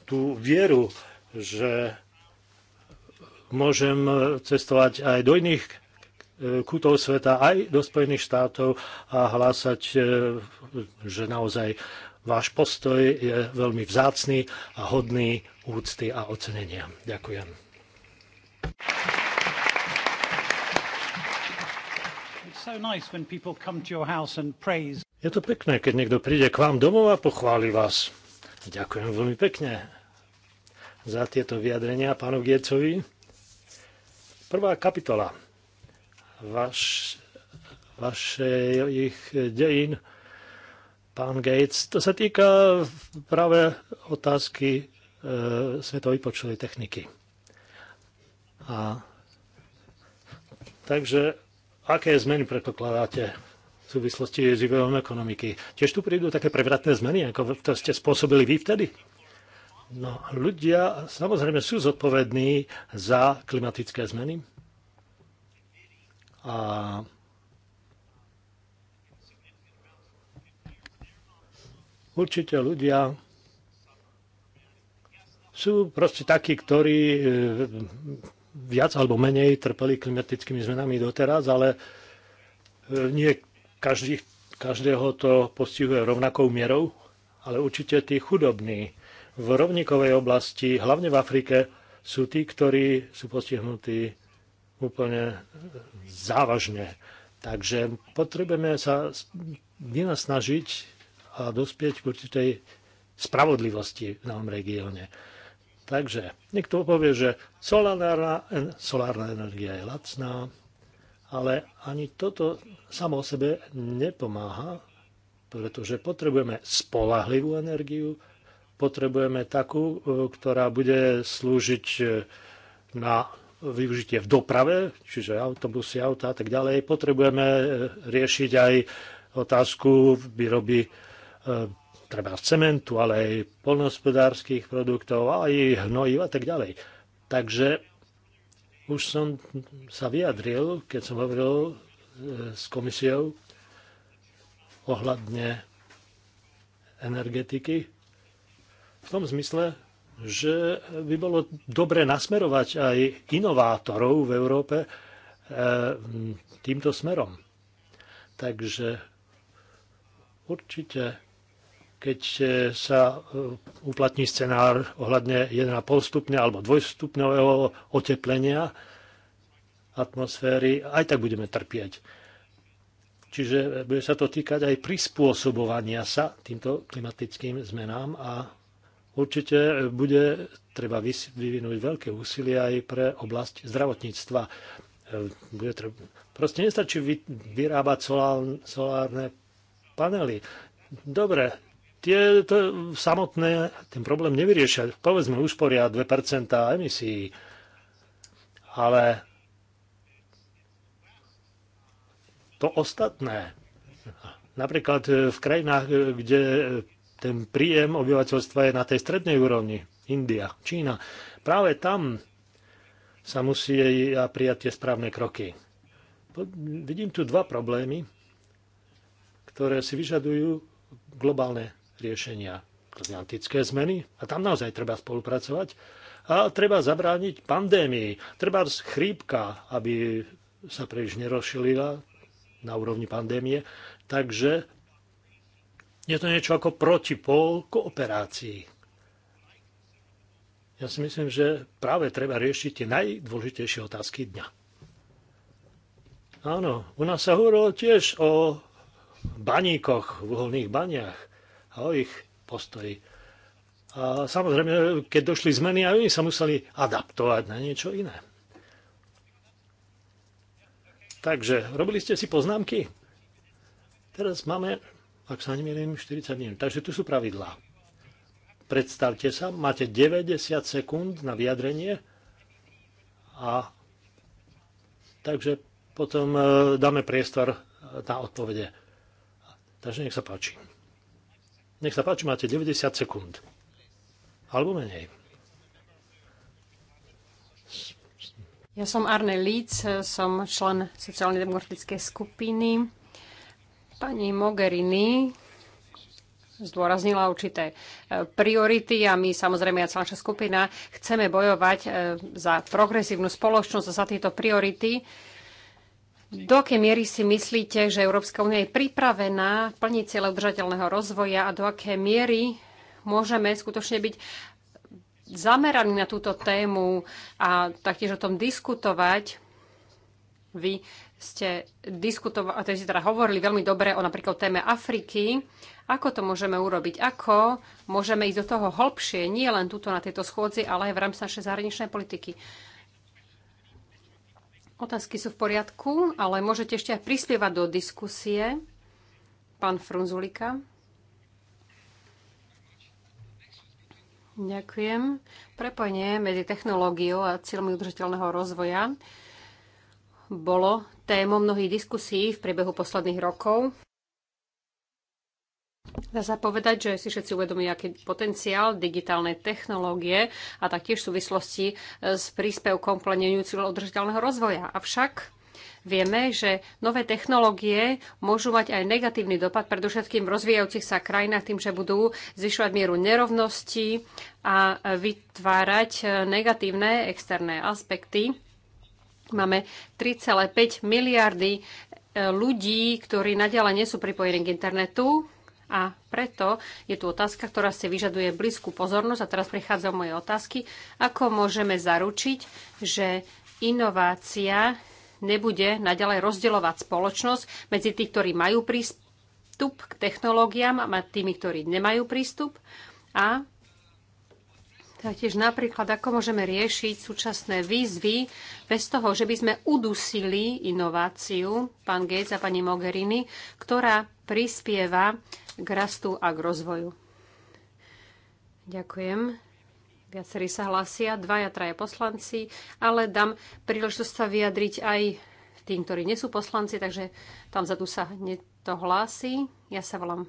tú vieru, že môžem cestovať aj do iných e, kútov sveta, aj do Spojených štátov a hlásať, e, že naozaj váš postoj je veľmi vzácný a hodný úcty a ocenenia. Ďakujem. Je to pekné, keď niekto príde k vám domov a pochváli vás. Ďakujem veľmi pekne za tieto vyjadrenia pánu Giecovi. Prvá kapitola Vaš, vašich dejín, pán Gates, to sa týka práve otázky e, svetovej počulej techniky. A, takže Aké zmeny predpokladáte v súvislosti s vývojom ekonomiky? Tiež tu prídu také prevratné zmeny, ako to ste spôsobili vy vtedy? No, ľudia samozrejme sú zodpovední za klimatické zmeny. A určite ľudia sú proste takí, ktorí viac alebo menej trpeli klimatickými zmenami doteraz, ale e, nie každý, každého to postihuje rovnakou mierou, ale určite tí chudobní v rovníkovej oblasti, hlavne v Afrike, sú tí, ktorí sú postihnutí úplne e, závažne. Takže potrebujeme sa vynasnažiť a dospieť k určitej spravodlivosti v novom regióne. Takže niekto povie, že solárna, solárna energia je lacná, ale ani toto samo o sebe nepomáha, pretože potrebujeme spolahlivú energiu, potrebujeme takú, e, ktorá bude slúžiť e, na využitie v doprave, čiže autobusy, auta a tak ďalej. Potrebujeme e, riešiť aj otázku výroby treba cementu, ale aj polnospodárských produktov, aj hnojiv a tak ďalej. Takže už som sa vyjadril, keď som hovoril e, s komisiou ohľadne energetiky, v tom zmysle, že by bolo dobre nasmerovať aj inovátorov v Európe e, týmto smerom. Takže určite keď e, sa e, uplatní scenár ohľadne 1,5 stupňa alebo 2 stupňového oteplenia atmosféry, aj tak budeme trpieť. Čiže e, bude sa to týkať aj prispôsobovania sa týmto klimatickým zmenám a určite bude treba vyvinúť veľké úsilie aj pre oblasť zdravotníctva. Bude treba... Proste nestačí vyrábať solárne panely. Dobre, tie to samotné ten problém nevyriešia. Povedzme úsporia 2% emisí, ale to ostatné, napríklad v krajinách, kde ten príjem obyvateľstva je na tej strednej úrovni, India, Čína, práve tam sa musí prijať tie správne kroky. Vidím tu dva problémy, ktoré si vyžadujú globálne riešenia antické zmeny a tam naozaj treba spolupracovať a treba zabrániť pandémii. Treba z chrípka, aby sa príliš nerozšilila na úrovni pandémie. Takže je to niečo ako protipol kooperácii. Ja si myslím, že práve treba riešiť tie najdôležitejšie otázky dňa. Áno, u nás sa hovorilo tiež o baníkoch, v uholných baniach o ich postoji. A samozrejme, keď došli zmeny, aj oni sa museli adaptovať na niečo iné. Takže, robili ste si poznámky? Teraz máme, ak sa nemýlim, 40 minút. Takže tu sú pravidlá. Predstavte sa, máte 90 sekúnd na vyjadrenie a takže potom e, dáme priestor e, na odpovede. Takže nech sa páči. Nech sa páči, máte 90 sekúnd. Alebo menej. Ja som Arne Líc, som člen sociálnej demokratickej skupiny. Pani Mogherini zdôraznila určité e, priority a my samozrejme a celá naša skupina chceme bojovať e, za progresívnu spoločnosť a za tieto priority do akej miery si myslíte, že Európska únia je pripravená plniť cieľe udržateľného rozvoja a do akej miery môžeme skutočne byť zameraní na túto tému a taktiež o tom diskutovať. Vy ste diskutovali, ste teda hovorili veľmi dobre o napríklad téme Afriky. Ako to môžeme urobiť? Ako môžeme ísť do toho hlbšie, nie len tuto na tejto schôdzi, ale aj v rámci našej zahraničnej politiky? Otázky sú v poriadku, ale môžete ešte aj prispievať do diskusie. Pán Frunzulika. Ďakujem. Prepojenie medzi technológiou a cieľmi udržateľného rozvoja bolo témou mnohých diskusí v priebehu posledných rokov. Dá sa povedať, že si všetci uvedomí, aký potenciál digitálnej technológie a taktiež v súvislosti s príspevkom k planeniu cieľov udržiteľného rozvoja. Avšak Vieme, že nové technológie môžu mať aj negatívny dopad, predovšetkým v rozvíjajúcich sa krajinách, tým, že budú zvyšovať mieru nerovnosti a vytvárať negatívne externé aspekty. Máme 3,5 miliardy eh, ľudí, ktorí nadiaľa nie sú pripojení k internetu a preto je tu otázka, ktorá si vyžaduje blízku pozornosť. A teraz prichádza moje otázky. Ako môžeme zaručiť, že inovácia nebude naďalej rozdeľovať spoločnosť medzi tých, ktorí majú prístup k technológiám a tými, ktorí nemajú prístup. A taktiež napríklad, ako môžeme riešiť súčasné výzvy bez toho, že by sme udusili inováciu, pán Gates a pani Mogherini, ktorá prispieva k rastu a k rozvoju. Ďakujem. Viacerí sa hlásia, dvaja, traja poslanci, ale dám príležitosť sa vyjadriť aj tým, ktorí nie sú poslanci, takže tam za tu sa hneď to hlási. Ja sa volám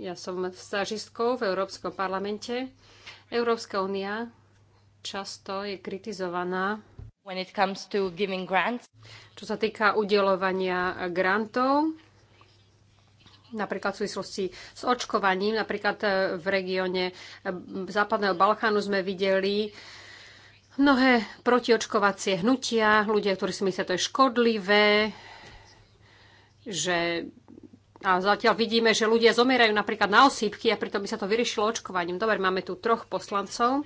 Ja som stažistkou v Európskom parlamente. Európska únia často je kritizovaná When it comes to giving grants. Čo sa týka udelovania grantov, napríklad v súvislosti s očkovaním, napríklad eh, v regióne eh, Západného Balkánu sme videli mnohé protiočkovacie hnutia, ľudia, ktorí si myslia, to je škodlivé, že a zatiaľ vidíme, že ľudia zomierajú napríklad na osýpky a pritom by sa to vyriešilo očkovaním. Dobre, máme tu troch poslancov.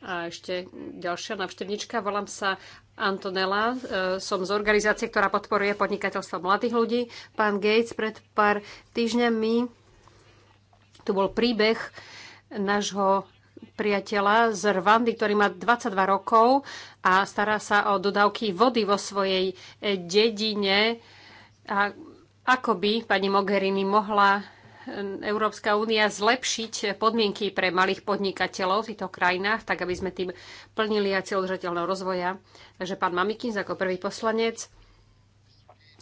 A ešte ďalšia navštevnička, volám sa Antonella, e, som z organizácie, ktorá podporuje podnikateľstvo mladých ľudí. Pán Gates pred pár týždňami, tu bol príbeh nášho priateľa z Rwandy, ktorý má 22 rokov a stará sa o dodávky vody vo svojej e, dedine. A ako by pani Mogherini mohla Európska únia zlepšiť podmienky pre malých podnikateľov v týchto krajinách, tak aby sme tým plnili aj cieľ rozvoja. Takže pán Mamikins ako prvý poslanec.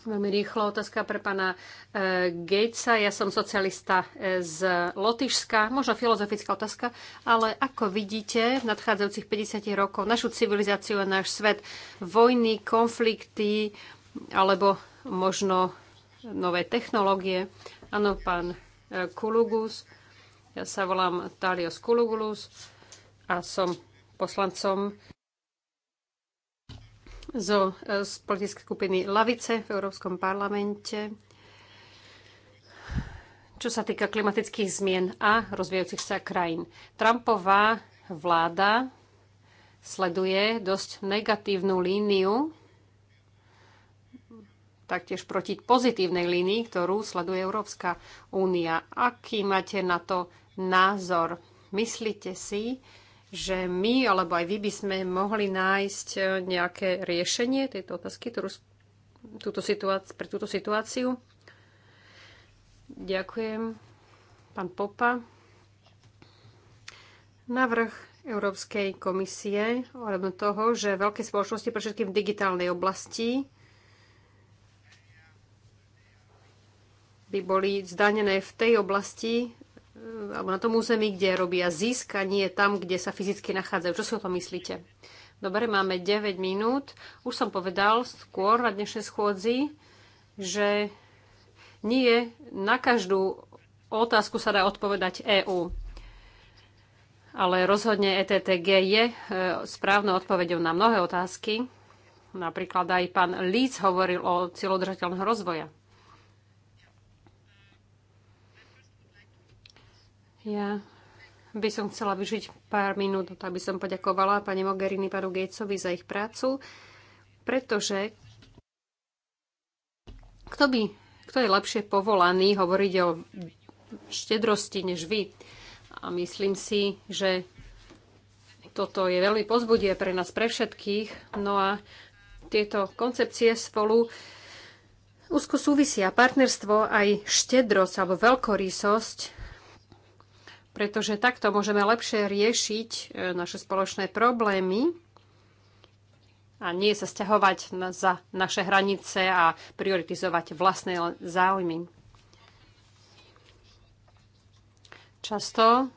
Veľmi rýchlo otázka pre pána e, Gatesa. Ja som socialista e, z Lotyšska. Možno filozofická otázka, ale ako vidíte v nadchádzajúcich 50 rokov našu civilizáciu a náš svet, vojny, konflikty alebo možno nové technológie. Áno, pán Kulugus. Ja sa volám Talios Kulugulus a som poslancom zo, e, z politickej skupiny Lavice v Európskom parlamente. Čo sa týka klimatických zmien a rozvíjajúcich sa krajín. Trumpová vláda sleduje dosť negatívnu líniu taktiež proti pozitívnej línii, ktorú sleduje Európska únia. Aký máte na to názor? Myslíte si, že my, alebo aj vy by sme mohli nájsť e, nejaké riešenie tejto otázky, ktorú, túto situáci- pre túto situáciu? Ďakujem. Pán Popa. Navrh Európskej komisie, alebo toho, že veľké spoločnosti pre všetkým v digitálnej oblasti by boli zdanené v tej oblasti, e, alebo na tom území, kde robia zisk a nie tam, kde sa fyzicky nachádzajú. Čo si o tom myslíte? Dobre, máme 9 minút. Už som povedal skôr na dnešnej schôdzi, že nie na každú otázku sa dá odpovedať EÚ. Ale rozhodne ETTG je e, správnou odpovedou na mnohé otázky. Napríklad aj pán Líc hovoril o cieľodržateľného rozvoja. Ja by som chcela vyžiť pár minút, aby som poďakovala pani Mogherini, panu Gatesovi za ich prácu, pretože kto, by, kto je lepšie povolaný hovoriť o štedrosti než vy? A myslím si, že toto je veľmi pozbudie pre nás, pre všetkých. No a tieto koncepcie spolu úzko súvisia partnerstvo aj štedrosť alebo veľkorysosť pretože takto môžeme lepšie riešiť e, naše spoločné problémy a nie sa stiahovať za naše hranice a prioritizovať vlastné záujmy. Často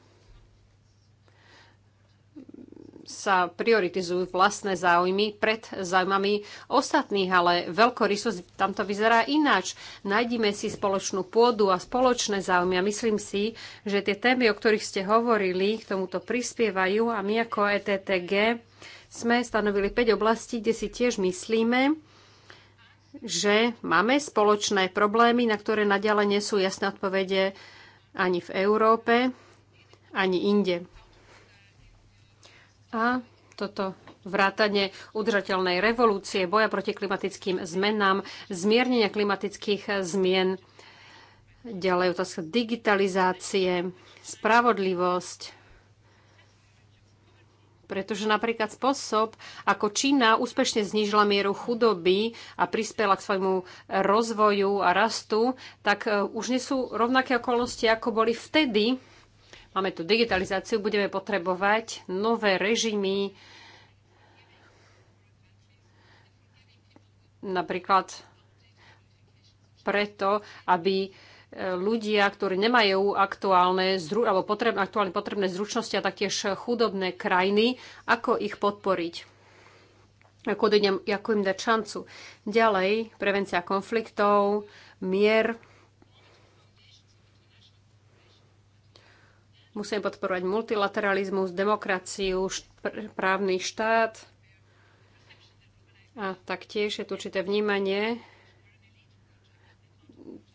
sa prioritizujú vlastné záujmy pred záujmami ostatných, ale veľkorysosť tam to vyzerá ináč. Nájdime si spoločnú pôdu a spoločné záujmy a myslím si, že tie témy, o ktorých ste hovorili, k tomuto prispievajú a my ako ETTG sme stanovili 5 oblastí, kde si tiež myslíme, že máme spoločné problémy, na ktoré naďalej nie sú jasné odpovede ani v Európe, ani inde. A toto vrátanie udržateľnej revolúcie, boja proti klimatickým zmenám, zmiernenia klimatických zmien, ďalej otázka digitalizácie, spravodlivosť, pretože napríklad spôsob, ako Čína úspešne znížila mieru chudoby a prispela k svojmu rozvoju a rastu, tak e, už nie sú rovnaké okolnosti, ako boli vtedy, máme tu digitalizáciu, budeme potrebovať nové režimy, napríklad preto, aby e, ľudia, ktorí nemajú aktuálne, alebo potrebné, aktuálne potrebné zručnosti a taktiež chudobné krajiny, ako ich podporiť. Ako, ako im dať šancu. Ďalej, prevencia konfliktov, mier, Musíme podporovať multilateralizmus, demokraciu, právny štát. A taktiež je tu určité vnímanie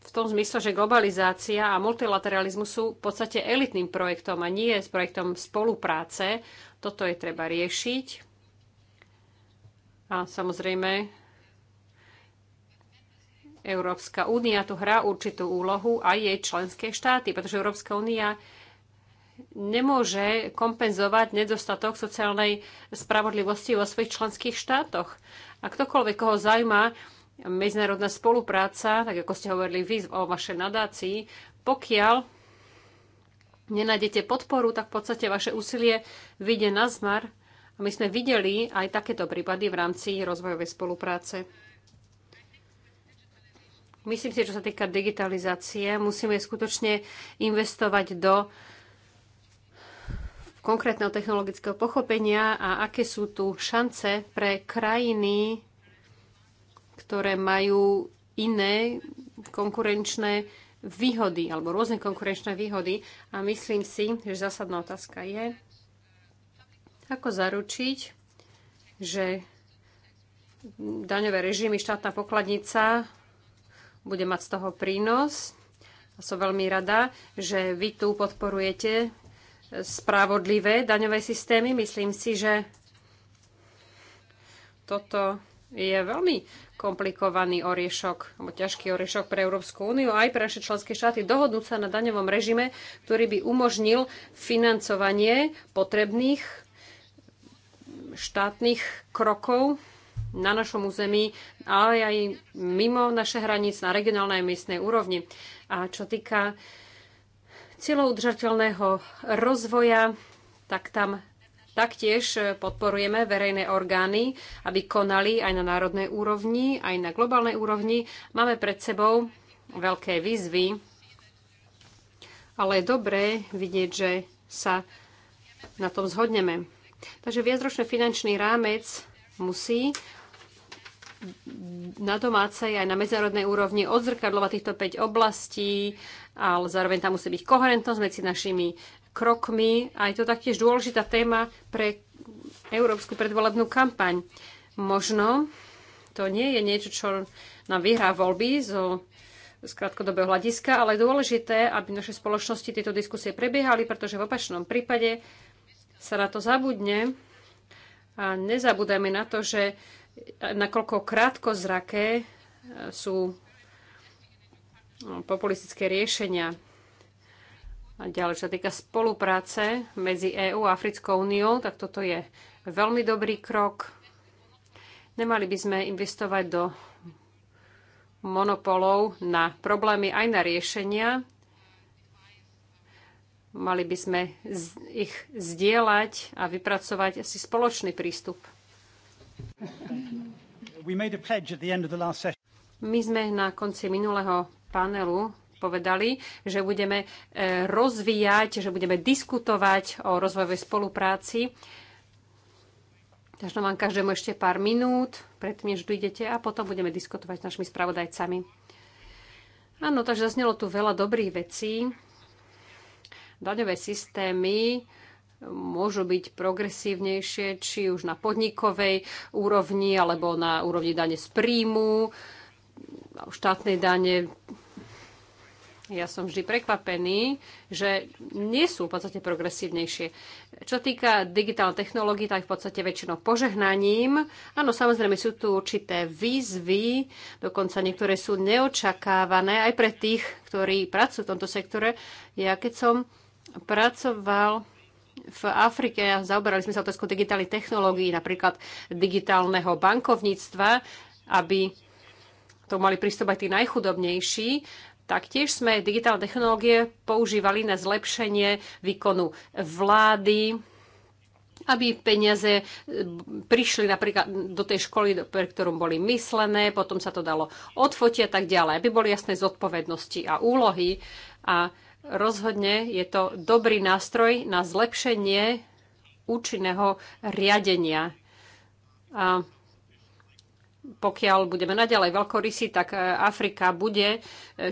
v tom zmysle, že globalizácia a multilateralizmus sú v podstate elitným projektom a nie s projektom spolupráce. Toto je treba riešiť. A samozrejme, Európska únia tu hrá určitú úlohu a jej členské štáty, pretože Európska únia nemôže kompenzovať nedostatok sociálnej spravodlivosti vo svojich členských štátoch. A ktokoľvek, koho zaujíma medzinárodná spolupráca, tak ako ste hovorili vy o vašej nadácii, pokiaľ nenájdete podporu, tak v podstate vaše úsilie vyjde na zmar. A my sme videli aj takéto prípady v rámci rozvojovej spolupráce. Myslím si, čo sa týka digitalizácie, musíme skutočne investovať do konkrétneho technologického pochopenia a aké sú tu šance pre krajiny, ktoré majú iné konkurenčné výhody alebo rôzne konkurenčné výhody. A myslím si, že zásadná otázka je, ako zaručiť, že daňové režimy štátna pokladnica bude mať z toho prínos. A som veľmi rada, že vy tu podporujete spravodlivé daňové systémy. Myslím si, že toto je veľmi komplikovaný oriešok, alebo ťažký oriešok pre Európsku úniu aj pre naše členské štáty dohodnúť sa na daňovom režime, ktorý by umožnil financovanie potrebných štátnych krokov na našom území, ale aj mimo naše hranic na regionálnej a miestnej úrovni. A čo týka uh, cieľov udržateľného rozvoja, tak tam taktiež e, podporujeme verejné orgány, aby konali aj na národnej úrovni, aj na globálnej úrovni. Máme pred sebou veľké výzvy, ale je dobré vidieť, že sa na tom zhodneme. Takže viacročný finančný rámec musí na domácej aj na medzinárodnej úrovni odzrkadlova týchto 5 oblastí, ale zároveň tam musí byť koherentnosť medzi našimi krokmi. A je to taktiež dôležitá téma pre európsku predvolebnú kampaň. Možno to nie je niečo, čo nám vyhrá voľby zo z krátkodobého hľadiska, ale je dôležité, aby naše spoločnosti tieto diskusie prebiehali, pretože v opačnom prípade sa na to zabudne a nezabúdajme na to, že nakoľko krátko zrake sú e, populistické riešenia. A ďalej, čo sa týka spolupráce medzi EÚ a Africkou úniou, tak toto je veľmi dobrý krok. Nemali by sme investovať do monopolov na problémy aj na riešenia. Mali by sme ich zdieľať a vypracovať asi spoločný prístup. My sme na konci minulého panelu povedali, že budeme eh, rozvíjať, že budeme diskutovať o rozvojovej spolupráci. Takže mám každému ešte pár minút, predtým, než dojdete a potom budeme diskutovať s našimi spravodajcami. Áno, takže zaznelo tu veľa dobrých vecí. Daňové systémy môžu byť progresívnejšie, či už na podnikovej úrovni, alebo na úrovni dane z príjmu, štátnej dane. Ja som vždy prekvapený, že nie sú v podstate progresívnejšie. Čo týka digitálnej technológie, tak v podstate väčšinou požehnaním. Áno, samozrejme sú tu určité výzvy, dokonca niektoré sú neočakávané aj pre tých, ktorí pracujú v tomto sektore. Ja keď som pracoval v Afrike a zaoberali sme sa otázkou digitálnych technológií, napríklad digitálneho bankovníctva, aby to mali prístup aj tí najchudobnejší. Taktiež sme digitálne technológie používali na zlepšenie výkonu vlády, aby peniaze e, prišli napríklad do tej školy, pre ktorú boli myslené, potom sa to dalo odfotiť a tak ďalej, aby boli jasné zodpovednosti a úlohy. A Rozhodne je to dobrý nástroj na zlepšenie účinného riadenia. A pokiaľ budeme naďalej veľkorysí, tak e, Afrika bude e,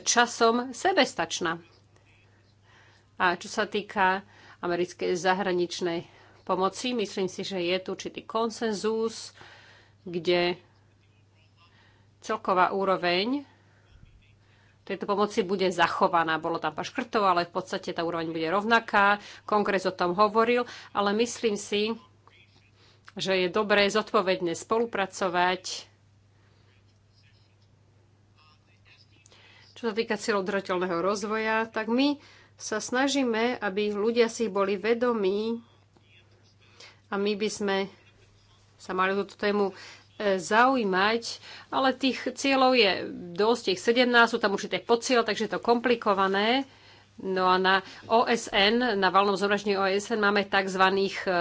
časom sebestačná. A čo sa týka americkej zahraničnej pomoci, myslím si, že je tu určitý konsenzus, kde celková úroveň tejto pomoci bude zachovaná. Bolo tam pár ale v podstate tá úroveň bude rovnaká. Kongres o tom hovoril, ale myslím si, že je dobré zodpovedne spolupracovať. Čo sa týka cieľov rozvoja, tak my sa snažíme, aby ľudia si boli vedomí a my by sme sa mali túto tému E, zaujímať, ale tých cieľov je dosť, ich 17, sú tam určité podcieľ, takže je to komplikované. No a na OSN, na valnom zobražení OSN máme tzv. E, e,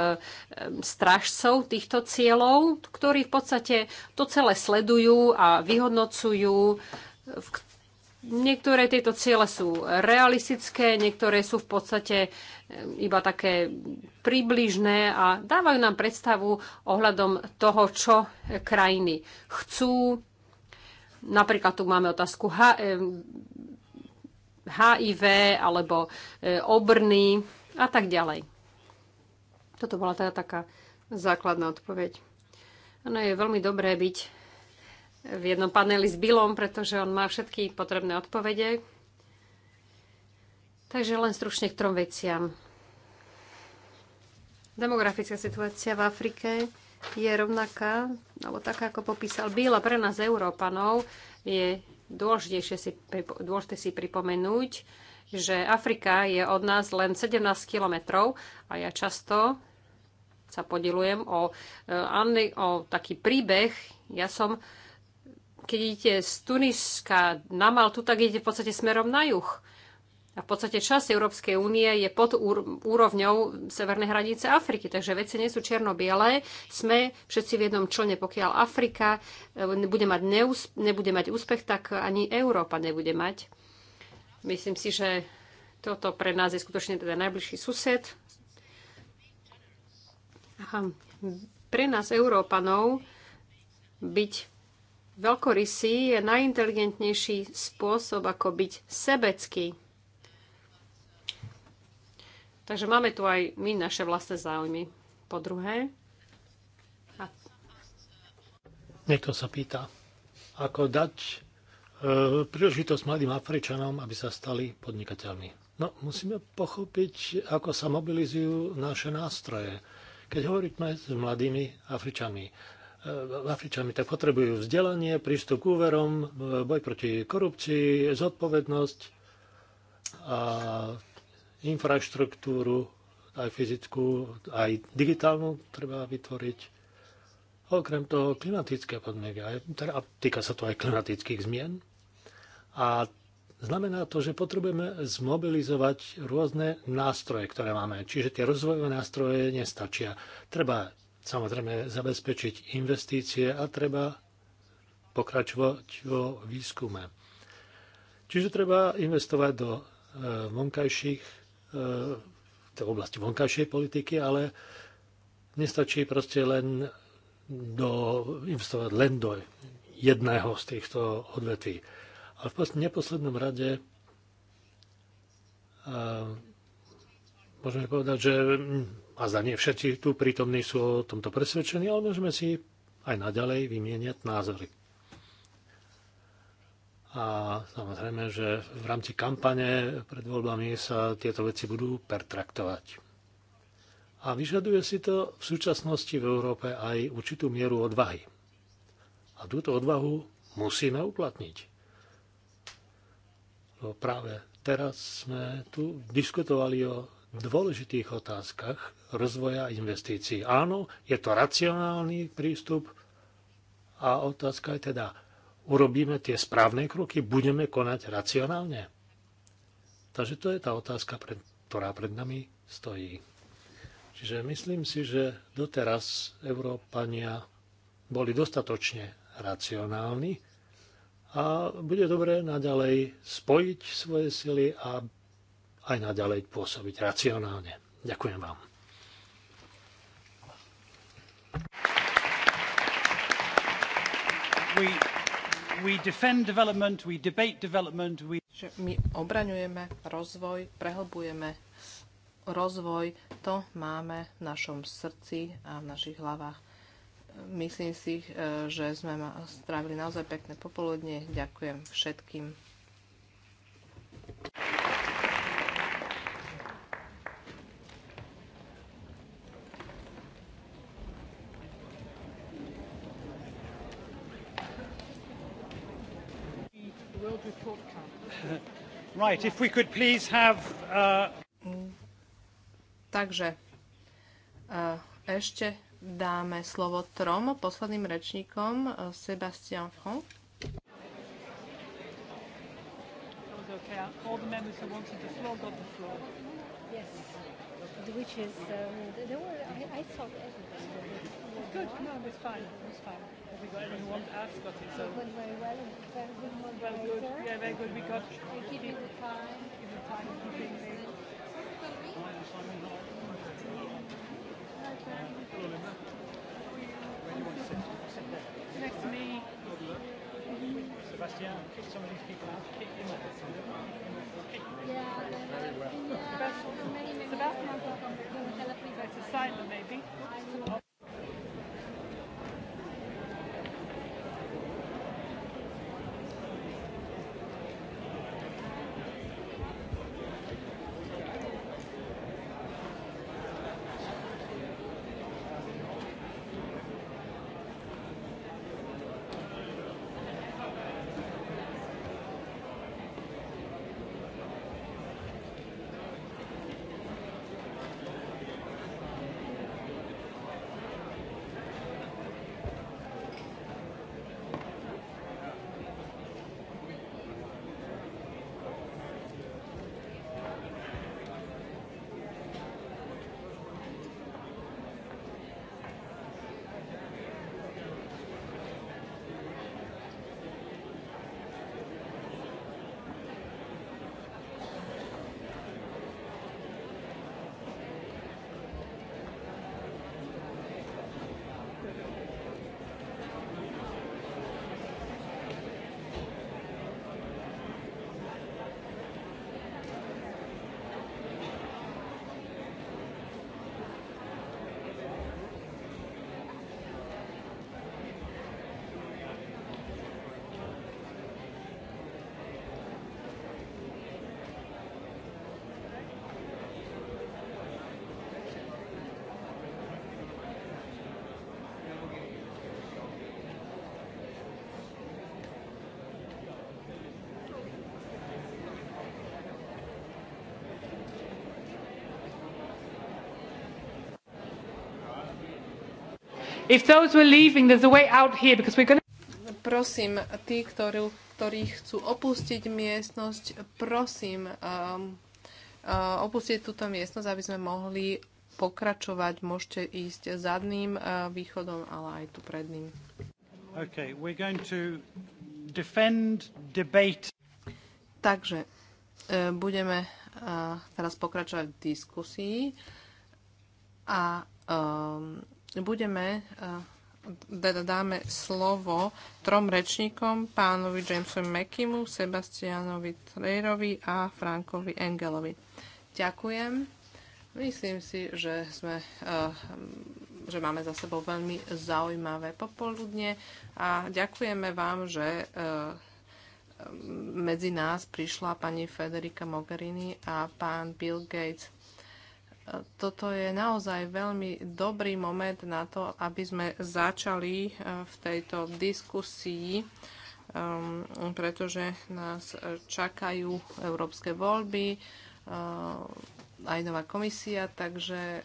stražcov týchto cieľov, ktorí v podstate to celé sledujú a vyhodnocujú, v Niektoré tieto ciele sú realistické, niektoré sú v podstate e, iba také približné a dávajú nám predstavu ohľadom toho, čo krajiny chcú. Napríklad tu máme otázku HIV e, alebo e, obrny a tak ďalej. Toto bola teda taká základná odpoveď. Áno, je veľmi dobré byť v jednom paneli s Billom, pretože on má všetky potrebné odpovede. Takže len stručne k trom veciam. Demografická situácia v Afrike je rovnaká, alebo taká, ako popísal Bill, a pre nás Európanov je dôležitejšie si, dôležité si pripomenúť, že Afrika je od nás len 17 kilometrov a ja často sa podilujem o, e, o taký príbeh. Ja som keď idete z Tuniska na Maltu, tak idete v podstate smerom na juh. A v podstate časť Európskej únie je pod úrovňou severnej hranice Afriky, takže veci nie sú čierno-biele. Sme všetci v jednom člne, pokiaľ Afrika eh, nebude mať neús- nebude mať úspech, tak ani Európa nebude mať. Myslím si, že toto pre nás je skutočne teda najbližší sused. Aha. Pre nás, Európanov, byť Veľkorysý je najinteligentnejší spôsob, ako byť sebecký. Takže máme tu aj my naše vlastné záujmy. Po druhé. A... Niekto sa pýta, ako dať e, príležitosť mladým Afričanom, aby sa stali podnikateľmi. No, musíme pochopiť, ako sa mobilizujú naše nástroje. Keď hovoríme s mladými Afričanmi, Eh, Afričanmi, tak potrebujú vzdelanie, prístup k úverom, eh, boj proti korupcii, zodpovednosť a infraštruktúru, aj fyzickú, aj digitálnu treba vytvoriť. Okrem toho klimatické podmienky, teda týka sa to aj klimatických zmien. A Znamená to, že potrebujeme zmobilizovať rôzne nástroje, ktoré máme. Čiže tie rozvojové nástroje nestačia. Treba samozrejme zabezpečiť investície a treba pokračovať vo výskume. Čiže treba investovať do eh, vonkajších, eh, do oblasti vonkajšej politiky, ale nestačí proste len do, investovať len do jedného z týchto odvetví. Ale v neposlednom rade eh, môžeme povedať, že a za nie všetci tu prítomní sú o tomto presvedčení, ale môžeme si aj naďalej vymieniať názory. A samozrejme, že v rámci kampane pred voľbami sa tieto veci budú pertraktovať. A vyžaduje si to v súčasnosti v Európe aj určitú mieru odvahy. A túto odvahu musíme uplatniť. Lebo práve teraz sme tu diskutovali o v dôležitých otázkach rozvoja investícií. Áno, je to racionálny prístup a otázka je teda, urobíme tie správne kroky, budeme konať racionálne. Takže to je tá otázka, ktorá pred nami stojí. Čiže myslím si, že doteraz Európania boli dostatočne racionálni a bude dobré naďalej spojiť svoje sily a aj naďalej pôsobiť racionálne. Ďakujem vám. We, we defend development, we debate development, we... Že my obraňujeme rozvoj, prehlbujeme rozvoj, to máme v našom srdci a v našich hlavách. Myslím si, eh, že sme strávili naozaj pekné popoludne. Ďakujem všetkým. Right, if we could please have... Uh, Takže uh, ešte dáme slovo trom posledným rečníkom, uh, Sebastian Franck. Okay. All the members who wanted the floor got the floor. Yes. The witches um, there were I, I solved everything. Good, no, it was fine. It was fine. got it. So went very well. very good one. Well, good. Yeah, very good. We got. They give you the time. Give you time. Next to me. Sebastian, kick some of these people out. Kick him out. Kick him out. Very well. Sebastian, Sebastian, Sebastian, Sebastian, Sebastian, Sebastian, Sebastian, If those were leaving, there's a way out here because we're going to... Prosím, tí, ktorú, ktorí chcú opustiť miestnosť, prosím, um, uh, opustiť túto miestnosť, aby sme mohli pokračovať. Môžete ísť zadným uh, východom, ale aj tu predným. Okay, we're going to defend debate. Takže uh, budeme uh, teraz pokračovať v diskusii a um, budeme eh, teda dáme slovo trom rečníkom, pánovi Jamesovi Mekimu, Sebastianovi Trejrovi a Frankovi Engelovi. Ďakujem. Myslím si, že, sme, eh, že máme za sebou veľmi zaujímavé popoludne a ďakujeme vám, že eh, medzi nás prišla pani Federica Mogherini a pán Bill Gates toto je naozaj veľmi dobrý moment na to, aby sme začali e, v tejto diskusii, e, pretože nás čakajú európske voľby, e, aj nová komisia, takže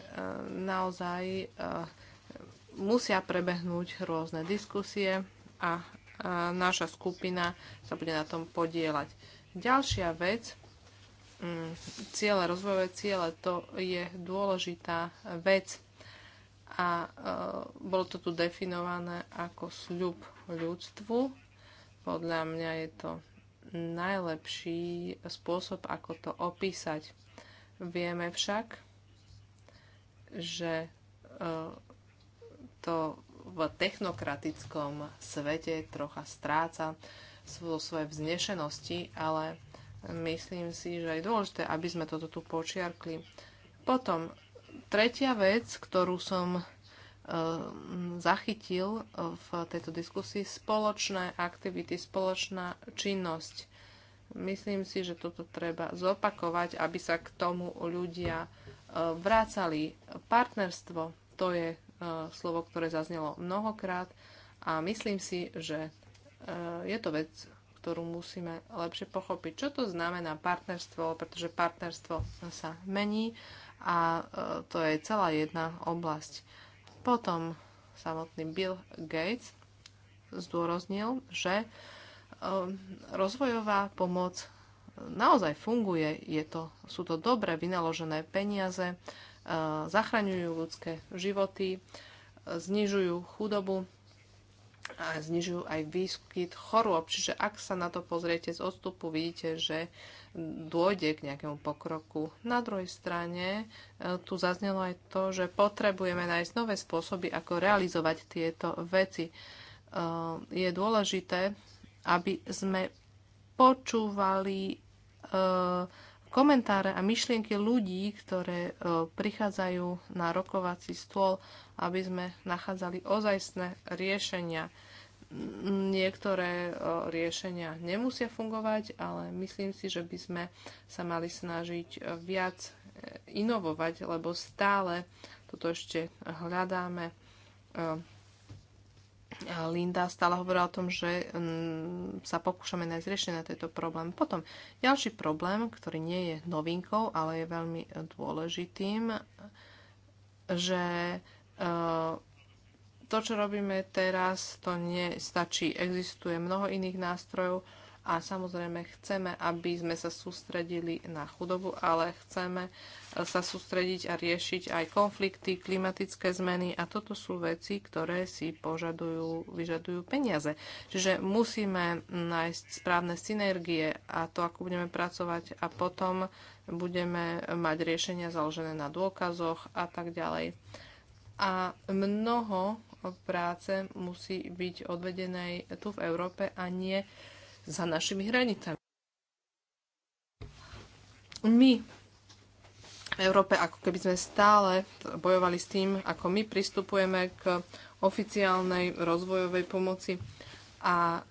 naozaj musia prebehnúť rôzne diskusie a naša skupina sa bude na tom podielať. Ďalšia vec, Mm, ciele, rozvojové ciele, to je dôležitá vec a e, bolo to tu definované ako sľub ľudstvu. Podľa mňa je to najlepší spôsob, ako to opísať. Vieme však, že e, to v technokratickom svete trocha stráca vo svojej vznešenosti, ale Myslím si, že je dôležité, aby sme toto tu počiarkli. Potom, tretia vec, ktorú som e, zachytil e, v tejto diskusii spoločné aktivity, spoločná činnosť. Myslím si, že toto treba zopakovať, aby sa k tomu ľudia e, vrácali. Partnerstvo, to je slovo, ktoré zaznelo mnohokrát a myslím si, že je to vec, ktorú musíme lepšie pochopiť. Čo to znamená partnerstvo, pretože partnerstvo sa mení a e, to je celá jedna oblasť. Potom samotný Bill Gates zdôraznil, že e, rozvojová pomoc naozaj funguje, je to, sú to dobre vynaložené peniaze, e, zachraňujú ľudské životy, znižujú chudobu a znižujú aj výskyt chorôb. Čiže ak sa na to pozriete z odstupu, vidíte, že dôjde k nejakému pokroku. Na druhej strane e, tu zaznelo aj to, že potrebujeme nájsť nové spôsoby, ako realizovať tieto veci. E, je dôležité, aby sme počúvali e, komentáre a myšlienky ľudí, ktoré e, prichádzajú na rokovací stôl, aby sme nachádzali ozajstné riešenia. Niektoré e, riešenia nemusia fungovať, ale myslím si, že by sme sa mali snažiť viac e, inovovať, lebo stále toto ešte hľadáme Linda stále hovorila o tom, že mm, sa pokúšame nájsť riešenie na tento problém. Potom ďalší problém, ktorý nie je novinkou, ale je veľmi dôležitým, že e, to, čo robíme teraz, to nestačí. Existuje mnoho iných nástrojov, a samozrejme chceme, aby sme sa sústredili na chudobu, ale chceme e, sa sústrediť a riešiť aj konflikty, klimatické zmeny a toto sú veci, ktoré si požadujú, vyžadujú peniaze. Čiže musíme nájsť správne synergie a to, ako budeme pracovať a potom budeme mať riešenia založené na dôkazoch a tak ďalej. A mnoho práce musí byť odvedenej tu v Európe a nie za našimi hranicami. My v Európe ako keby sme stále bojovali s tým, ako my pristupujeme k oficiálnej rozvojovej pomoci a eh,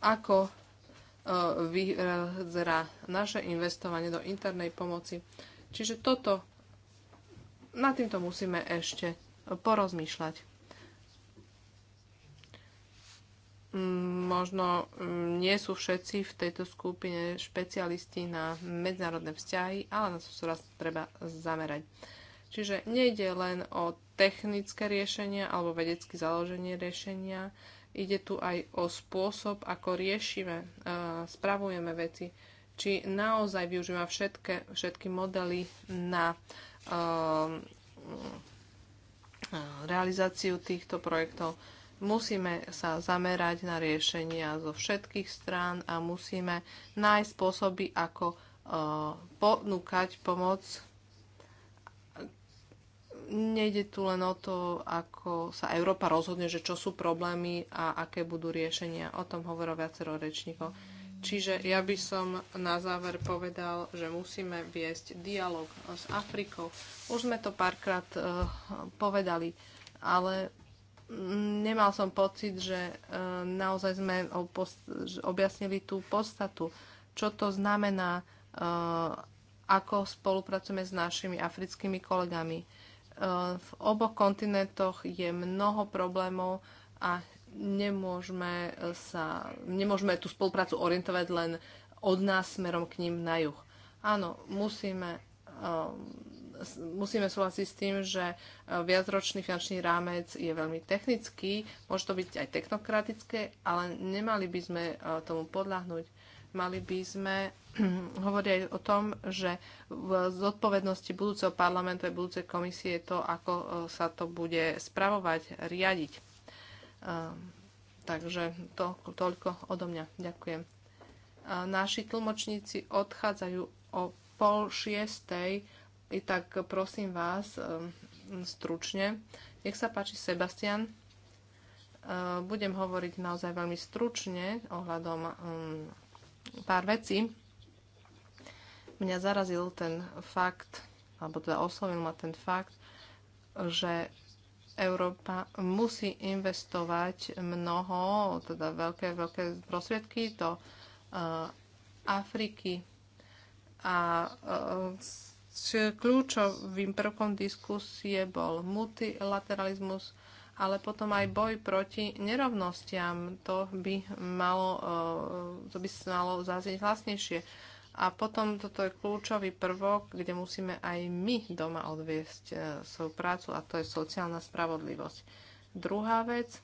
ako um, vyzerá naše investovanie do internej pomoci. Čiže toto, nad týmto musíme ešte porozmýšľať. možno mm, nie sú všetci v tejto skupine špecialisti na medzinárodné vzťahy, ale na to sa treba zamerať. Čiže nejde len o technické riešenia alebo vedecky založenie riešenia, ide tu aj o spôsob, ako riešime, e, spravujeme veci, či naozaj využíva všetky, všetky modely na e, e, realizáciu týchto projektov. Musíme sa zamerať na riešenia zo všetkých strán a musíme nájsť spôsoby, ako e, ponúkať pomoc. Nejde tu len o to, ako sa Európa rozhodne, že čo sú problémy a aké budú riešenia. O tom hovorilo viacero rečníkov. Čiže ja by som na záver povedal, že musíme viesť dialog s Afrikou. Už sme to párkrát uh, povedali, ale nemal som pocit, že e, naozaj sme objasnili tú podstatu, čo to znamená, e, ako spolupracujeme s našimi africkými kolegami. E, v oboch kontinentoch je mnoho problémov a nemôžeme, sa, nemôžeme tú spoluprácu orientovať len od nás smerom k ním na juh. Áno, musíme musíme súhlasiť s tým, že e, viacročný finančný rámec je veľmi technický, môže to byť aj technokratické, ale nemali by sme e, tomu podľahnúť. Mali by sme hovoriť aj o tom, že v zodpovednosti budúceho parlamentu a budúcej komisie je to, ako e, sa to bude spravovať, riadiť. Takže to, toľko odo mňa. Ďakujem. Naši tlmočníci odchádzajú o pol šiestej i tak prosím vás um, stručne. Nech sa páči, Sebastian. Uh, budem hovoriť naozaj veľmi stručne ohľadom um, pár vecí. Mňa zarazil ten fakt, alebo teda oslovil ma ten fakt, že Európa musí investovať mnoho, teda veľké, veľké prosvedky do uh, Afriky a uh, Kľúčovým prvkom diskusie bol multilateralizmus, ale potom aj boj proti nerovnostiam. To by malo, e, to by malo zaznieť hlasnejšie. A potom toto je kľúčový prvok, kde musíme aj my doma odviesť e, svoju prácu a to je sociálna spravodlivosť. Druhá vec,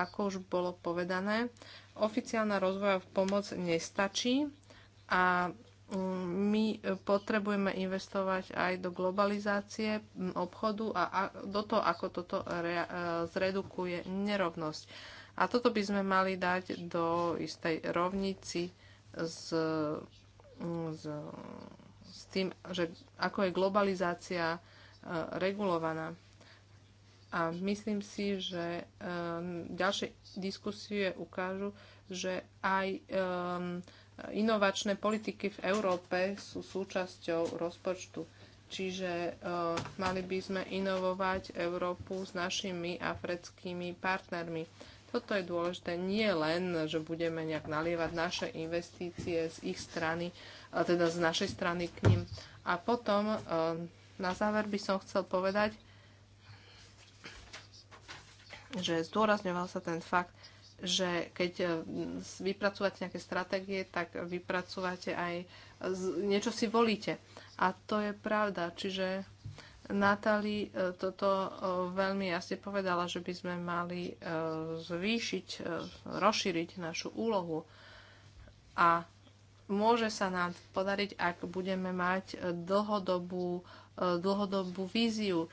ako už bolo povedané, oficiálna rozvojová pomoc nestačí a my e, potrebujeme investovať aj do globalizácie obchodu a do toho, ako toto e, zredukuje nerovnosť. A toto by sme mali dať do istej rovnici s, s, s tým, že ako je globalizácia e, regulovaná. A myslím si, že ďalšie diskusie ukážu, že aj um, inovačné politiky v Európe sú súčasťou rozpočtu. Čiže uh, mali by sme inovovať Európu s našimi africkými partnermi. Toto je dôležité nie len, že budeme nejak nalievať naše investície z ich strany, teda z našej strany k ním. A potom uh, na záver by som chcel povedať, že zdôrazňoval sa ten fakt, že keď e, vypracovate nejaké stratégie, tak vypracovate aj niečo si volíte. A to je pravda. Čiže Natali e, toto e, veľmi jasne povedala, že by sme mali zvýšiť, rozšíriť našu úlohu. A môže sa nám podariť, ak budeme mať dlhodobú, dlhodobú víziu,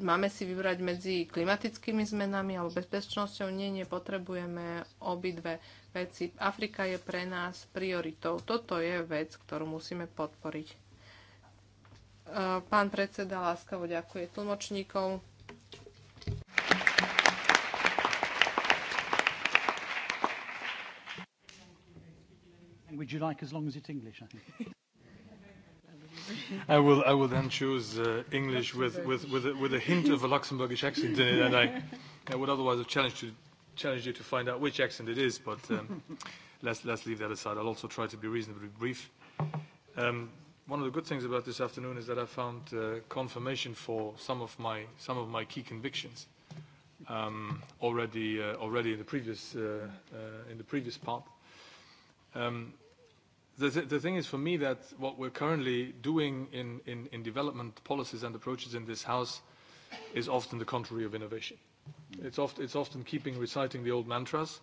máme si vybrať medzi klimatickými zmenami alebo bezpečnosťou. Nie, nepotrebujeme obidve veci. Afrika je pre nás prioritou. Toto je vec, ktorú musíme podporiť. E, pán predseda láskavo ďakuje tlmočníkom. Would you like as long as it's English, I think? I will, I will then choose uh, English with, with, with, a, with a hint of a Luxembourgish accent in it, and I, I would otherwise have challenged, to, challenged you to find out which accent it is, but um, let's, let's leave that aside. I'll also try to be reasonably brief. Um, one of the good things about this afternoon is that I found uh, confirmation for some of my, some of my key convictions um, already, uh, already in, the previous, uh, uh, in the previous part. Um, The, th the thing is for me that what we're currently doing in, in, in development policies and approaches in this House is often the contrary of innovation. It's, oft, it's often keeping reciting the old mantras,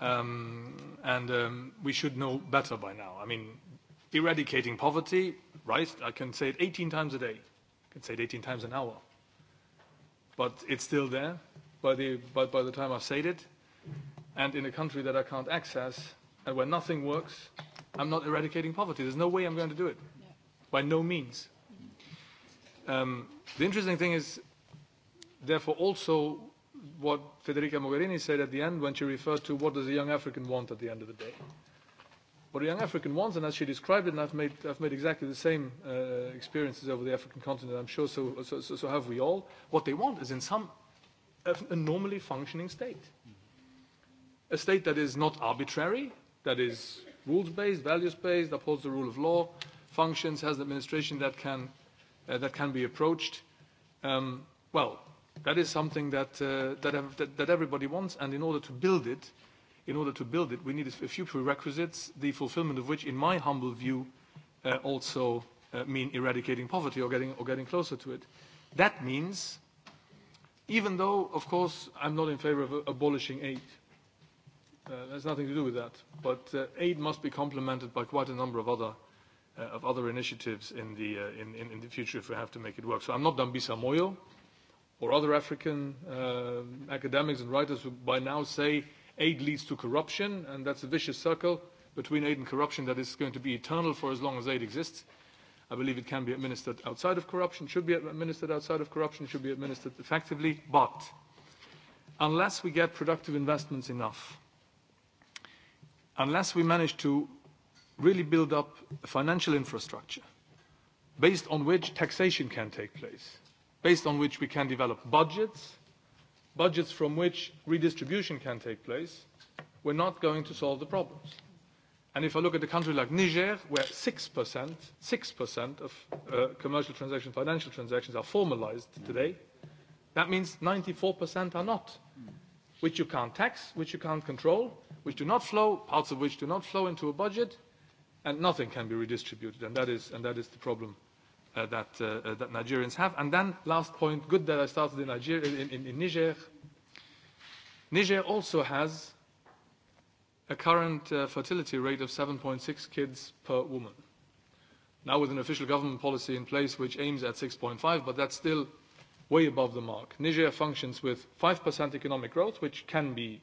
um, and um, we should know better by now. I mean, eradicating poverty, right? I can say it 18 times a day. I can say it 18 times an hour. But it's still there by the, by, by the time I've said it. And in a country that I can't access, And when nothing works, I'm not eradicating poverty. There's no way I'm going to do it. Yeah. By no means. Um, the interesting thing is, therefore, also what Federica Mogherini said at the end when she referred to what does a young African want at the end of the day. What a young African wants, and as she described it, and I've made, I've made exactly the same uh, experiences over the African continent, I'm sure so, so, so, so have we all, what they want is in some a normally functioning state. A state that is not arbitrary, that is rules-based, values-based, upholds the rule of law, functions, has an administration that can, uh, that can be approached. Um, well, that is something that, uh, that, have, that, that everybody wants, and in order to build it, in order to build it, we need a few prerequisites, the fulfillment of which, in my humble view, uh, also uh, mean eradicating poverty or getting, or getting closer to it. That means, even though, of course, I'm not in favor of abolishing aid, Uh, there's nothing to do with that. But uh, aid must be complemented by quite a number of other uh, of other initiatives in the uh, in, in, in the future if we have to make it work. So I'm not Dambisa Moyo or other African uh, academics and writers who by now say aid leads to corruption, and that's a vicious circle between aid and corruption that is going to be eternal for as long as aid exists. I believe it can be administered outside of corruption, should be administered outside of corruption, should be administered effectively, but unless we get productive investments enough, unless we manage to really build up a financial infrastructure based on which taxation can take place, based on which we can develop budgets, budgets from which redistribution can take place, we're not going to solve the problems. And if I look at a country like Niger, where 6%, 6% of uh, commercial transactions, financial transactions are formalized today, that means 94% are not, which you can't tax, which you can't control, which do not flow, parts of which do not flow into a budget, and nothing can be redistributed. And that is, and that is the problem uh, that, uh, uh that Nigerians have. And then, last point, good that I started in, Nigeria, in, in, in Niger. Niger also has a current uh, fertility rate of 7.6 kids per woman. Now with an official government policy in place which aims at 6.5, but that's still way above the mark. Niger functions with 5% economic growth, which can be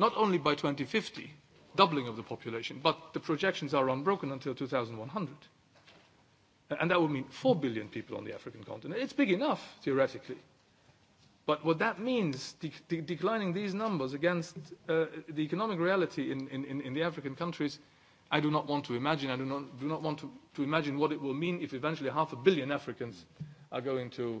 not only by fifty, doubling of the population, but the projections are unbroken until one hundred. And that would mean four billion people on the African continent. It's big enough, theoretically. But what that means, de de declining these numbers against uh, the economic reality in, in, in the African countries, I do not want to imagine. I do not, do not want to, to imagine what it will mean if eventually half a billion Africans are going to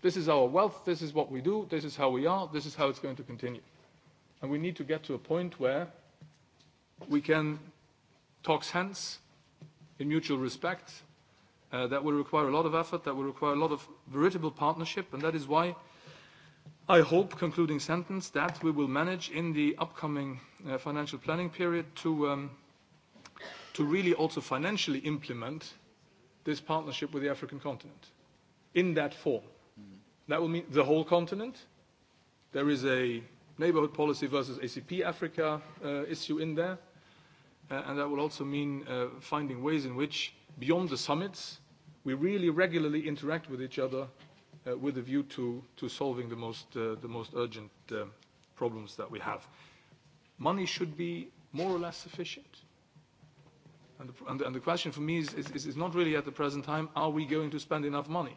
This is our wealth, this is what we do, this is how we are, this is how it's going to continue. And we need to get to a point where we can talk sense in mutual respect. Uh, that will require a lot of effort, that will require a lot of veritable partnership, and that is why I hope, concluding sentence, that we will manage in the upcoming uh, financial planning period to, um, to really also financially implement this partnership with the African continent in that form. That will mean the whole continent. There is a neighborhood policy versus ACP Africa uh, issue in there. Uh, and that will also mean uh, finding ways in which, beyond the summits, we really regularly interact with each other uh, with a view to, to solving the most, uh, the most urgent uh, problems that we have. Money should be more or less sufficient. And the, and the, and the question for me is, is, is not really at the present time, are we going to spend enough money?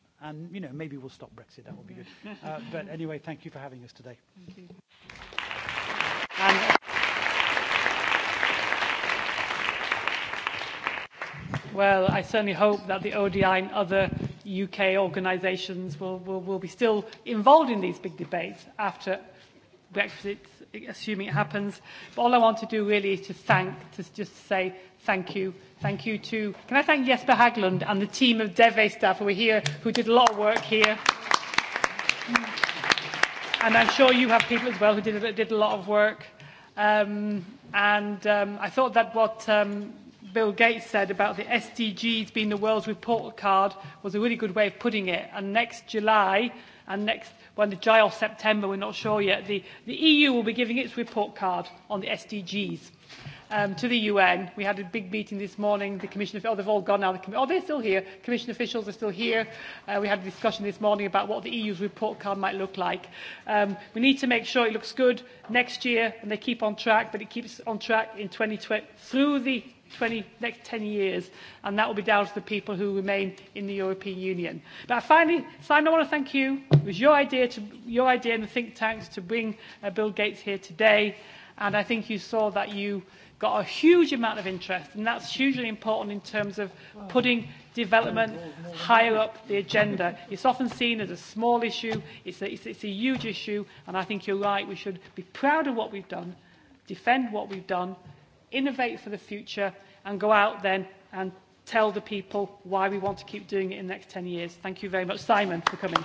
And, you know, maybe we'll stop Brexit. That would be good. Uh, but anyway, thank you for having us today. Thank you. And, Well, I certainly hope that the ODI and other UK organisations will, will, will be still involved in these big debates after Brexit assuming it happens. But all I want to do really is to thank, to just say thank you. Thank you to, can I thank Jesper Haglund and the team of DEVE staff who are here, who did a lot of work here. And I'm sure you have people as well who did, did a lot of work. Um, and um, I thought that what um, Bill Gates said about the SDGs being the world's report card was a really good way of putting it. And next July and next when the July or September, we're not sure yet, the, the EU will be giving its report card on the SDGs um, to the UN. We had a big meeting this morning. The commission, oh, they've all gone now. The, oh, they're still here. Commission officials are still here. Uh, we had a discussion this morning about what the EU's report card might look like. Um, we need to make sure it looks good next year, and they keep on track, but it keeps on track in 2020, through the 20, next 10 years, and that will be down to the people who remain in the European Union. But I finally, Simon, I want to thank you. It was your idea, to, your idea in the think tanks to bring uh, Bill Gates here today, and I think you saw that you got a huge amount of interest, and that's hugely important in terms of putting development higher up the agenda. It's often seen as a small issue, it's a, it's, it's a huge issue, and I think you're right, we should be proud of what we've done, defend what we've done, innovate for the future and go out then and tell the people why we want to keep doing it in the next 10 years. Thank you very much, Simon, for coming.